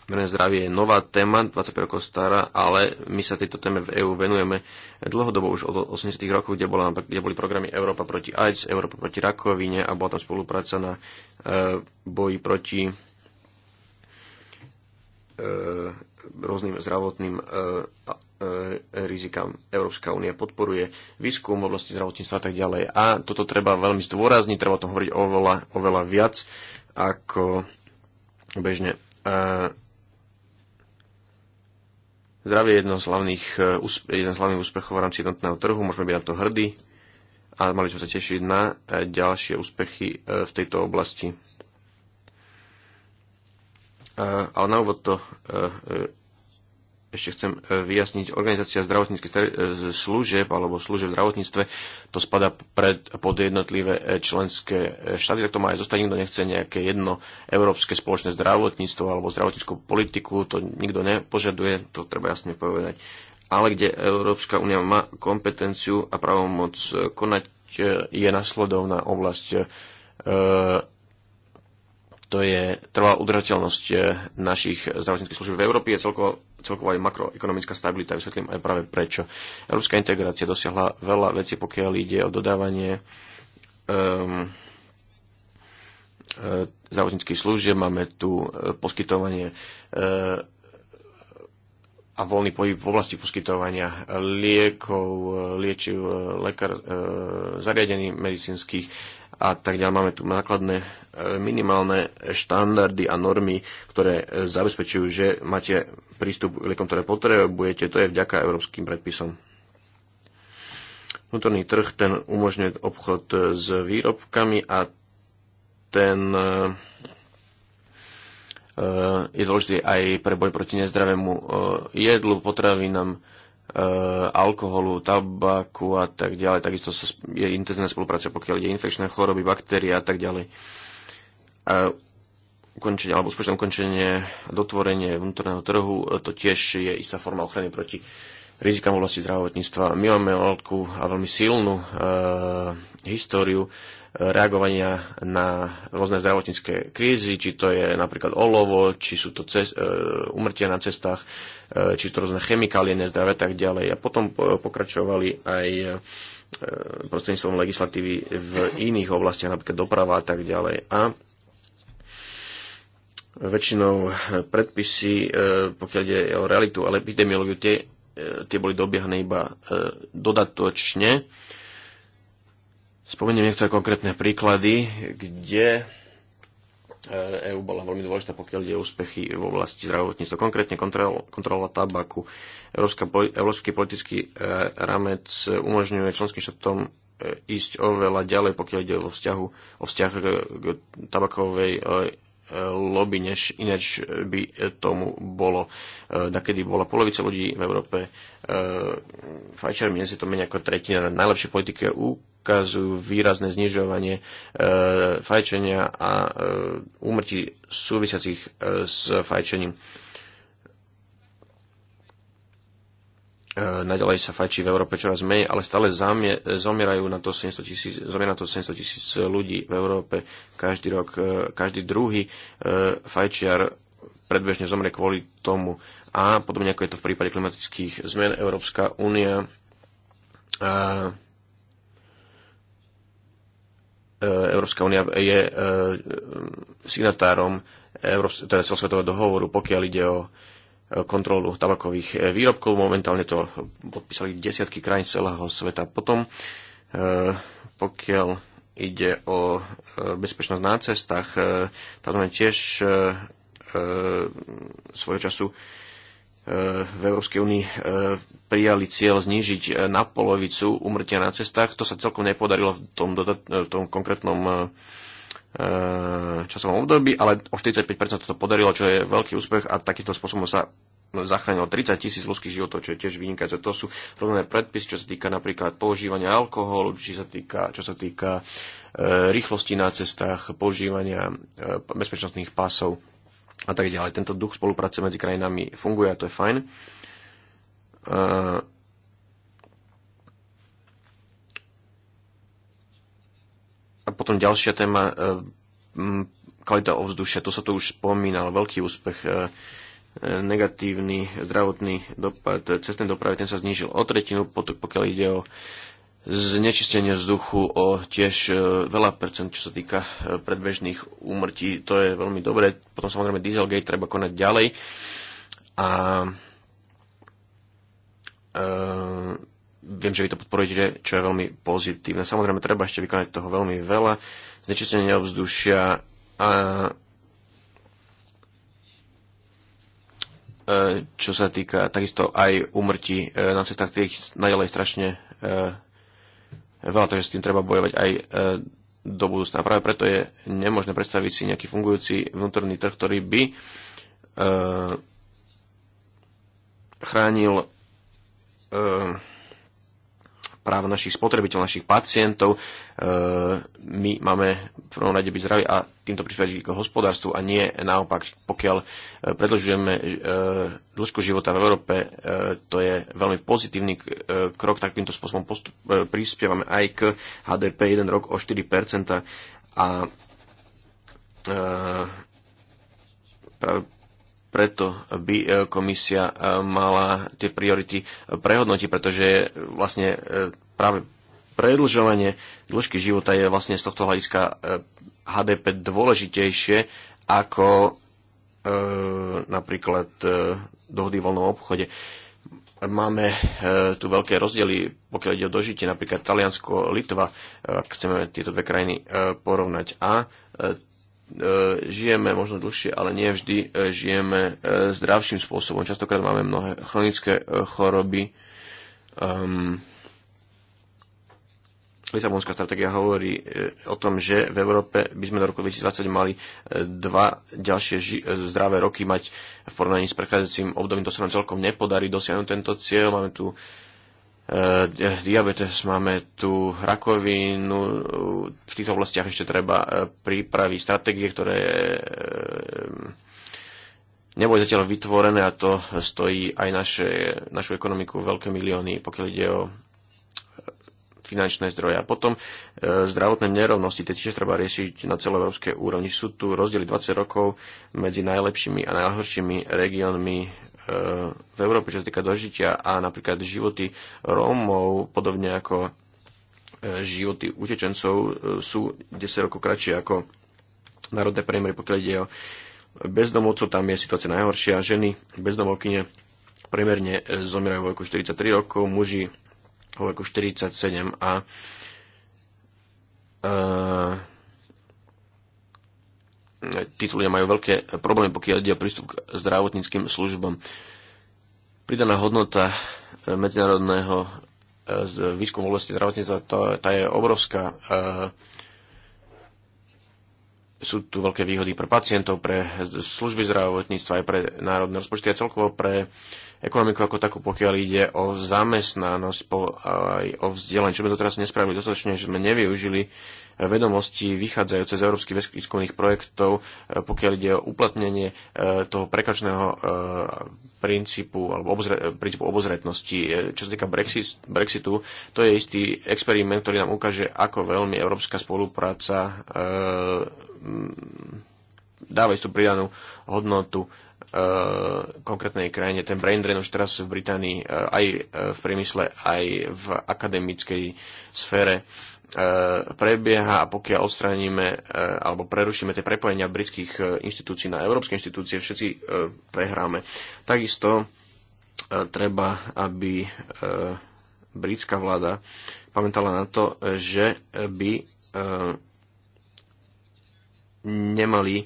Verejné zdravie je nová téma, 25 rokov stará, ale my sa tejto téme v EÚ venujeme dlhodobo už od 80. rokov, kde, bola, kde boli programy Európa proti AIDS, Európa proti rakovine a bola tam spolupráca na uh, boji proti uh, rôznym zdravotným uh, rizikám. Európska únia podporuje výskum v oblasti zdravotníctva a tak ďalej. A toto treba veľmi zdôrazniť, treba o tom hovoriť oveľa, oveľa viac ako bežne. Zdravie je jedno z hlavných, e, jeden z hlavných úspechov v rámci jednotného trhu, môžeme byť na to hrdí a mali sme sa tešiť na e, ďalšie úspechy e, v tejto oblasti. Ale na úvod to ešte chcem e, vyjasniť, organizácia zdravotníckých e, služieb alebo služieb v zdravotníctve, to spada pred, pod jednotlivé e, členské štáty, tak to má aj zostať. Nikto nechce nejaké jedno európske spoločné zdravotníctvo alebo zdravotníckú politiku, to nikto nepožaduje, to treba jasne povedať. Ale kde Európska únia má kompetenciu a právomoc konať, je nasledovná oblasť e, to je trvalá udržateľnosť našich zdravotníckých služieb v Európe, je celkovo celková aj makroekonomická stabilita. Vysvetlím aj práve prečo. Európska integrácia dosiahla veľa vecí, pokiaľ ide o dodávanie um, e, zdravotníckých služieb, máme tu e, poskytovanie e, a voľný pohyb v oblasti poskytovania liekov, e, liečiv, e, lekár, e, zariadení medicínskych a tak ďalej. Máme tu nákladné e, minimálne štandardy a normy, ktoré e, zabezpečujú, že máte prístup k liekom, ktoré potrebujete. To je vďaka európskym predpisom. Vnútorný trh ten umožňuje obchod e, s výrobkami a ten je dôležitý aj pre boj proti nezdravému jedlu, potravinám, Eh, alkoholu, tabaku a tak ďalej. Takisto sa je intenzívna spolupráca, pokiaľ ide infekčné choroby, baktérie a tak ďalej. E, ukončenie, alebo úspešné ukončenie, dotvorenie vnútorného trhu, eh, to tiež je istá forma ochrany proti rizikám v oblasti zdravotníctva. My máme veľkú a veľmi silnú e, históriu reagovania na rôzne zdravotnícke krízy, či to je napríklad olovo, či sú to cest, e, umrtia na cestách, e, či to rôzne chemikálie nezdravé tak ďalej. A potom pokračovali aj e, prostredníctvom legislatívy v iných oblastiach, napríklad doprava a tak ďalej. A väčšinou predpisy, pokiaľ ide o realitu, ale epidemiológiu, tie, tie boli dobiehané iba dodatočne Spomeniem niektoré konkrétne príklady, kde EÚ e bola veľmi dôležitá, pokiaľ ide úspechy v oblasti zdravotníctva. Konkrétne kontrola, kontrola tabaku. Európska, európsky politický e, ramec umožňuje členským štátom e, ísť oveľa ďalej, pokiaľ ide o, vzťahu, o vzťah k, k tabakovej lobby, než ináč by tomu bolo. Nakedy bola polovica ľudí v Európe fajčermi, dnes je to menej ako tretina. Najlepšie politike EU ukazujú výrazné znižovanie e, fajčenia a e, úmrtí súvisiacich e, s fajčením. E, naďalej sa fajčí v Európe čoraz menej, ale stále zamie, zomierajú na to 700 tisíc, na to 700 tisíc ľudí v Európe každý rok. E, každý druhý e, fajčiar predbežne zomrie kvôli tomu. A podobne ako je to v prípade klimatických zmien, Európska únia e, E, Európska únia je e, signatárom teda celosvetového dohovoru, pokiaľ ide o e, kontrolu tabakových výrobkov. Momentálne to podpísali desiatky krajín celého sveta. Potom, pokiaľ ide o bezpečnosť na cestách, tam sme tiež svojho času v Európskej únii e, prijali cieľ znížiť e, na polovicu umrtia na cestách. To sa celkom nepodarilo v tom, e, v tom konkrétnom časovom období, ale o 45% to podarilo, čo je veľký úspech a takýmto spôsobom sa zachránilo 30 tisíc ľudských životov, čo je tiež vynikajúce. To sú rovné predpisy, čo sa týka napríklad používania alkoholu, či sa týka, čo sa týka e, rýchlosti na cestách, používania e, bezpečnostných pásov a tak ďalej. Tento duch spolupráce medzi krajinami funguje a to je fajn. a potom ďalšia téma, e, kvalita ovzdušia, to sa tu už spomínal, veľký úspech, e, e, negatívny zdravotný dopad cestnej dopravy, ten sa znížil o tretinu, pokiaľ ide o znečistenie vzduchu o tiež e, veľa percent, čo sa týka e, predbežných úmrtí. To je veľmi dobré. Potom samozrejme Dieselgate treba konať ďalej. A Uh, viem, že vy to podporujete, čo je veľmi pozitívne. Samozrejme, treba ešte vykonať toho veľmi veľa. Znečistenie ovzdušia a čo sa týka takisto aj uh, na cestách, tých naďalej strašne veľa, takže s tým treba bojovať aj e, do budúcna. Práve preto je nemožné predstaviť si nejaký fungujúci vnútorný trh, ktorý by e, chránil e, práva našich spotrebiteľov, našich pacientov. E, my máme v prvom rade byť zdraví a týmto prispievať k hospodárstvu a nie naopak, pokiaľ e, predlžujeme e, dĺžku života v Európe, to je veľmi pozitívny krok, takýmto spôsobom postup, prispievame aj k HDP 1 rok o 4% a práve preto by e, komisia e, mala tie priority prehodnotiť, pretože e, vlastne práve predlžovanie dĺžky života je vlastne z tohto hľadiska HDP dôležitejšie ako e, napríklad e, dohody v voľnom obchode. Máme e, tu veľké rozdiely, pokiaľ ide o dožitie, napríklad Taliansko, Litva, ak chceme tieto dve krajiny e, porovnať. A e, E, žijeme možno dlhšie, ale nie vždy e, žijeme e, zdravším spôsobom. Častokrát máme mnohé chronické choroby. Um, Lisabonská stratégia hovorí o tom, že v Európe by sme do roku 2020 mali dva ďalšie zdravé roky mať v porovnaní s prechádzajúcim obdobím. To sa nám celkom nepodarí dosiahnuť tento cieľ. Máme tu uh, Eh, diabetes, máme tu rakovinu. V týchto oblastiach ešte treba eh, pripraviť stratégie, ktoré eh, neboli zatiaľ vytvorené a to stojí aj naše, našu ekonomiku veľké milióny, pokiaľ ide o finančné zdroje. A potom e, zdravotné nerovnosti, tie tiež treba riešiť na celoeurópskej úrovni. Sú tu rozdiely 20 rokov medzi najlepšími a najhoršími regiónmi v Európe, čo sa týka dožitia a napríklad životy Rómov, podobne ako e, životy utečencov, e, sú 10 rokov kratšie ako národné priemery, pokiaľ ide o bezdomovcov, tam je situácia najhoršia. Ženy bezdomovkyne priemerne e, zomerajú vo veku 43 rokov, muži vo veku 47 a uh, títo ľudia majú veľké problémy, pokiaľ ide o prístup k zdravotníckým službám. Pridaná hodnota e, medzinárodného e, výskumu v oblasti zdravotníctva, tá, tá je obrovská. E, sú tu veľké výhody pre pacientov, pre služby zdravotníctva, aj pre národné rozpočty a celkovo pre uh, ekonomiku ako takú, pokiaľ ide o zamestnanosť, po, aj o vzdelanie, čo sme doteraz nespravili dostatočne, že sme nevyužili e, vedomosti vychádzajúce z európskych výskumných projektov, e, pokiaľ ide o uplatnenie e, toho prekačného princípu alebo obozre, princípu obozretnosti. Čo sa týka Brexit, Brexitu, to je istý experiment, ktorý nám ukáže, ako veľmi európska spolupráca dáva istú pridanú hodnotu Eh, konkrétnej krajine. Ten brain drain už teraz v Británii eh, aj eh, v priemysle, aj v akademickej sfére prebieha a pokiaľ odstraníme alebo prerušíme tie prepojenia britských inštitúcií na európske inštitúcie, všetci prehráme. Takisto treba, aby britská vláda pamätala na to, že by nemali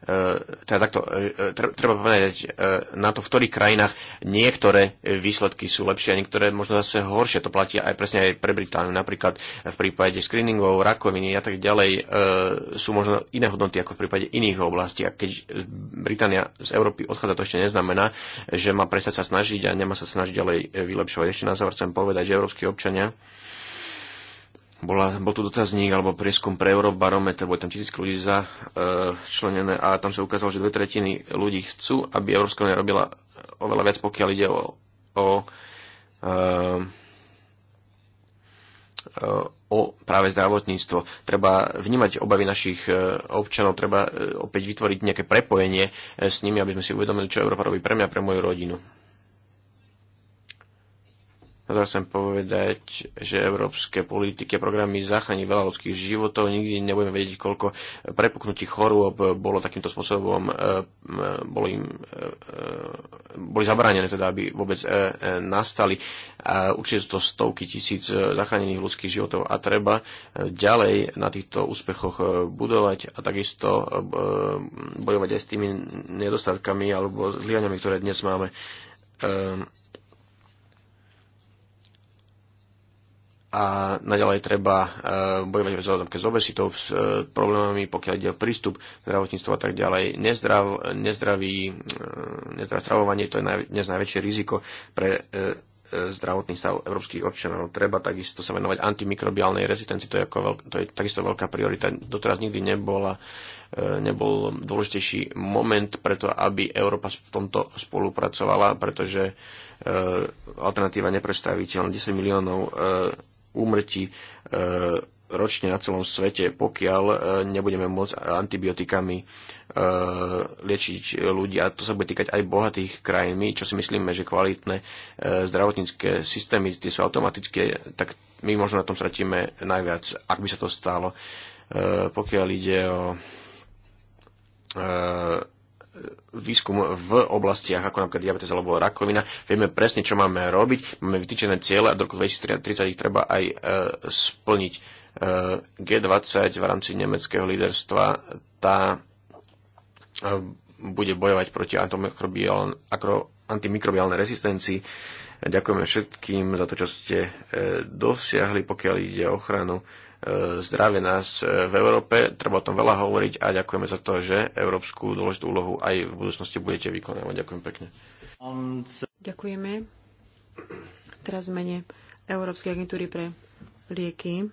E, teda takto, e, e, treba povedať na to, v ktorých krajinách niektoré výsledky sú lepšie a niektoré možno zase horšie. To platí aj presne aj pre Britániu. Napríklad v prípade screeningov, rakoviny a tak ďalej sú možno iné hodnoty ako v prípade iných oblastí. A keď Británia z Európy odchádza, to ešte neznamená, že má prestať sa snažiť a nemá sa snažiť ďalej vylepšovať. Ešte na záver chcem povedať, že európsky občania bola, bol tu dotazník alebo prieskum pre Eurobarometer, boli tam tisíc ľudí začlenené e, a tam sa ukázalo, že dve tretiny ľudí chcú, aby Európska únia robila oveľa viac, pokiaľ ide o, o, e, o, o práve zdravotníctvo. Treba vnímať obavy našich e, občanov, treba opäť vytvoriť nejaké prepojenie s nimi, aby sme si uvedomili, čo Európa robí pre mňa a pre moju rodinu. Zase chcem povedať, že európske politiky a programy zachrání veľa ľudských životov. Nikdy nebudeme vedieť, koľko prepuknutí chorôb bolo takýmto spôsobom, e, bolo im, e, e, boli zabránené, teda, aby vôbec nastali. A určite sú to stovky tisíc zachránených ľudských životov a treba ďalej na týchto úspechoch budovať a takisto bojovať aj s tými nedostatkami alebo zlíhaniami, ktoré dnes máme. a naďalej treba e, bojovať s obezitou, s problémami, pokiaľ ide o prístup k zdravotníctvu a tak ďalej. Nezdrav, nezdravý, e, nezdrav stravovanie to je naj, dnes najväčšie riziko pre e, zdravotný stav európskych občanov. Treba takisto sa venovať antimikrobiálnej rezistencii, to je, ako veľk, to je takisto veľká priorita. Doteraz nikdy nebola, nebol dôležitejší moment preto, aby Európa v tomto spolupracovala, pretože alternatíva neprestaviteľná. 10 miliónov úmrtí e, ročne na celom svete, pokiaľ e, nebudeme môcť antibiotikami e, liečiť ľudí. A to sa bude týkať aj bohatých krajín. My, čo si myslíme, že kvalitné zdravotnícke systémy, tie sú automatické, tak my možno na tom stratíme najviac, ak by sa to stalo. Pokiaľ ide o výskum v oblastiach ako napríklad diabetes alebo rakovina. Vieme presne, čo máme robiť, máme vytýčené ciele a do roku 2030 ich treba aj e, splniť. E, G20 v rámci nemeckého líderstva tá e, bude bojovať proti antimikrobiálnej rezistencii. Ďakujeme všetkým za to, čo ste e, dosiahli, pokiaľ ide o ochranu zdravie nás e, v Európe. Treba o tom veľa hovoriť a ďakujeme za to, že európsku dôležitú úlohu aj v budúcnosti budete vykonávať. Ďakujem pekne. Ďakujeme. Teraz v mene Európskej agentúry pre lieky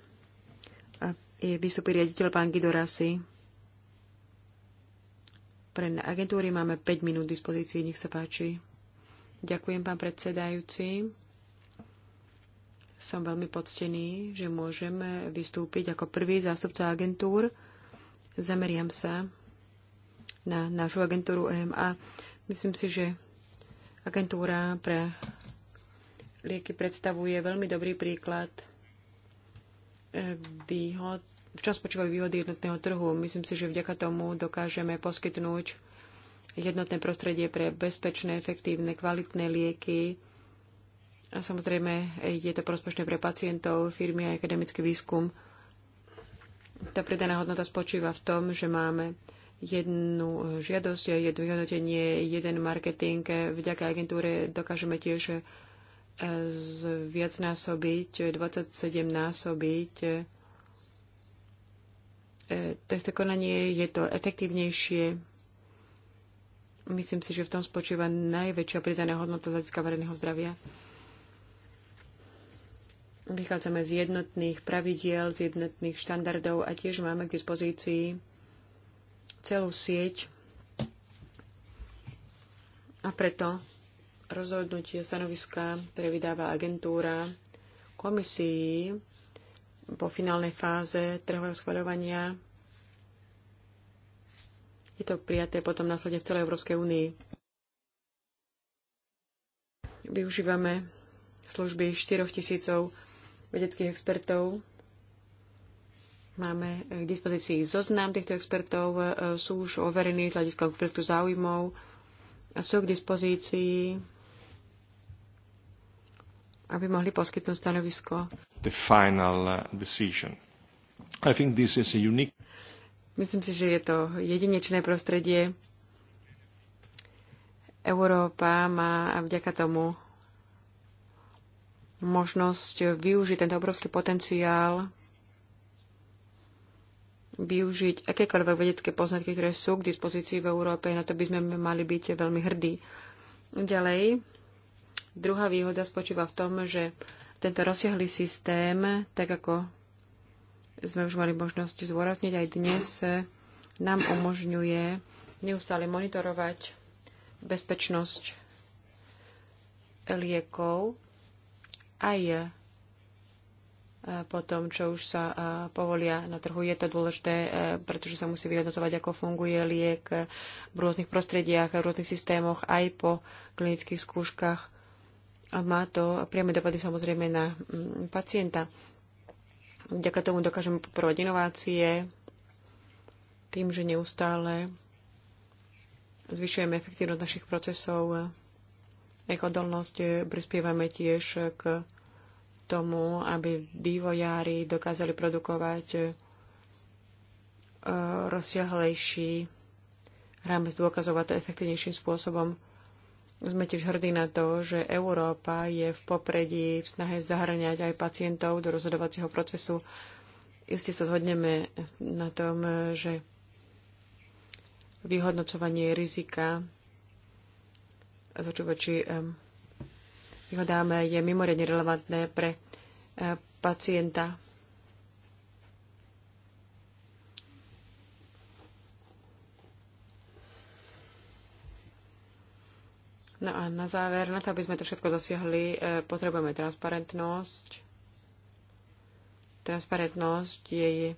a je vystupí riaditeľ pán Guido Rasi. Pre agentúry máme 5 minút dispozícií, nech sa páči. Ďakujem, pán predsedajúci som veľmi poctený, že môžeme vystúpiť ako prvý zástupca agentúr. Zameriam sa na našu agentúru EMA. Myslím si, že agentúra pre lieky predstavuje veľmi dobrý príklad e, výhod, v čom spočívajú výhody jednotného trhu. Myslím si, že vďaka tomu dokážeme poskytnúť jednotné prostredie pre bezpečné, efektívne, kvalitné lieky a samozrejme, je to prospešné pre pacientov, firmy a akademický výskum. Tá predaná hodnota spočíva v tom, že máme jednu žiadosť, jedno vyhodnotenie, jeden marketing. Vďaka agentúre dokážeme tiež eh, viac násobiť, 27 násobiť eh, testé konanie, je to efektívnejšie. Myslím si, že v tom spočíva najväčšia pridaná hodnota z hľadiska verejného zdravia. Vychádzame z jednotných pravidiel, z jednotných štandardov a tiež máme k dispozícii celú sieť a preto rozhodnutie stanoviska, ktoré vydáva agentúra komisii po finálnej fáze trhového schvaľovania, je to prijaté potom následne v celej Európskej únii. Využívame služby 4 tisícov vedeckých expertov. Máme k dispozícii zoznam týchto expertov, e, sú už overení z hľadiska konfliktu záujmov a sú k dispozícii, aby mohli poskytnúť stanovisko. The final uh, decision. I think this is a unique... Myslím si, že je to jedinečné prostredie. Európa má vďaka tomu možnosť využiť tento obrovský potenciál, využiť akékoľvek vedecké poznatky, ktoré sú k dispozícii v Európe, na to by sme mali byť veľmi hrdí. Ďalej, druhá výhoda spočíva v tom, že tento rozsiahly systém, tak ako sme už mali možnosť zvorazniť aj dnes, nám umožňuje neustále monitorovať bezpečnosť liekov aj e, po tom, čo už sa e, povolia na trhu. Je to dôležité, e, pretože sa musí vyhodnocovať, ako funguje liek v rôznych prostrediach, v rôznych systémoch, aj po klinických skúškach. A má to priame dopady samozrejme na mm, pacienta. Vďaka tomu dokážeme podporovať inovácie tým, že neustále zvyšujeme efektívnosť našich procesov ich odolnosť eh, prispievame tiež k tomu, aby vývojári dokázali produkovať eh, rozsiahlejší rámec dôkazov a to efektívnejším spôsobom. Sme tiež hrdí na to, že Európa je v popredí v snahe zahrňať aj pacientov do rozhodovacieho procesu. Isté sa zhodneme na tom, eh, že vyhodnocovanie rizika z oči voči je mimoriadne relevantné pre eh, pacienta. No a na záver, na to, aby sme to všetko dosiahli, eh, potrebujeme transparentnosť. Transparentnosť je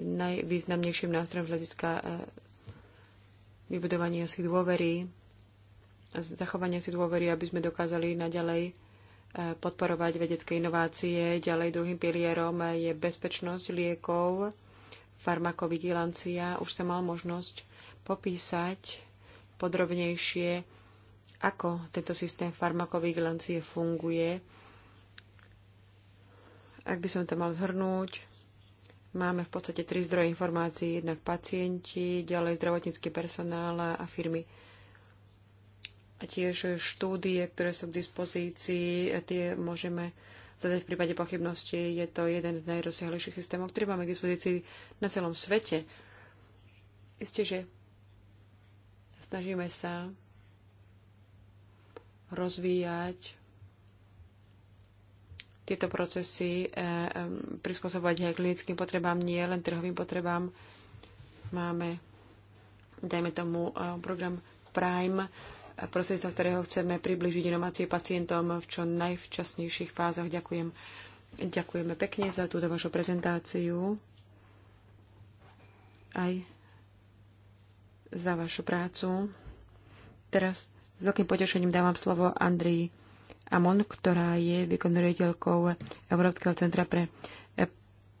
najvýznamnejším nástrojom z hľadiska eh, vybudovania si dôvery zachovania si dôvery, aby sme dokázali naďalej e, podporovať vedecké inovácie. Ďalej druhým pilierom je bezpečnosť liekov, farmakovigilancia. Už som mal možnosť popísať podrobnejšie, ako tento systém farmakovigilancie funguje. Ak by som to mal zhrnúť, máme v podstate tri zdroje informácií, jednak pacienti, ďalej zdravotnícky personál a firmy a tiež štúdie, ktoré sú k dispozícii, tie môžeme zadať v prípade pochybnosti. Je to jeden z najrozsiahlejších systémov, ktorý máme k dispozícii na celom svete. Isté, že snažíme sa rozvíjať tieto procesy, e, e, prispôsobovať aj klinickým potrebám, nie len trhovým potrebám. Máme, dajme tomu, e, program Prime, prostredstvom ktorého chceme približiť inovácie pacientom v čo najvčasnejších fázach. Ďakujem. Ďakujeme pekne za túto vašu prezentáciu aj za vašu prácu. Teraz s veľkým potešením dávam slovo Andrii Amon, ktorá je výkonnou riaditeľkou Európskeho centra pre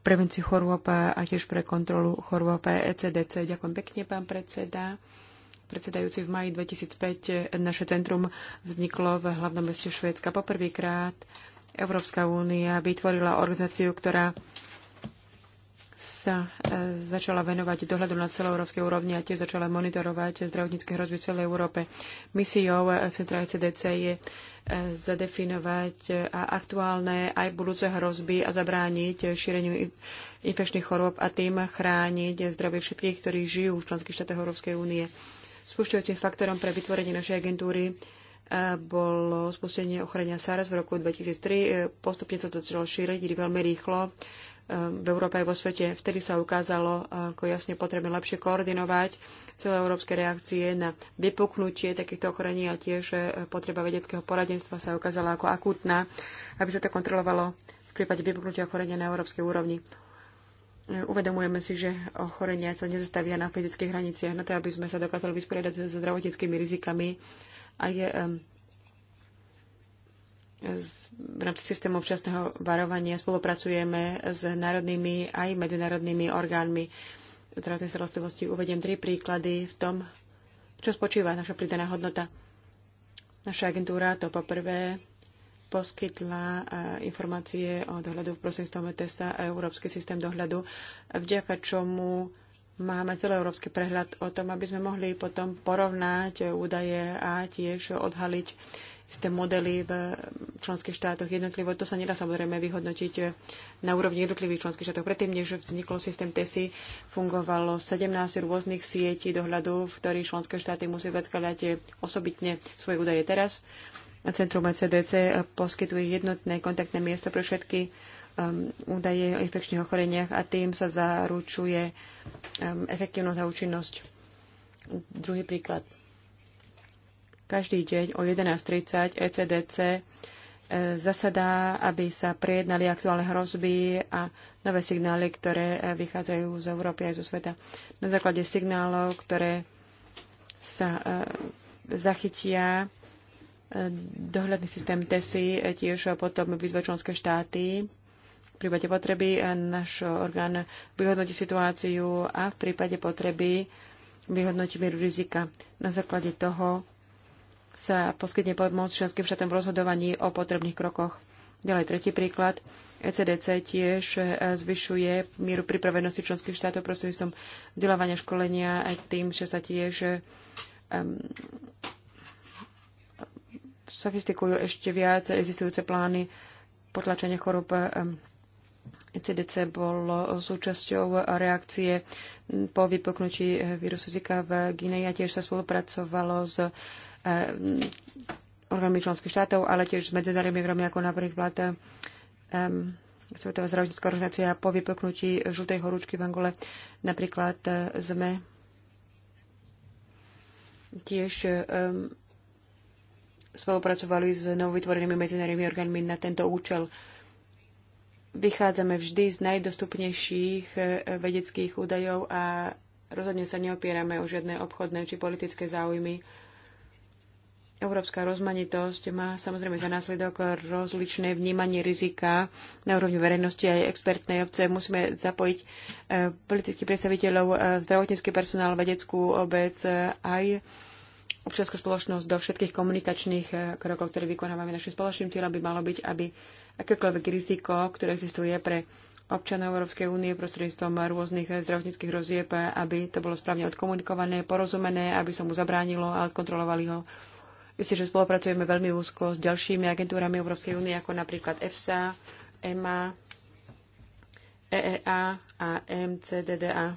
prevenciu chorôb a tiež pre kontrolu chorôb ECDC. Ďakujem pekne, pán predseda predsedajúci v maji 2005 naše centrum vzniklo v hlavnom meste Švédska. Poprvýkrát Európska únia vytvorila organizáciu, ktorá sa e, začala venovať dohľadu na Európskej úrovni a tiež začala monitorovať zdravotnícke hrozby v celej Európe. Misiou e, centra ECDC je e, zadefinovať a aktuálne aj budúce hrozby a zabrániť šíreniu infekčných chorôb a tým chrániť zdravie všetkých, ktorí žijú v členských štátoch Európskej únie. Spúšťujúcim faktorom pre vytvorenie našej agentúry eh, bolo spustenie ochorenia SARS v roku 2003. Eh, postupne sa to začalo šíriť veľmi rýchlo eh, v Európe aj vo svete. Vtedy sa ukázalo, ako jasne potrebné lepšie koordinovať celé európske reakcie na vypuknutie takýchto ochorení a tiež potreba vedeckého poradenstva sa ukázala ako akútna, aby sa to kontrolovalo v prípade vypuknutia ochorenia na európskej úrovni. Uvedomujeme si, že ochorenia sa nezastavia na fyzických hraniciach. Na to, aby sme sa dokázali vysporiadať so zdravotníckými rizikami a je v rámci systému včasného varovania spolupracujeme s národnými aj medzinárodnými orgánmi zdravotnej starostlivosti. Uvediem tri príklady v tom, čo spočíva naša pridaná hodnota. Naša agentúra to poprvé poskytla e, informácie o dohľadu v prostredníctvom testa a Európsky systém dohľadu, vďaka čomu máme celoeurópsky prehľad o tom, aby sme mohli potom porovnať údaje a tiež odhaliť isté modely v členských štátoch jednotlivo. To sa nedá samozrejme vyhodnotiť na úrovni jednotlivých členských štátov. Predtým, než vznikol systém TESI, fungovalo 17 rôznych sietí dohľadu, v ktorých členské štáty musí predkladať osobitne svoje údaje teraz. Centrum ECDC e, poskytuje jednotné kontaktné miesto pre všetky um, údaje o infekčných ochoreniach a tým sa zaručuje um, efektívnosť a účinnosť. Druhý príklad. Každý deň o 11.30 ECDC zasadá, aby sa prejednali aktuálne hrozby a nové signály, ktoré vychádzajú z Európy aj zo sveta. Na základe signálov, ktoré sa zachytia Dohľadný systém TESI tiež potom vyzve členské štáty v prípade potreby. Náš orgán vyhodnotí situáciu a v prípade potreby vyhodnotí mieru rizika. Na základe toho sa poskytne pomoc členským štátom v rozhodovaní o potrebných krokoch. Ďalej tretí príklad. ECDC tiež e, zvyšuje mieru pripravenosti členských štátov prostredníctvom vzdelávania školenia aj tým, že sa tiež um, sofistikujú ešte viac existujúce plány potlačenia chorób. CDC bolo súčasťou reakcie po vypuknutí vírusu Zika v Gineji a tiež sa spolupracovalo s eh, orgánmi členských štátov, ale tiež s medzinárodnými orgánmi ako napríklad um, Svetová zdravotnícká organizácia po vypuknutí žltej horúčky v Angole. Napríklad eh, sme tiež um, spolupracovali s novovytvorenými medzinárodnými orgánmi na tento účel. Vychádzame vždy z najdostupnejších eh, vedeckých údajov a rozhodne sa neopierame o žiadne obchodné či politické záujmy. Európska rozmanitosť má samozrejme za následok rozličné vnímanie rizika na úrovni verejnosti aj expertnej obce. Musíme zapojiť eh, politických predstaviteľov, eh, zdravotnícky personál, vedeckú obec, aj občianskú spoločnosť do všetkých komunikačných eh, krokov, ktoré vykonávame našim spoločným cieľom, by malo byť, aby akékoľvek riziko, ktoré existuje pre občanov Európskej únie prostredníctvom rôznych eh, zdravotníckých rozieb, eh, aby to bolo správne odkomunikované, porozumené, aby sa mu zabránilo a skontrolovali ho. Myslím, že spolupracujeme veľmi úzko s ďalšími agentúrami Európskej únie, ako napríklad EFSA, EMA, EEA a MCDDA.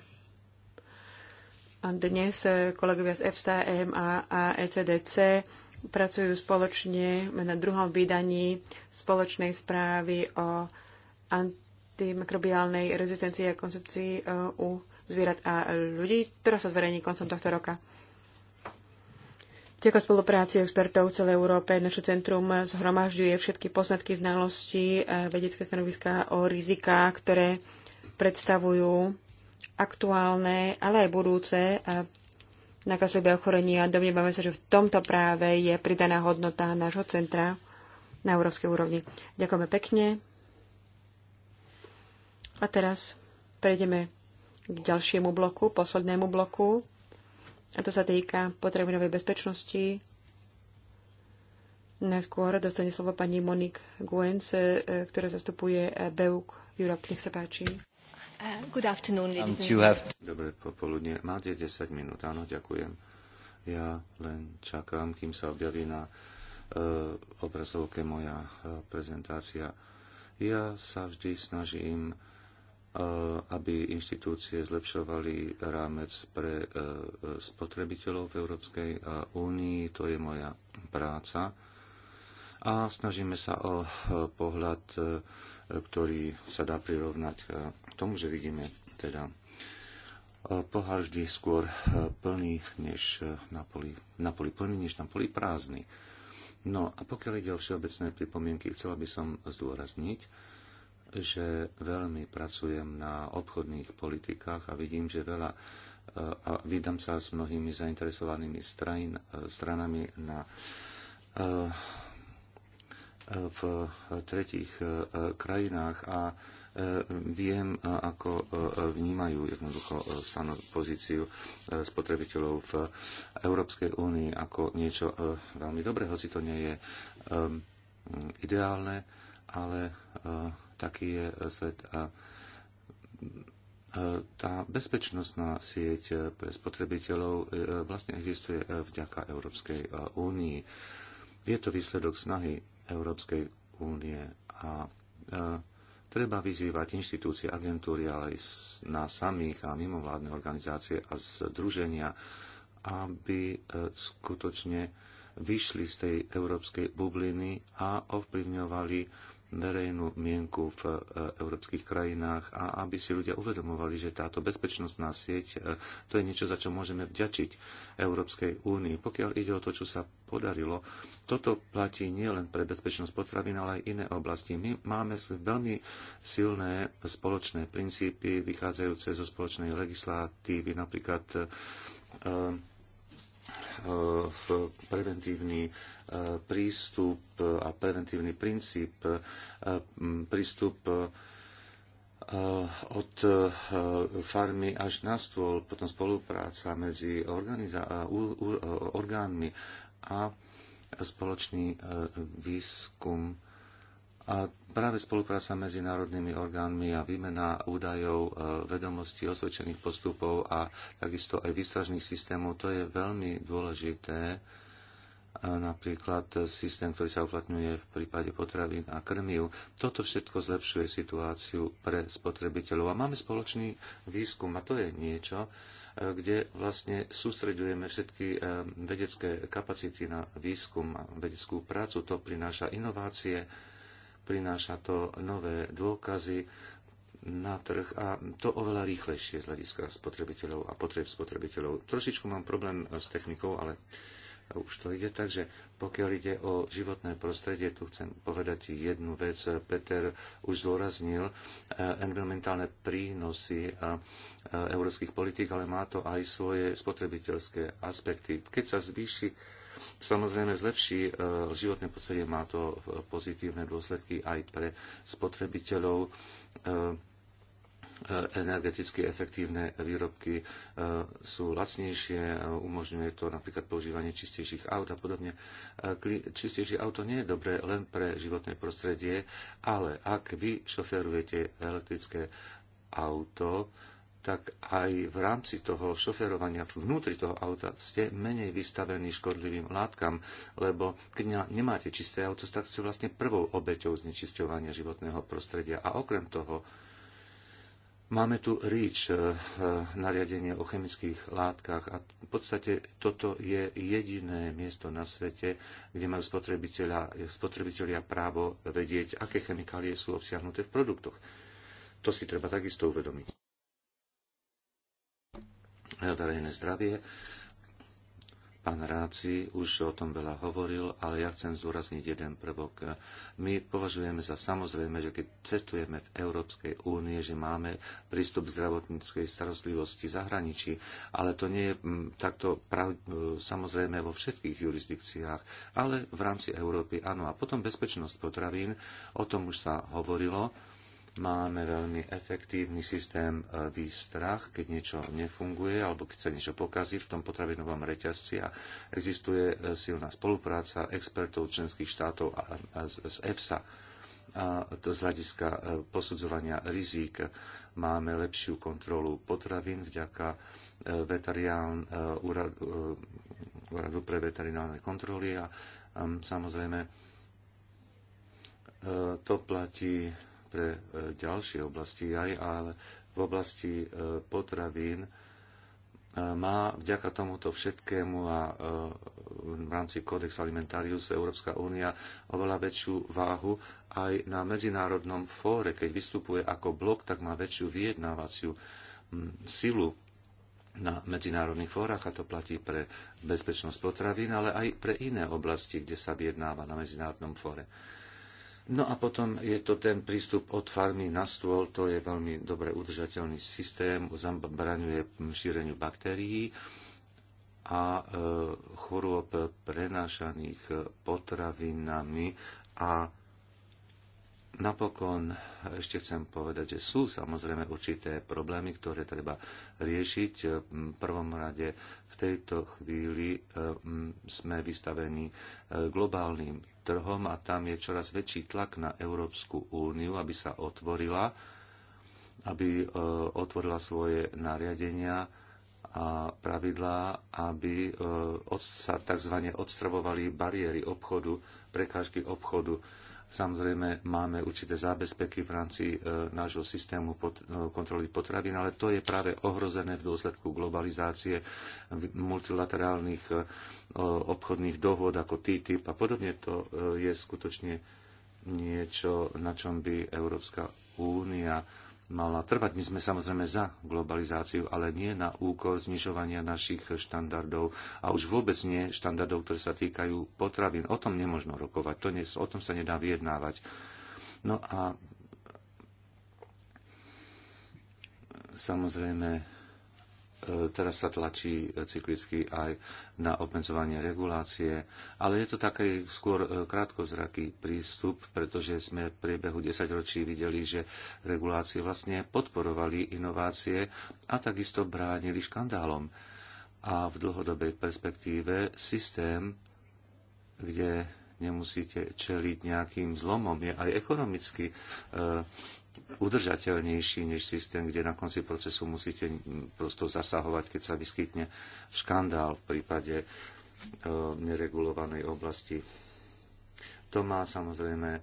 A dnes eh, kolegovia z FSTM a ECDC e pracujú spoločne na druhom vydaní spoločnej správy o antimikrobiálnej rezistencii a koncepcii eh, u zvierat a ľudí, ktorá sa zverejní koncom tohto roka. Vďaka spolupráci expertov v celej Európe naše centrum zhromažďuje všetky poznatky, znalosti, eh, vedecké stanoviská o rizikách, ktoré predstavujú aktuálne, ale aj budúce nakazlivé ochorenia. Domnievame sa, že v tomto práve je pridaná hodnota nášho centra na európskej úrovni. Ďakujeme pekne. A teraz prejdeme k ďalšiemu bloku, poslednému bloku. A to sa týka potravinovej bezpečnosti. Najskôr dostane slovo pani Monik Guenc, e, ktorá zastupuje e, BEUK Europe. Nech sa páči. Uh, good afternoon, ladies um, and Dobre popoludne. Máte 10 minút, áno, ďakujem. Ja len čakám, kým sa objaví na uh, obrazovke moja uh, prezentácia. Ja sa vždy snažím, uh, aby inštitúcie zlepšovali rámec pre uh, spotrebiteľov v Európskej uh, To je moja práca. A snažíme sa o uh, pohľad uh, ktorý sa dá prirovnať e, k tomu, že vidíme teda e, pohár vždy skôr e, plný než na poli, na poli plný než na poli prázdny. No a pokiaľ ide o všeobecné pripomienky, chcela by som zdôrazniť, že veľmi pracujem na obchodných politikách a vidím, že veľa a vydám sa s mnohými zainteresovanými strain, stranami na v tretích e, krajinách a e, viem, e, ako vnímajú jednoducho stano, pozíciu spotrebiteľov v Európskej únii ako niečo veľmi dobré, hoci to nie je ideálne, ale taký je svet. A tá bezpečnostná sieť pre spotrebiteľov vlastne existuje vďaka Európskej únii. Je to výsledok snahy Európskej únie a e, treba vyzývať inštitúcie, agentúry, ale aj na samých a mimovládne organizácie a združenia, aby e, skutočne vyšli z tej európskej bubliny a ovplyvňovali verejnú mienku v e, európskych krajinách a aby si ľudia uvedomovali, že táto bezpečnostná sieť e, to je niečo, za čo môžeme vďačiť Európskej únii. Pokiaľ ide o to, čo sa podarilo, toto platí nielen pre bezpečnosť potravín, ale aj iné oblasti. My máme veľmi silné spoločné princípy vychádzajúce zo spoločnej legislatívy, napríklad e, v preventívny prístup a preventívny princíp, e, prístup e, od e, farmy až na stôl, potom spolupráca medzi orgánmi a spoločný výskum a práve spolupráca medzi národnými orgánmi a výmena údajov, vedomostí, osvedčených postupov a takisto aj výstražných systémov, to je veľmi dôležité napríklad systém, ktorý sa uplatňuje v prípade potravín a krmiv. Toto všetko zlepšuje situáciu pre spotrebiteľov. A máme spoločný výskum a to je niečo, e, kde vlastne sústreďujeme všetky e, vedecké kapacity na výskum a vedeckú prácu. To prináša inovácie, prináša to nové dôkazy na trh a to oveľa rýchlejšie z hľadiska spotrebiteľov a potreb spotrebiteľov. Trošičku mám problém s technikou, ale už to ide. Takže pokiaľ ide o životné prostredie, tu chcem povedať jednu vec. Peter už zdôraznil eh, environmentálne prínosy a eh, európskych politík, ale má to aj svoje spotrebiteľské aspekty. Keď sa zvýši Samozrejme zlepší eh, životné prostredie, má to pozitívne dôsledky aj pre spotrebiteľov E, energeticky efektívne výrobky e, sú lacnejšie, e, umožňuje to napríklad používanie čistejších aut a podobne. Čistejšie auto nie je dobré len pre životné prostredie, ale ak vy šoferujete elektrické auto, tak aj v rámci toho šoferovania vnútri toho auta ste menej vystavení škodlivým látkam, lebo keď nemáte čisté auto, tak ste vlastne prvou obeťou znečisťovania životného prostredia. A okrem toho, Máme tu REACH, eh, eh, nariadenie o chemických látkach a v podstate toto je jediné miesto na svete, kde majú spotrebitelia právo vedieť, aké chemikálie sú obsiahnuté v produktoch. To si treba takisto uvedomiť. Verejné zdravie Pán Ráci už o tom veľa hovoril, ale ja chcem zdôrazniť jeden prvok. My považujeme za samozrejme, že keď cestujeme v Európskej únie, že máme prístup k zdravotníckej starostlivosti zahraničí, ale to nie je mm, takto prav, e, samozrejme vo všetkých jurisdikciách, ale v rámci Európy áno. A potom bezpečnosť potravín, o tom už sa hovorilo máme veľmi efektívny systém e, výstrach, keď niečo nefunguje alebo keď sa niečo pokazí v tom potravinovom reťazci a existuje e, silná spolupráca expertov členských štátov a z EFSA. A to z hľadiska e, posudzovania rizík máme lepšiu kontrolu potravín vďaka vetarián, úradu pre veterinárne kontroly a samozrejme to platí pre e, ďalšie oblasti aj, ale v oblasti e, potravín e, má vďaka tomuto všetkému a v rámci Codex Alimentarius Európska únia oveľa väčšiu váhu aj na medzinárodnom fóre. Keď vystupuje ako blok, tak má väčšiu vyjednávaciu silu na medzinárodných fórach a to platí pre bezpečnosť potravín, ale aj pre iné oblasti, kde sa vyjednáva na medzinárodnom fóre. No a potom je to ten prístup od farmy na stôl, to je veľmi dobre udržateľný systém, zabraňuje šíreniu baktérií a e, chorôb prenášaných potravinami a Napokon ešte chcem povedať, že sú samozrejme určité problémy, ktoré treba riešiť. E, v prvom rade v tejto chvíli e, sme vystavení globálnym trhom a tam je čoraz väčší tlak na Európsku úniu, aby sa otvorila, aby e, otvorila svoje nariadenia a pravidlá, aby e, sa tzv. odstravovali bariéry obchodu, prekážky obchodu Samozrejme, máme určité zábezpeky v rámci e, nášho systému pot, e, kontroly potravín, ale to je práve ohrozené v dôsledku globalizácie multilaterálnych e, obchodných dohod ako TTIP a podobne. To je skutočne niečo, na čom by Európska únia mala trvať. My sme samozrejme za globalizáciu, ale nie na úkor znižovania našich štandardov a už vôbec nie štandardov, ktoré sa týkajú potravín. O tom nemožno rokovať, to nie, o tom sa nedá vyjednávať. No a samozrejme E, teraz sa tlačí e, cyklicky aj na obmedzovanie regulácie, ale je to taký skôr e, krátkozraký prístup, pretože sme v priebehu 10 ročí videli, že regulácie vlastne podporovali inovácie a takisto bránili škandálom. A v dlhodobej perspektíve systém, kde nemusíte čeliť nejakým zlomom, je aj ekonomicky udržateľnejší než systém, kde na konci procesu musíte prosto zasahovať, keď sa vyskytne škandál v prípade e, neregulovanej oblasti. To má samozrejme e,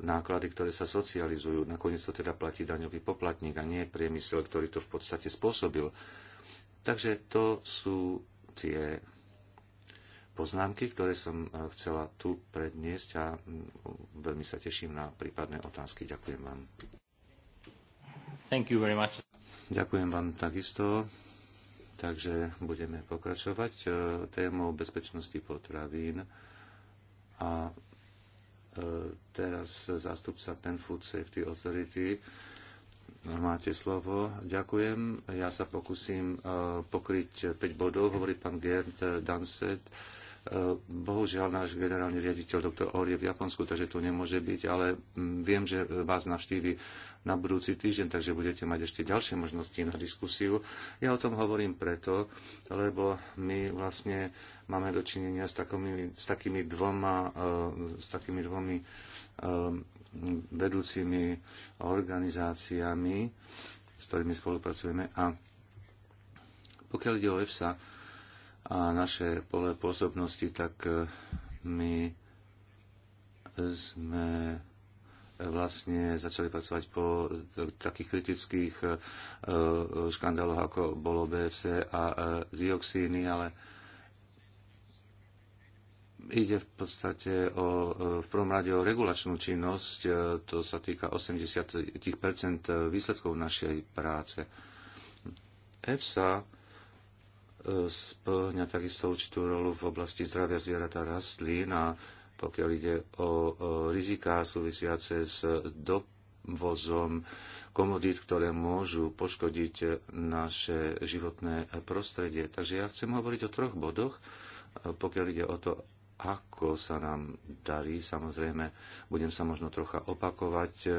náklady, ktoré sa socializujú. Nakoniec to teda platí daňový poplatník a nie priemysel, ktorý to v podstate spôsobil. Takže to sú tie poznámky, ktoré som e, chcela tu predniesť a veľmi sa teším na prípadné otázky. Ďakujem vám. Thank you very much. Ďakujem vám takisto. Takže budeme pokračovať e, témou bezpečnosti potravín. A e, teraz zástupca Pan Food Safety Authority. Máte slovo. Ďakujem. Ja sa pokúsim e, pokryť 5 bodov, hovorí pán Gerd Danset E, bohužiaľ, náš generálny riaditeľ doktor Or je v Japonsku, takže tu nemôže byť, ale mm, viem, že vás navštívi na budúci týždeň, takže budete mať ešte ďalšie možnosti na diskusiu. Ja o tom hovorím preto, lebo my vlastne máme dočinenia s takými, s takými dvoma, e, s takými dvomi e, vedúcimi organizáciami, s ktorými spolupracujeme. A pokiaľ ide o EFSA, a naše pole pôsobnosti, tak e, my sme vlastne začali pracovať po takých kritických e, e, škandáloch, ako bolo BFC a dioxíny, ale ide v podstate o, v prvom rade o regulačnú činnosť, to sa týka 80% výsledkov našej práce. EFSA splňa takisto určitú rolu v oblasti zdravia zvierat a rastlín a pokiaľ ide o riziká súvisiace s dovozom komodít, ktoré môžu poškodiť naše životné prostredie. Takže ja chcem hovoriť o troch bodoch, pokiaľ ide o to, ako sa nám darí. Samozrejme, budem sa možno trocha opakovať e,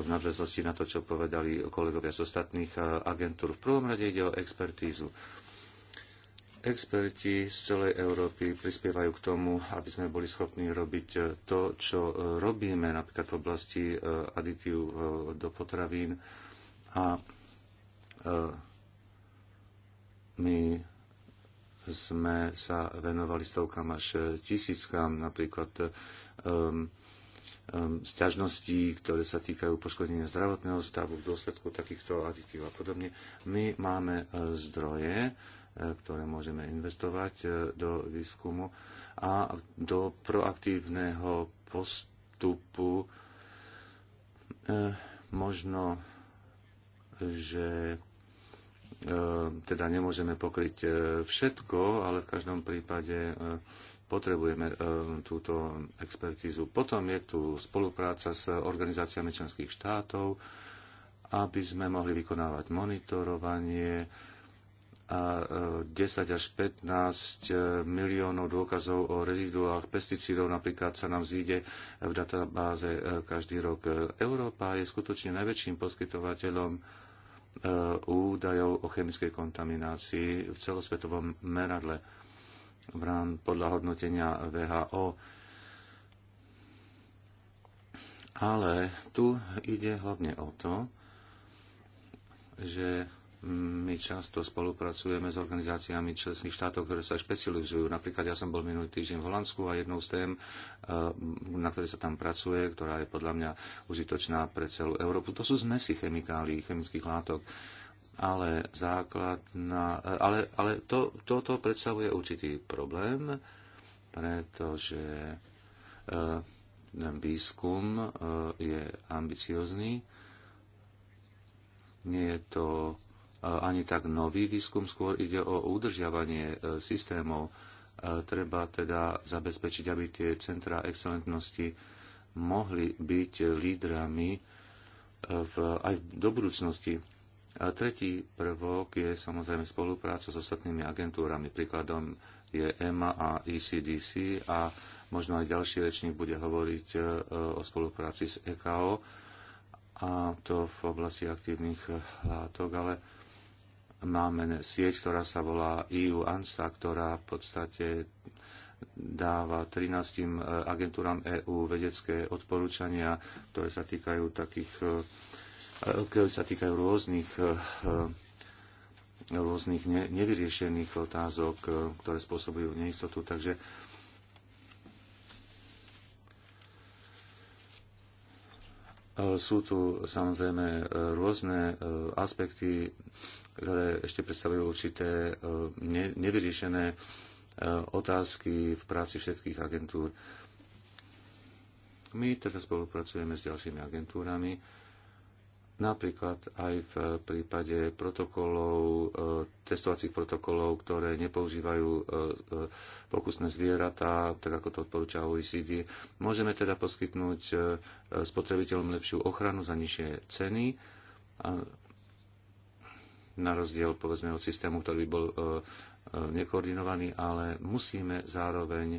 v nadväznosti na to, čo povedali kolegovia z ostatných e, agentúr. V prvom rade ide o expertízu Experti z celej Európy prispievajú k tomu, aby sme boli schopní robiť eh, to, čo eh, robíme napríklad v oblasti eh, aditív do potravín. A my sme sa venovali stovkám až tisíckam napríklad sťažností, ktoré sa týkajú poškodenia zdravotného stavu v dôsledku takýchto aditív a podobne. My máme zdroje, ktoré môžeme investovať e, do výskumu a do proaktívneho postupu e, možno, že e, teda nemôžeme pokryť všetko, ale v každom prípade potrebujeme túto expertízu. Potom je tu spolupráca s organizáciami členských štátov, aby sme mohli vykonávať monitorovanie, a 10 e, až 15 e, miliónov dôkazov o reziduách pesticídov napríklad sa nám zíde v databáze e, každý rok. Európa je skutočne najväčším poskytovateľom údajov o chemickej kontaminácii v celosvetovom meradle podľa hodnotenia VHO. Ale tu ide hlavne o to, že my často spolupracujeme s organizáciami členských štátov, ktoré sa špecializujú. Napríklad ja som bol minulý týždeň v Holandsku a jednou z tém, eh, na ktorej sa tam pracuje, ktorá je podľa mňa užitočná pre celú Európu, to sú zmesy chemikálií, chemických látok. Ale, základná, eh, ale, ale to, toto predstavuje určitý problém, pretože eh, výskum je ambiciozný. Nie je to ani tak nový výskum, skôr ide o udržiavanie e, systémov. E, treba teda zabezpečiť, aby tie centrá excelentnosti mohli byť lídrami e, v, aj do budúcnosti. A tretí prvok je samozrejme spolupráca s ostatnými agentúrami. Príkladom je EMA a ECDC a možno aj ďalší rečník bude hovoriť o spolupráci s EKO a to v oblasti aktívnych látok, ale máme sieť, ktorá sa volá EU ANSA, ktorá v podstate dáva 13 e, agentúram EÚ vedecké odporúčania, ktoré sa týkajú takých, e, e, ktoré sa týkajú rôznych rôznych nevyriešených otázok, ktoré spôsobujú neistotu. Takže sú tu samozrejme rôzne aspekty ktoré ešte predstavujú určité e, nevyriešené e, otázky v práci všetkých agentúr. My teda spolupracujeme s ďalšími agentúrami, napríklad aj v prípade protokolov, e, testovacích protokolov, ktoré nepoužívajú pokusné zvieratá, tak ako to odporúča OECD. Môžeme teda poskytnúť spotrebiteľom lepšiu ochranu za nižšie ceny na rozdiel povedzme od systému, ktorý by bol e, e, nekoordinovaný, ale musíme zároveň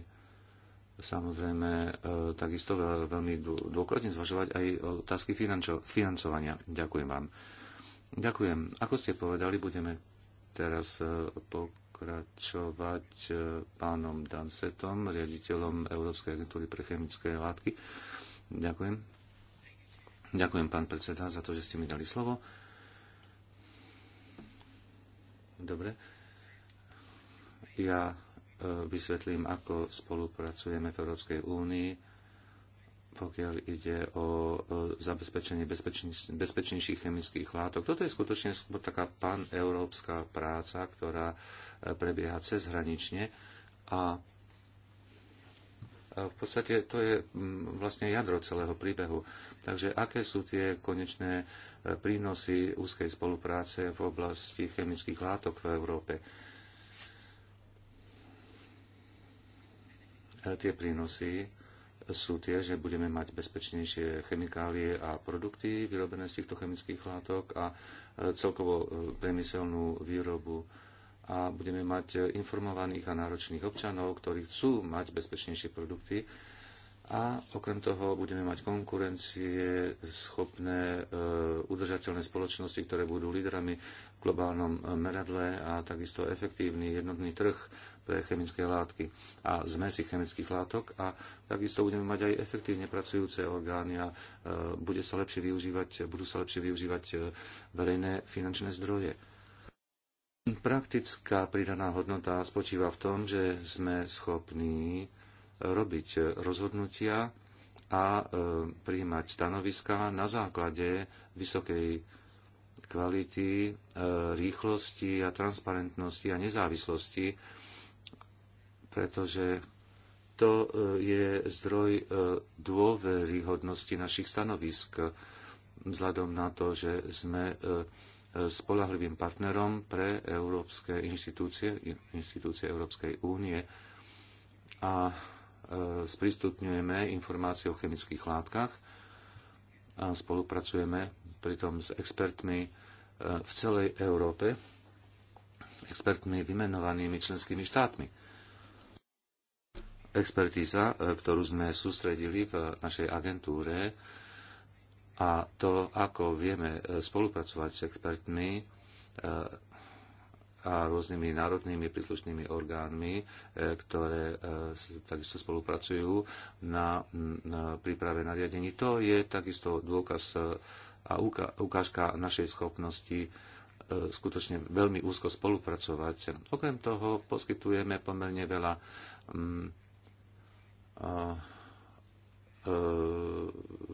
samozrejme e, takisto veľmi dôkladne zvažovať aj otázky financo- financovania. Ďakujem vám. Ďakujem. Ako ste povedali, budeme teraz pokračovať pánom Dansetom, riaditeľom Európskej agentúry pre chemické látky. Ďakujem. Ďakujem, pán predseda, za to, že ste mi dali slovo. Dobre. Ja e, vysvetlím, ako spolupracujeme v Európskej únii, pokiaľ ide o e, zabezpečenie bezpečnejších chemických látok. Toto je skutočne taká paneurópska práca, ktorá e, prebieha cezhranične a v podstate to je mm, vlastne jadro celého príbehu. Takže aké sú tie konečné e, prínosy úzkej spolupráce v oblasti chemických látok v Európe? E, tie prínosy sú tie, že budeme mať bezpečnejšie chemikálie a produkty vyrobené z týchto chemických látok a e, celkovo priemyselnú výrobu a budeme mať informovaných a náročných občanov, ktorí chcú mať bezpečnejšie produkty a okrem toho budeme mať konkurencie, schopné, e, udržateľné spoločnosti, ktoré budú lídrami v globálnom e, meradle a takisto efektívny jednotný trh pre chemické látky a zmesi chemických látok a takisto budeme mať aj efektívne pracujúce orgány a e, bude sa lepšie využívať, budú sa lepšie využívať e, verejné finančné zdroje. Praktická pridaná hodnota spočíva v tom, že sme schopní robiť rozhodnutia a e, prijímať stanoviská na základe vysokej kvality, e, rýchlosti a transparentnosti a nezávislosti, pretože to e, je zdroj dôveryhodnosti našich stanovisk vzhľadom na to, že sme spolahlivým partnerom pre európske inštitúcie, inštitúcie Európskej únie a e, sprístupňujeme informácie o chemických látkach a spolupracujeme pritom s expertmi e, v celej Európe, expertmi vymenovanými členskými štátmi. Expertíza, e, ktorú sme sústredili v našej agentúre, a to, ako vieme e, spolupracovať s expertmi e, a rôznymi národnými príslušnými orgánmi, e, ktoré takisto spolupracujú na, príprave nariadení. To je takisto dôkaz a ukážka našej schopnosti skutočne veľmi úzko spolupracovať. Okrem toho poskytujeme pomerne veľa mm, E,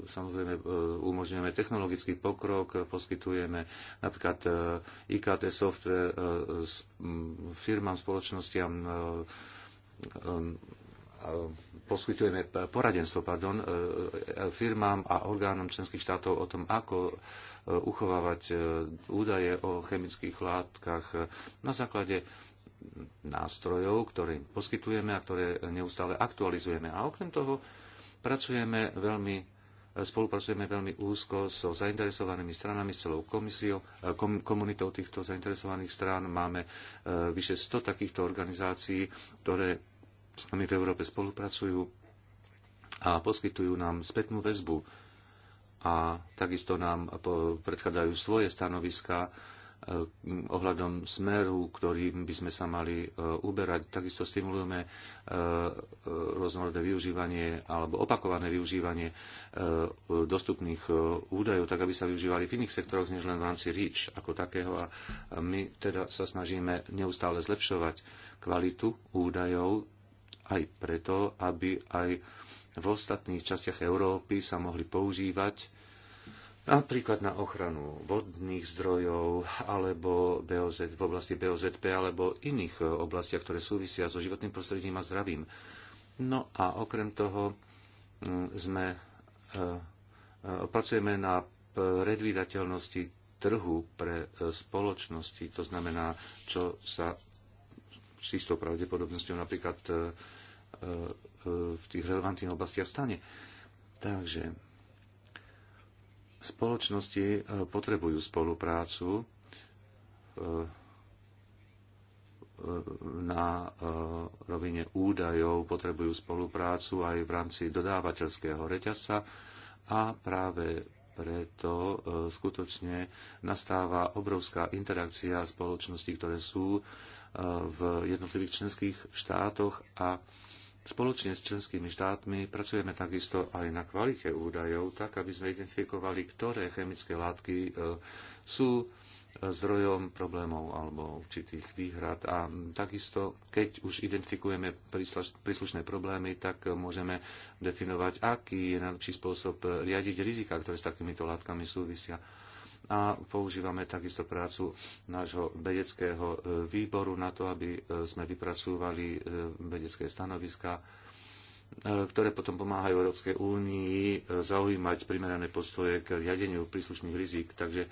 samozrejme e, umožňujeme technologický pokrok, poskytujeme napríklad e, IKT software firmám, spoločnostiam, poskytujeme poradenstvo pardon, firmám a orgánom členských štátov o tom, ako uchovávať údaje o chemických látkach na základe nástrojov, ktoré im poskytujeme a ktoré neustále aktualizujeme. A okrem toho, Pracujeme veľmi, e, spolupracujeme veľmi úzko so zainteresovanými stranami, s celou komisiou, e, komunitou týchto zainteresovaných strán. Máme e, vyše 100 takýchto organizácií, ktoré s nami v Európe spolupracujú a poskytujú nám spätnú väzbu a takisto nám predkladajú svoje stanoviská Eh, ohľadom smeru, ktorým by sme sa mali eh, uberať. Takisto stimulujeme eh, rôznorodé využívanie alebo opakované využívanie dostupných údajov, tak aby sa využívali v iných sektoroch, než len v rámci REACH ako takého. A my teda sa snažíme neustále zlepšovať kvalitu údajov aj preto, aby aj v ostatných častiach Európy sa mohli používať napríklad na ochranu vodných zdrojov alebo BOZ, v oblasti BOZP alebo iných e, oblastiach, ktoré súvisia so životným prostredím a zdravím. No a okrem toho mm, sme, e, e, pracujeme na predvídateľnosti trhu pre spoločnosti, to znamená, čo sa s istou pravdepodobnosťou napríklad v tých relevantných oblastiach stane. Takže Spoločnosti e, potrebujú spoluprácu e, e, na rovine údajov, potrebujú spoluprácu aj v rámci dodávateľského reťazca a práve preto skutočne nastáva obrovská interakcia spoločností, ktoré sú v jednotlivých členských štátoch a Spoločne s členskými štátmi pracujeme takisto aj na kvalite údajov, tak aby sme identifikovali, ktoré chemické látky e, sú e, zdrojom problémov alebo určitých výhrad. A takisto, keď už identifikujeme príslušné problémy, tak e, môžeme definovať, aký je najlepší spôsob riadiť rizika, ktoré s takýmito látkami súvisia a používame takisto prácu nášho vedeckého e, výboru na to, aby e, sme vypracúvali e, vedecké stanoviska, ktoré potom pomáhajú Európskej únii zaujímať primerané postoje k riadeniu príslušných rizik. Takže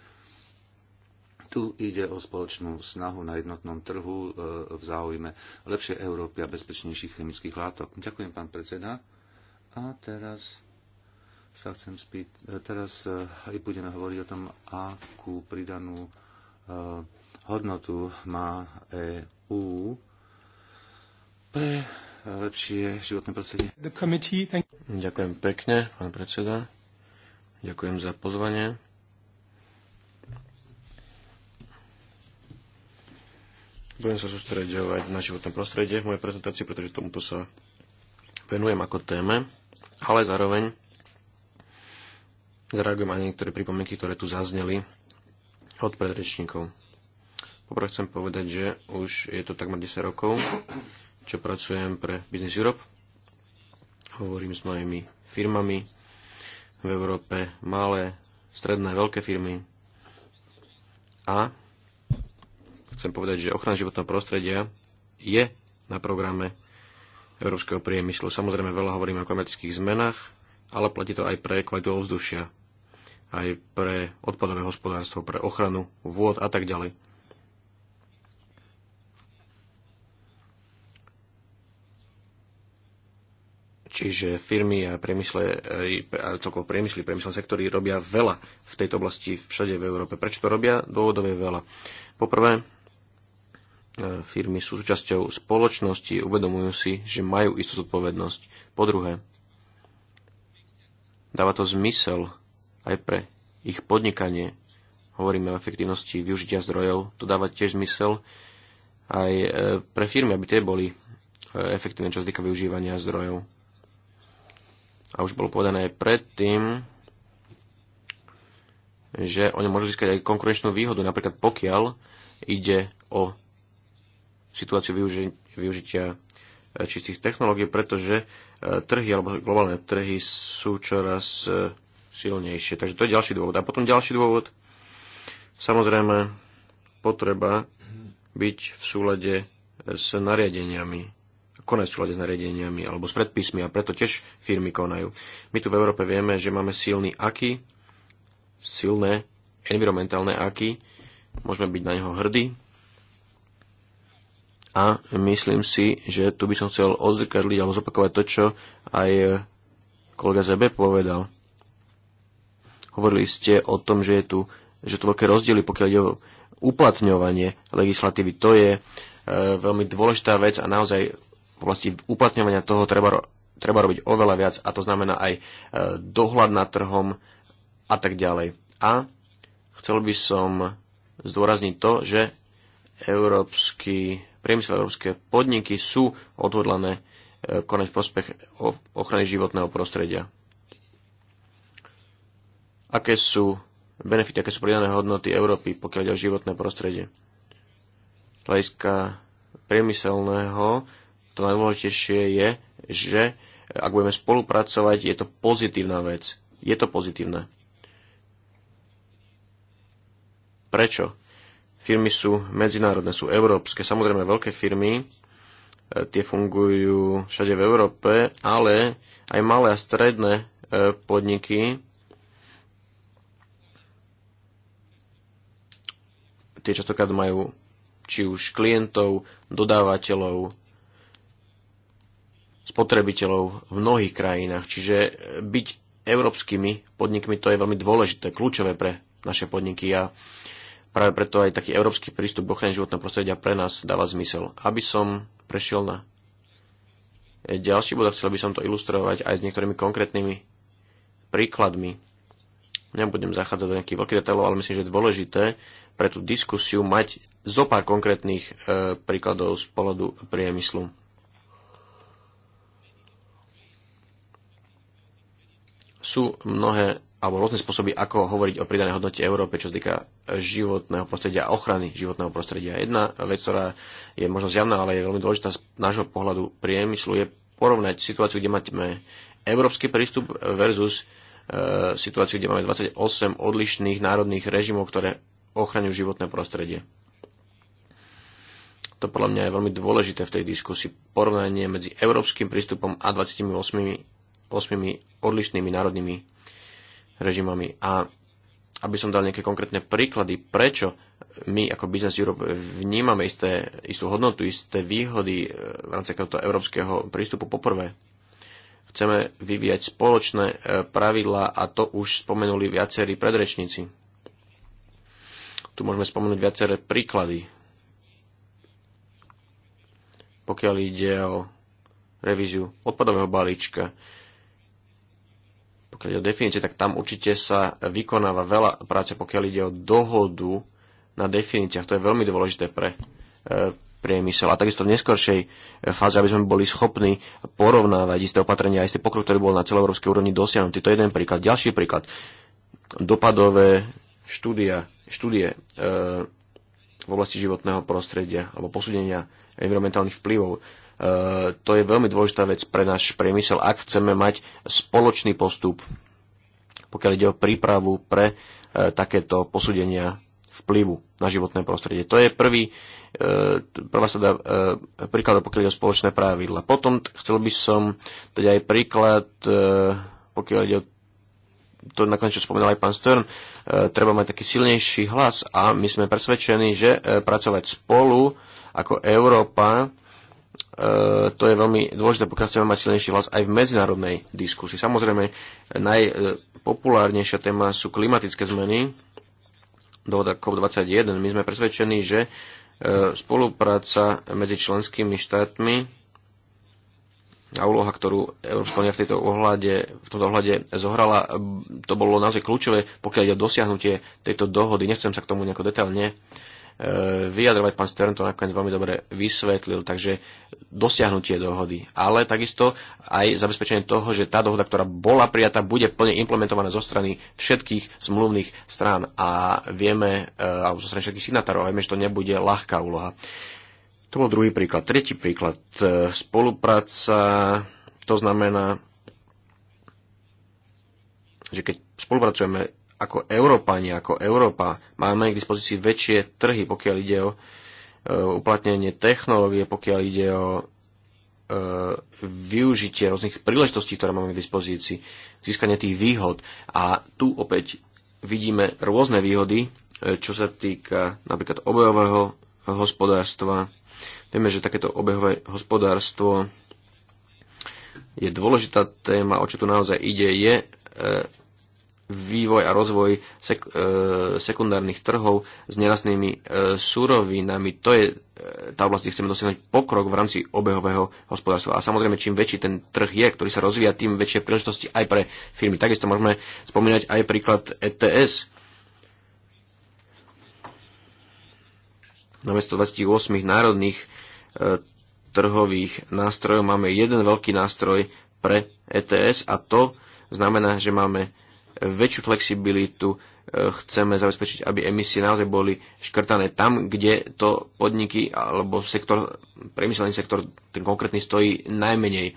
tu ide o spoločnú snahu na jednotnom trhu v záujme lepšej Európy a bezpečnejších chemických látok. Ďakujem, pán predseda. A teraz sa chcem spýtať, e, teraz e, aj budeme hovoriť o tom, akú pridanú e, hodnotu má EU pre lepšie životné prostredie. Ďakujem pekne, pán predseda. Ďakujem za pozvanie. Budem sa sústredovať na životné prostredie v mojej prezentácii, pretože tomuto sa venujem ako téme, ale zároveň zareagujem aj niektoré pripomienky, ktoré tu zazneli od predrečníkov. Poprvé chcem povedať, že už je to takmer 10 rokov, čo pracujem pre Business Europe. Hovorím s mojimi firmami v Európe, malé, stredné, veľké firmy. A chcem povedať, že ochrana životného prostredia je na programe európskeho priemyslu. Samozrejme, veľa hovoríme o klimatických zmenách, ale platí to aj pre kvalitu ovzdušia aj pre odpadové hospodárstvo, pre ochranu vôd a tak ďalej. Čiže firmy a priemysle, a celkovo priemysly, priemysel sektory robia veľa v tejto oblasti všade v Európe. Prečo to robia? Dôvodov je veľa. Poprvé, e, firmy sú súčasťou spoločnosti, uvedomujú si, že majú istú zodpovednosť. Po druhé, dáva to zmysel aj pre ich podnikanie. Hovoríme o efektívnosti využitia zdrojov, to dáva tiež zmysel aj e, pre firmy, aby tie boli e, efektívne, čo týka využívania zdrojov. A už bolo povedané aj predtým, že oni môžu získať aj konkurenčnú výhodu, napríklad pokiaľ ide o situáciu využi- využitia e, čistých technológií, pretože trhy alebo globálne trhy sú čoraz silnejšie. Takže to je ďalší dôvod. A potom ďalší dôvod, samozrejme, potreba byť v súlade s nariadeniami, konať v súlade s nariadeniami alebo s predpismi a preto tiež firmy konajú. My tu v Európe vieme, že máme silný aký, silné environmentálne aký, môžeme byť na neho hrdí a myslím si, že tu by som chcel odzrkadliť alebo zopakovať to, čo aj kolega Zebe povedal. Hovorili ste o tom, že je tu že tu veľké rozdiely, pokiaľ ide o uplatňovanie legislatívy. To je e, veľmi dôležitá vec a naozaj v oblasti uplatňovania toho treba, treba robiť oveľa viac a to znamená aj e, dohľad nad trhom a tak ďalej. A chcel by som zdôrazniť to, že európsky priemysel, európske podniky sú odhodlané e, konať prospech ochrany životného prostredia aké sú benefity, aké sú pridané hodnoty Európy, pokiaľ ide o životné prostredie. Hľadiska priemyselného to najdôležitejšie je, že ak budeme spolupracovať, je to pozitívna vec. Je to pozitívne. Prečo? Firmy sú medzinárodné, sú európske. Samozrejme, veľké firmy, e, tie fungujú všade v Európe, ale aj malé a stredné e, podniky tie častokrát majú či už klientov, dodávateľov, spotrebiteľov v mnohých krajinách. Čiže byť európskymi podnikmi to je veľmi dôležité, kľúčové pre naše podniky a práve preto aj taký európsky prístup k ochrane životného prostredia pre nás dáva zmysel. Aby som prešiel na ďalší bod, chcel by som to ilustrovať aj s niektorými konkrétnymi príkladmi Nebudem zachádzať do nejakých veľkých detailov, ale myslím, že je dôležité pre tú diskusiu mať zo pár konkrétnych e, príkladov z pohľadu priemyslu. Sú mnohé alebo rôzne spôsoby, ako hovoriť o pridanej hodnote Európe, čo sa týka životného prostredia a ochrany životného prostredia. Jedna vec, ktorá je možno zjavná, ale je veľmi dôležitá z nášho pohľadu priemyslu, je porovnať situáciu, kde máme európsky prístup versus E, situáciu, kde máme 28 odlišných národných režimov, ktoré ochraňujú životné prostredie. To podľa mňa je veľmi dôležité v tej diskusii. Porovnanie medzi európskym prístupom a 28 8 odlišnými národnými režimami. A aby som dal nejaké konkrétne príklady, prečo my ako Business Europe vnímame isté, istú hodnotu, isté výhody e, v rámci takéhoto európskeho prístupu. Poprvé, chceme vyvíjať spoločné e, pravidlá a to už spomenuli viacerí predrečníci. Tu môžeme spomenúť viaceré príklady. Pokiaľ ide o revíziu odpadového balíčka, pokiaľ ide o definície, tak tam určite sa vykonáva veľa práce, pokiaľ ide o dohodu na definíciách. To je veľmi dôležité pre e, priemysel. A takisto v neskoršej e, fáze, aby sme boli schopní porovnávať isté opatrenia a istý pokrok, ktorý bol na celoeurópskej úrovni dosiahnutý. To je jeden príklad. Ďalší príklad. Dopadové štúdia, štúdie e, v oblasti životného prostredia alebo posúdenia environmentálnych vplyvov. E, to je veľmi dôležitá vec pre náš priemysel, ak chceme mať spoločný postup, pokiaľ ide o prípravu pre e, takéto posúdenia vplyvu na životné prostredie. To je prvý, e, prvá sa dá e, príklad, pokiaľ ide o spoločné pravidla. Potom chcel by som dať aj príklad, e, pokiaľ ide o to nakoniec, čo spomínal aj pán Stern, treba mať taký silnejší hlas a my sme presvedčení, že pracovať spolu ako Európa, to je veľmi dôležité, pokiaľ chceme mať silnejší hlas aj v medzinárodnej diskusii. Samozrejme, najpopulárnejšia téma sú klimatické zmeny, dohoda COP21. My sme presvedčení, že e, spolupráca medzi členskými štátmi a úloha, ktorú Európska únia v, v tomto ohľade zohrala, to bolo naozaj kľúčové, pokiaľ ide o dosiahnutie tejto dohody. Nechcem sa k tomu nejako detailne E, vyjadrovať. Pán Stern to nakoniec veľmi dobre vysvetlil, takže dosiahnutie dohody. Ale takisto aj zabezpečenie toho, že tá dohoda, ktorá bola prijatá, bude plne implementovaná zo strany všetkých zmluvných strán a vieme, e, alebo zo strany všetkých signatárov, a vieme, že to nebude ľahká úloha. To bol druhý príklad. Tretí príklad. E, spolupráca, to znamená, že keď spolupracujeme ako Európani, ako Európa máme k dispozícii väčšie trhy, pokiaľ ide o e, uplatnenie technológie, pokiaľ ide o e, využitie rôznych príležitostí, ktoré máme k dispozícii, získanie tých výhod. A tu opäť vidíme rôzne výhody, e, čo sa týka napríklad obehového hospodárstva. Vieme, že takéto obehové hospodárstvo je dôležitá téma, o čo tu naozaj ide, je vývoj a rozvoj sek- e, sekundárnych trhov s nerastnými e, surovinami. To je e, tá oblasť, kde chceme dosiahnuť pokrok v rámci obehového hospodárstva. A samozrejme, čím väčší ten trh je, ktorý sa rozvíja, tým väčšie príležitosti aj pre firmy. Takisto môžeme spomínať aj príklad ETS. Na 28 národných e, trhových nástrojov máme jeden veľký nástroj pre ETS a to znamená, že máme väčšiu flexibilitu e, chceme zabezpečiť, aby emisie naozaj boli škrtané tam, kde to podniky alebo sektor, priemyselný sektor, ten konkrétny stojí najmenej. E,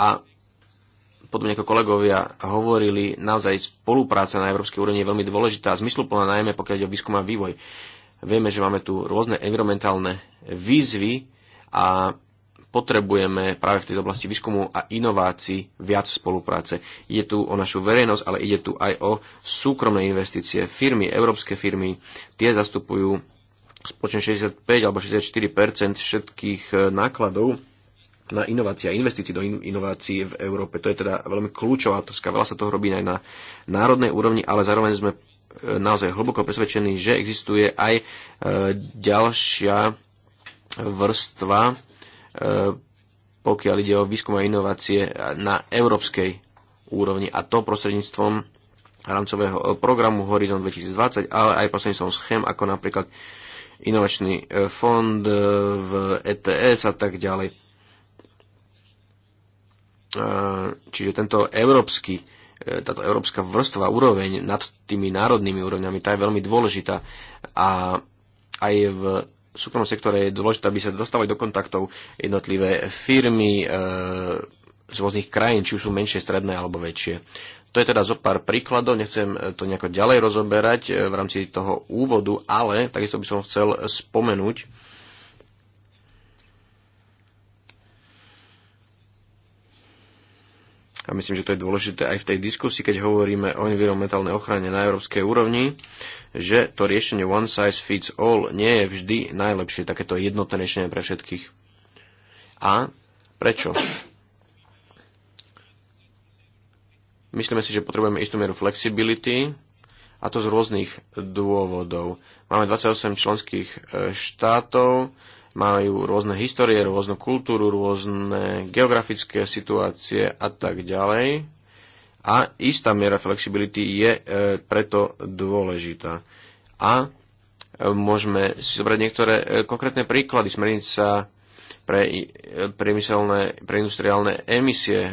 a potom ako kolegovia hovorili, naozaj spolupráca na európskej úrovni je veľmi dôležitá a zmysluplná najmä pokiaľ ide o výskum a vývoj. Vieme, že máme tu rôzne environmentálne výzvy a potrebujeme práve v tejto oblasti výskumu a inovácií viac spolupráce. Je tu o našu verejnosť, ale ide tu aj o súkromné investície. Firmy, európske firmy, tie zastupujú spočne 65 alebo 64 všetkých eh, nákladov na inovácie a investícií do inovácií v Európe. To je teda veľmi kľúčová otázka. Veľa sa toho robí aj na národnej úrovni, ale zároveň sme eh, naozaj hlboko presvedčení, že existuje aj eh, ďalšia vrstva E, pokiaľ ide o výskum a inovácie na európskej úrovni a to prostredníctvom rámcového e, programu Horizon 2020, ale aj prostredníctvom schém ako napríklad inovačný e, fond v ETS a tak ďalej. Čiže tento európsky, táto európska vrstva úroveň nad tými národnými úrovňami, tá je veľmi dôležitá a aj v súkromnom sektore je dôležité, aby sa dostávali do kontaktov jednotlivé firmy e, z rôznych krajín, či už sú menšie, stredné alebo väčšie. To je teda zo pár príkladov, nechcem to nejako ďalej rozoberať e, v rámci toho úvodu, ale takisto by som chcel spomenúť, a myslím, že to je dôležité aj v tej diskusii, keď hovoríme o environmentálnej ochrane na európskej úrovni, že to riešenie one size fits all nie je vždy najlepšie, takéto jednotné riešenie pre všetkých. A prečo? Myslíme si, že potrebujeme istú mieru flexibility, a to z rôznych dôvodov. Máme 28 členských e, štátov, majú rôzne histórie, rôznu kultúru, rôzne geografické situácie a tak ďalej. A istá miera flexibility je e, preto dôležitá. A e, môžeme si zobrať niektoré e, konkrétne príklady. Smernica pre e, priemyselné, pre industriálne emisie. E,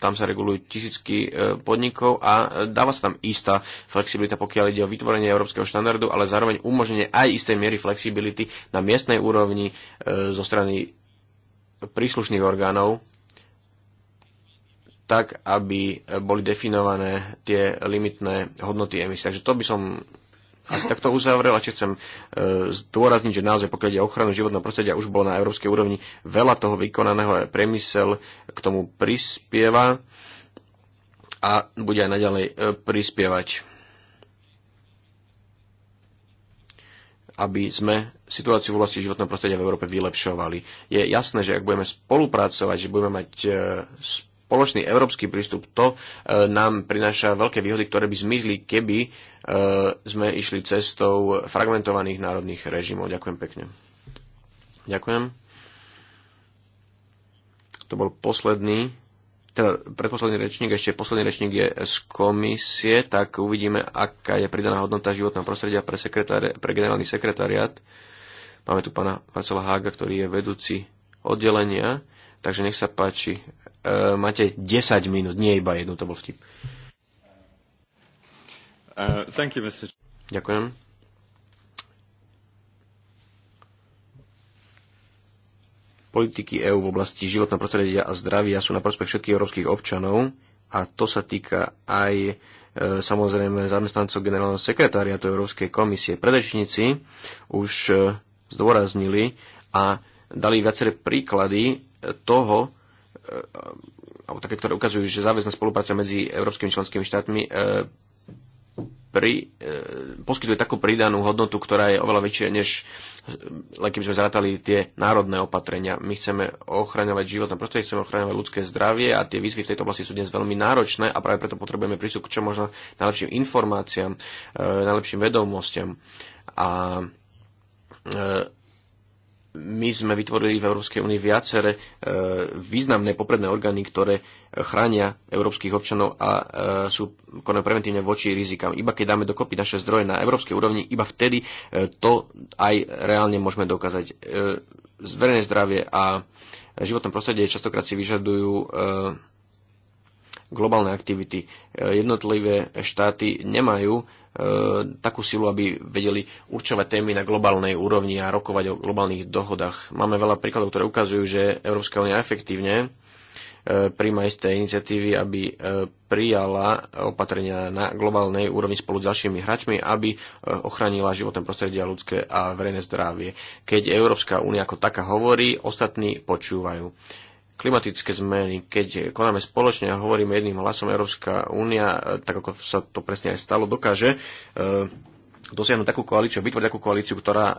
tam sa regulujú tisícky e, podnikov a e, dáva sa tam istá flexibilita, pokiaľ ide o vytvorenie európskeho štandardu, ale zároveň umožnenie aj istej miery flexibility na miestnej úrovni e, zo strany príslušných orgánov tak, aby e, boli definované tie limitné hodnoty emisí. Takže to by som asi takto uzavrel a chcem e, zdôrazniť, že naozaj pokiaľ ide ochranu životného prostredia, už bolo na európskej úrovni veľa toho vykonaného a priemysel k tomu prispieva a bude aj naďalej e, prispievať. aby sme situáciu v oblasti životného prostredia v Európe vylepšovali. Je jasné, že ak budeme spolupracovať, že budeme mať e, spoločný európsky prístup, to e, nám prináša veľké výhody, ktoré by zmizli, keby e, sme išli cestou fragmentovaných národných režimov. Ďakujem pekne. Ďakujem. To bol posledný teda predposledný rečník, ešte posledný rečník je z komisie, tak uvidíme, aká je pridaná hodnota životného prostredia pre, pre generálny sekretariat. Máme tu pána Marcela Hága, ktorý je vedúci oddelenia, takže nech sa páči, E, máte 10 minút, nie iba jednu, to bol vtip. Uh, thank you, Mr. Ďakujem. Politiky EÚ v oblasti životného prostredia a zdravia sú na prospech všetkých európskych občanov a to sa týka aj e, samozrejme zamestnancov generálneho sekretáriatu Európskej komisie. Predečníci už zdôraznili a dali viaceré príklady toho, alebo také, ktoré ukazujú, že záväzná spolupráca medzi európskymi členskými štátmi e, pri, e, poskytuje takú pridanú hodnotu, ktorá je oveľa väčšia, než e, len keby sme zrátali tie národné opatrenia. My chceme ochraňovať životné prostredie, chceme ochraňovať ľudské zdravie a tie výzvy v tejto oblasti sú dnes veľmi náročné a práve preto potrebujeme prístup k čo možno najlepším informáciám, e, najlepším vedomostiam. A e, my sme vytvorili v Európskej únii viacere e, významné popredné orgány, ktoré chránia európskych občanov a e, sú konajú preventívne voči rizikám. Iba keď dáme dokopy naše zdroje na európskej úrovni, iba vtedy e, to aj reálne môžeme dokázať. Zverejné zdravie a životné prostredie častokrát si vyžadujú globálne aktivity. E, jednotlivé štáty nemajú e, takú silu, aby vedeli určovať témy na globálnej úrovni a rokovať o globálnych dohodách. Máme veľa príkladov, ktoré ukazujú, že Európska únia efektívne e, príjma isté iniciatívy, aby prijala opatrenia na globálnej úrovni spolu s ďalšími hračmi, aby ochránila životné prostredie a ľudské a verejné zdravie. Keď Európska únia ako taká hovorí, ostatní počúvajú klimatické zmeny, keď konáme spoločne a hovoríme jedným hlasom Európska únia, e, tak ako sa to presne aj stalo, dokáže e, dosiahnuť takú koalíciu, vytvoriť takú koalíciu, ktorá e,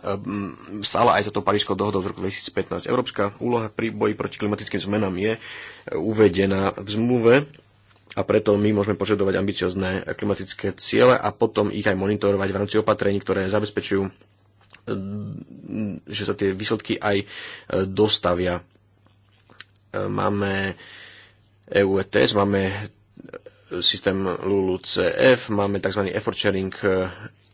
stála aj za to Parížskou dohodou z roku 2015. Európska úloha pri boji proti klimatickým zmenám je uvedená v zmluve a preto my môžeme požadovať ambiciozne klimatické ciele a potom ich aj monitorovať v rámci opatrení, ktoré zabezpečujú, že sa tie výsledky aj dostavia máme EU ETS, máme systém LULUCF, máme tzv. effort sharing e,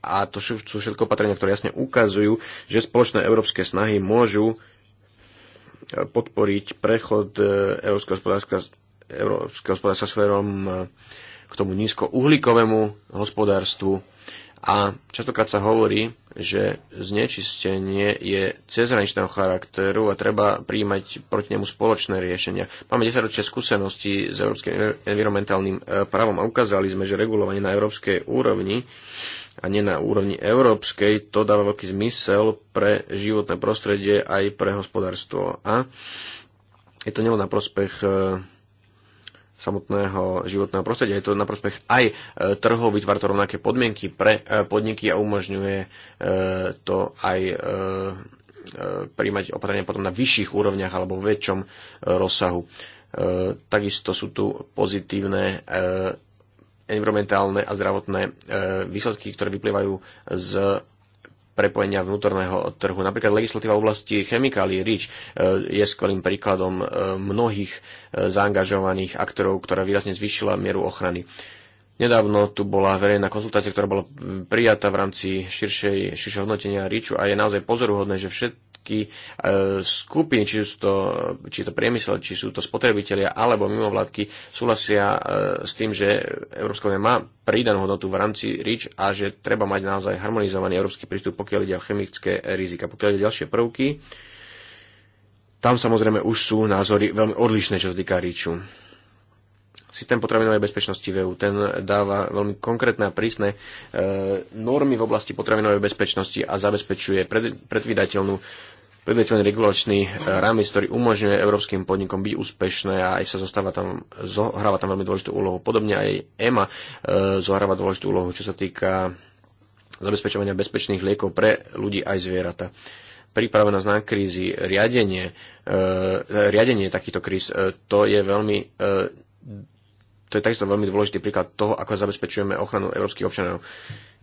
a to sú všetko opatrenia, ktoré jasne ukazujú, že spoločné európske snahy môžu e, podporiť prechod e, európskeho hospodárstva, európskeho hospodárstva smerom k tomu nízkouhlíkovému hospodárstvu. A častokrát sa hovorí, že znečistenie je cezhraničného charakteru a treba príjmať proti nemu spoločné riešenia. Máme 10 skúsenosti s európskym environmentálnym e, právom a ukázali sme, že regulovanie na európskej úrovni a nie na úrovni európskej, to dáva veľký zmysel pre životné prostredie aj pre hospodárstvo. A je to nielen na prospech e, samotného životného prostredia. Je to na prospech aj e, trhov, vytvára to rovnaké podmienky pre e, podniky a umožňuje e, to aj príjmať opatrenia potom na vyšších úrovniach alebo v väčšom rozsahu. Takisto sú tu pozitívne environmentálne a zdravotné výsledky, ktoré vyplývajú z prepojenia vnútorného trhu. Napríklad legislatíva v oblasti chemikálií REACH e, je skvelým príkladom e, mnohých e, zaangažovaných aktorov, ktorá výrazne zvýšila mieru ochrany. Nedávno tu bola verejná konzultácia, ktorá bola prijatá v rámci širšej, širšieho hodnotenia REACHu a je naozaj pozoruhodné, že všet, zložky e, skupiny, či, sú to, či je to priemysel, či sú to spotrebitelia alebo mimovládky, súhlasia e, s tým, že Európska únia má pridanú hodnotu v rámci REACH a že treba mať naozaj harmonizovaný európsky prístup, pokiaľ ide o chemické rizika. Pokiaľ ide o ďalšie prvky, tam samozrejme už sú názory veľmi odlišné, čo sa týka ríču. Systém potravinovej bezpečnosti Veu ten dáva veľmi konkrétne a prísne e, normy v oblasti potravinovej bezpečnosti a zabezpečuje pred, predvydateľnú predvedateľný regulačný e, rámec, ktorý umožňuje európskym podnikom byť úspešné a aj sa zostáva tam, zohráva tam veľmi dôležitú úlohu. Podobne aj EMA e, zohráva dôležitú úlohu, čo sa týka zabezpečovania bezpečných liekov pre ľudí aj zvieratá pripravenosť na krízy, riadenie, e, riadenie takýchto kríz, e, to je veľmi e, to je takisto veľmi dôležitý príklad toho, ako zabezpečujeme ochranu európskych občanov.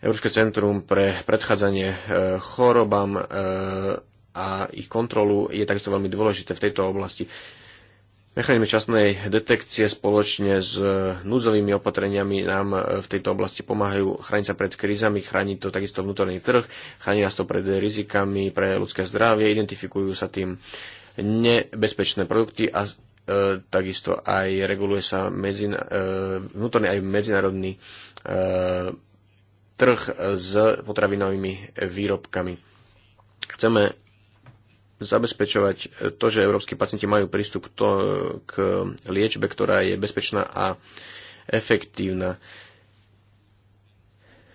Európske centrum pre predchádzanie e, chorobám e, a ich kontrolu je takisto veľmi dôležité v tejto oblasti. Mechanizmy časnej detekcie spoločne s e, núdzovými opatreniami nám e, v tejto oblasti pomáhajú chrániť sa pred krízami, chrániť to takisto vnútorný trh, chrániť nás to pred rizikami pre ľudské zdravie, identifikujú sa tým nebezpečné produkty a e, takisto aj reguluje sa medzina, e, vnútorný aj medzinárodný e, trh e, s potravinovými výrobkami. Chceme zabezpečovať e, to, že európsky pacienti majú prístup to, k liečbe, ktorá je bezpečná a efektívna.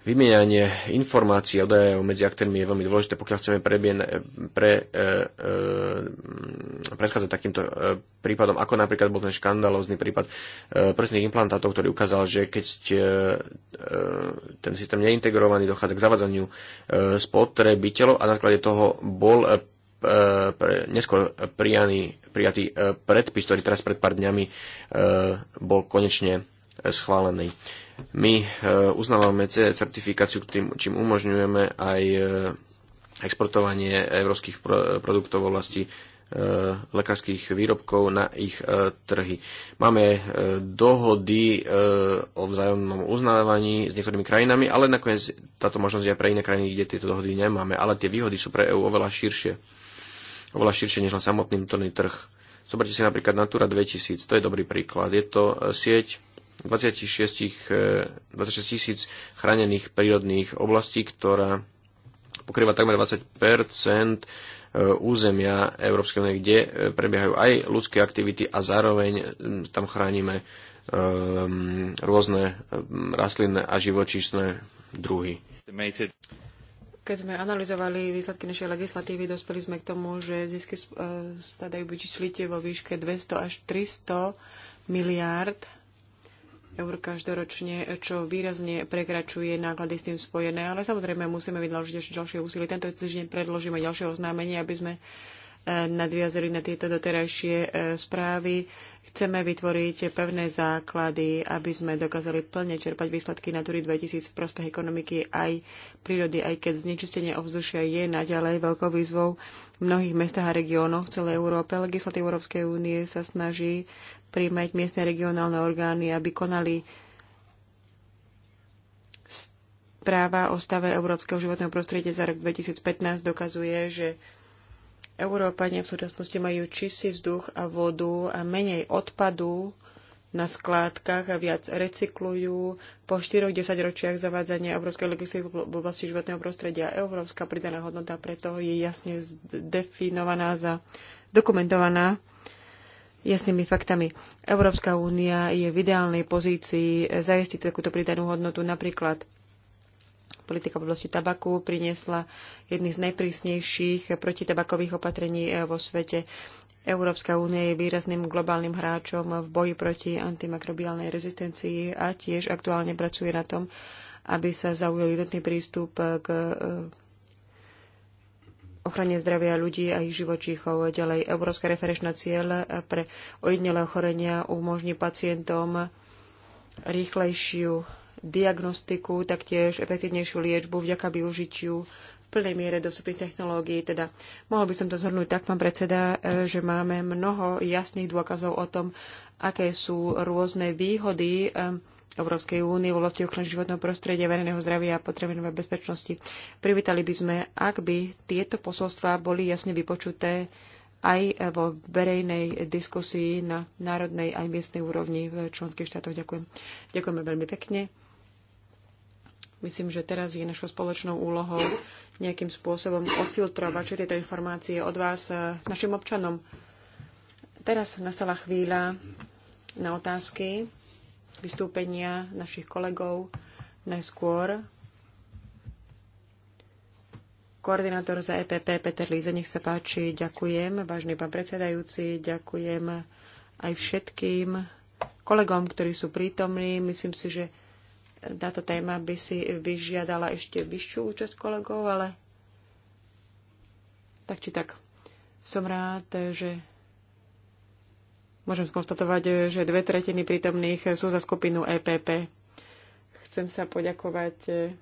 Vymieňanie informácií a údajov medzi aktérmi je veľmi dôležité, pokiaľ chceme prebien, pre, e, e, predchádzať takýmto e, prípadom, ako napríklad bol ten škandalózny prípad e, prsných implantátov, ktorý ukázal, že keď ste, e, e, ten systém neintegrovaný, dochádza k zavadzaniu e, spotrebiteľov a na základe toho bol e, E, neskôr prijaný, prijatý e, predpis, ktorý teraz pred pár dňami e, bol konečne schválený. My uznávame certifikáciu, tým, čím umožňujeme aj exportovanie európskych produktov v oblasti lekárskych výrobkov na ich trhy. Máme dohody o vzájomnom uznávaní s niektorými krajinami, ale nakoniec táto možnosť je aj pre iné krajiny, kde tieto dohody nemáme, ale tie výhody sú pre EU oveľa širšie oveľa širšie než na samotný vnútorný trh. Zoberte si napríklad Natura 2000, to je dobrý príklad. Je to e, sieť 26, 26 e, tisíc chránených prírodných oblastí, ktorá pokrýva takmer 20 e, územia Európskej únie, kde prebiehajú aj ľudské aktivity a zároveň tam chránime rôzne rastlinné a živočíšne druhy. Keď sme analyzovali výsledky našej legislatívy, dospeli sme k tomu, že zisky e, sa dajú vyčísliť vo výške 200 až 300 miliárd eur každoročne, čo výrazne prekračuje náklady s tým spojené. Ale samozrejme musíme vydložiť ešte ďalšie úsilie. Tento týždeň predložíme ďalšie oznámenie, aby sme nadviazali na tieto doterajšie e, správy. Chceme vytvoriť pevné základy, aby sme dokázali plne čerpať výsledky Natúry 2000 v prospech ekonomiky aj prírody, aj keď znečistenie ovzdušia je naďalej veľkou výzvou v mnohých mestách a regiónoch v celej Európe. Legislatív Európskej únie sa snaží príjmať miestne regionálne orgány, aby konali správa o stave európskeho životného prostredia za rok 2015 dokazuje, že Európania v súčasnosti majú čistý vzduch a vodu a menej odpadu na skládkach a viac recyklujú. Po 4-10 ročiach zavádzania európskej legislatívy v oblasti životného prostredia európska pridaná hodnota preto je jasne zdefinovaná za dokumentovaná jasnými faktami. Európska únia je v ideálnej pozícii zajistiť takúto pridanú hodnotu napríklad politika v oblasti tabaku priniesla jedných z najprísnejších protitabakových opatrení eh, vo svete. Európska únia je výrazným globálnym hráčom v boji proti antimakrobiálnej rezistencii a tiež aktuálne pracuje na tom, aby sa zaujal jednotný prístup eh, k eh, ochrane zdravia ľudí a ich živočíchov. Ďalej, Európska referenčná cieľ pre ojedinelé ochorenia umožní pacientom rýchlejšiu diagnostiku, taktiež efektívnejšiu liečbu vďaka využitiu v plnej miere dostupných technológií. Teda mohol by som to zhrnúť tak, pán predseda, e, že máme mnoho jasných dôkazov o tom, aké sú rôzne výhody e, Európskej únie v oblasti ochrany životného prostredia, verejného zdravia a potravinovej bezpečnosti. Privítali by sme, ak by tieto posolstvá boli jasne vypočuté aj vo verejnej diskusii na národnej aj miestnej úrovni v členských štátoch. Ďakujem. Ďakujeme veľmi pekne. Myslím, že teraz je našou spoločnou úlohou nejakým spôsobom odfiltrovať tieto informácie od vás eh, našim občanom. Teraz nastala chvíľa na otázky, vystúpenia našich kolegov. Najskôr koordinátor za EPP Peter Líze, nech sa páči, ďakujem, vážny pán predsedajúci, ďakujem aj všetkým kolegom, ktorí sú prítomní. Myslím si, že táto téma by si vyžiadala ešte vyššiu účasť kolegov, ale tak či tak. Som rád, že môžem skonštatovať, že dve tretiny prítomných sú za skupinu EPP. Chcem sa poďakovať eh,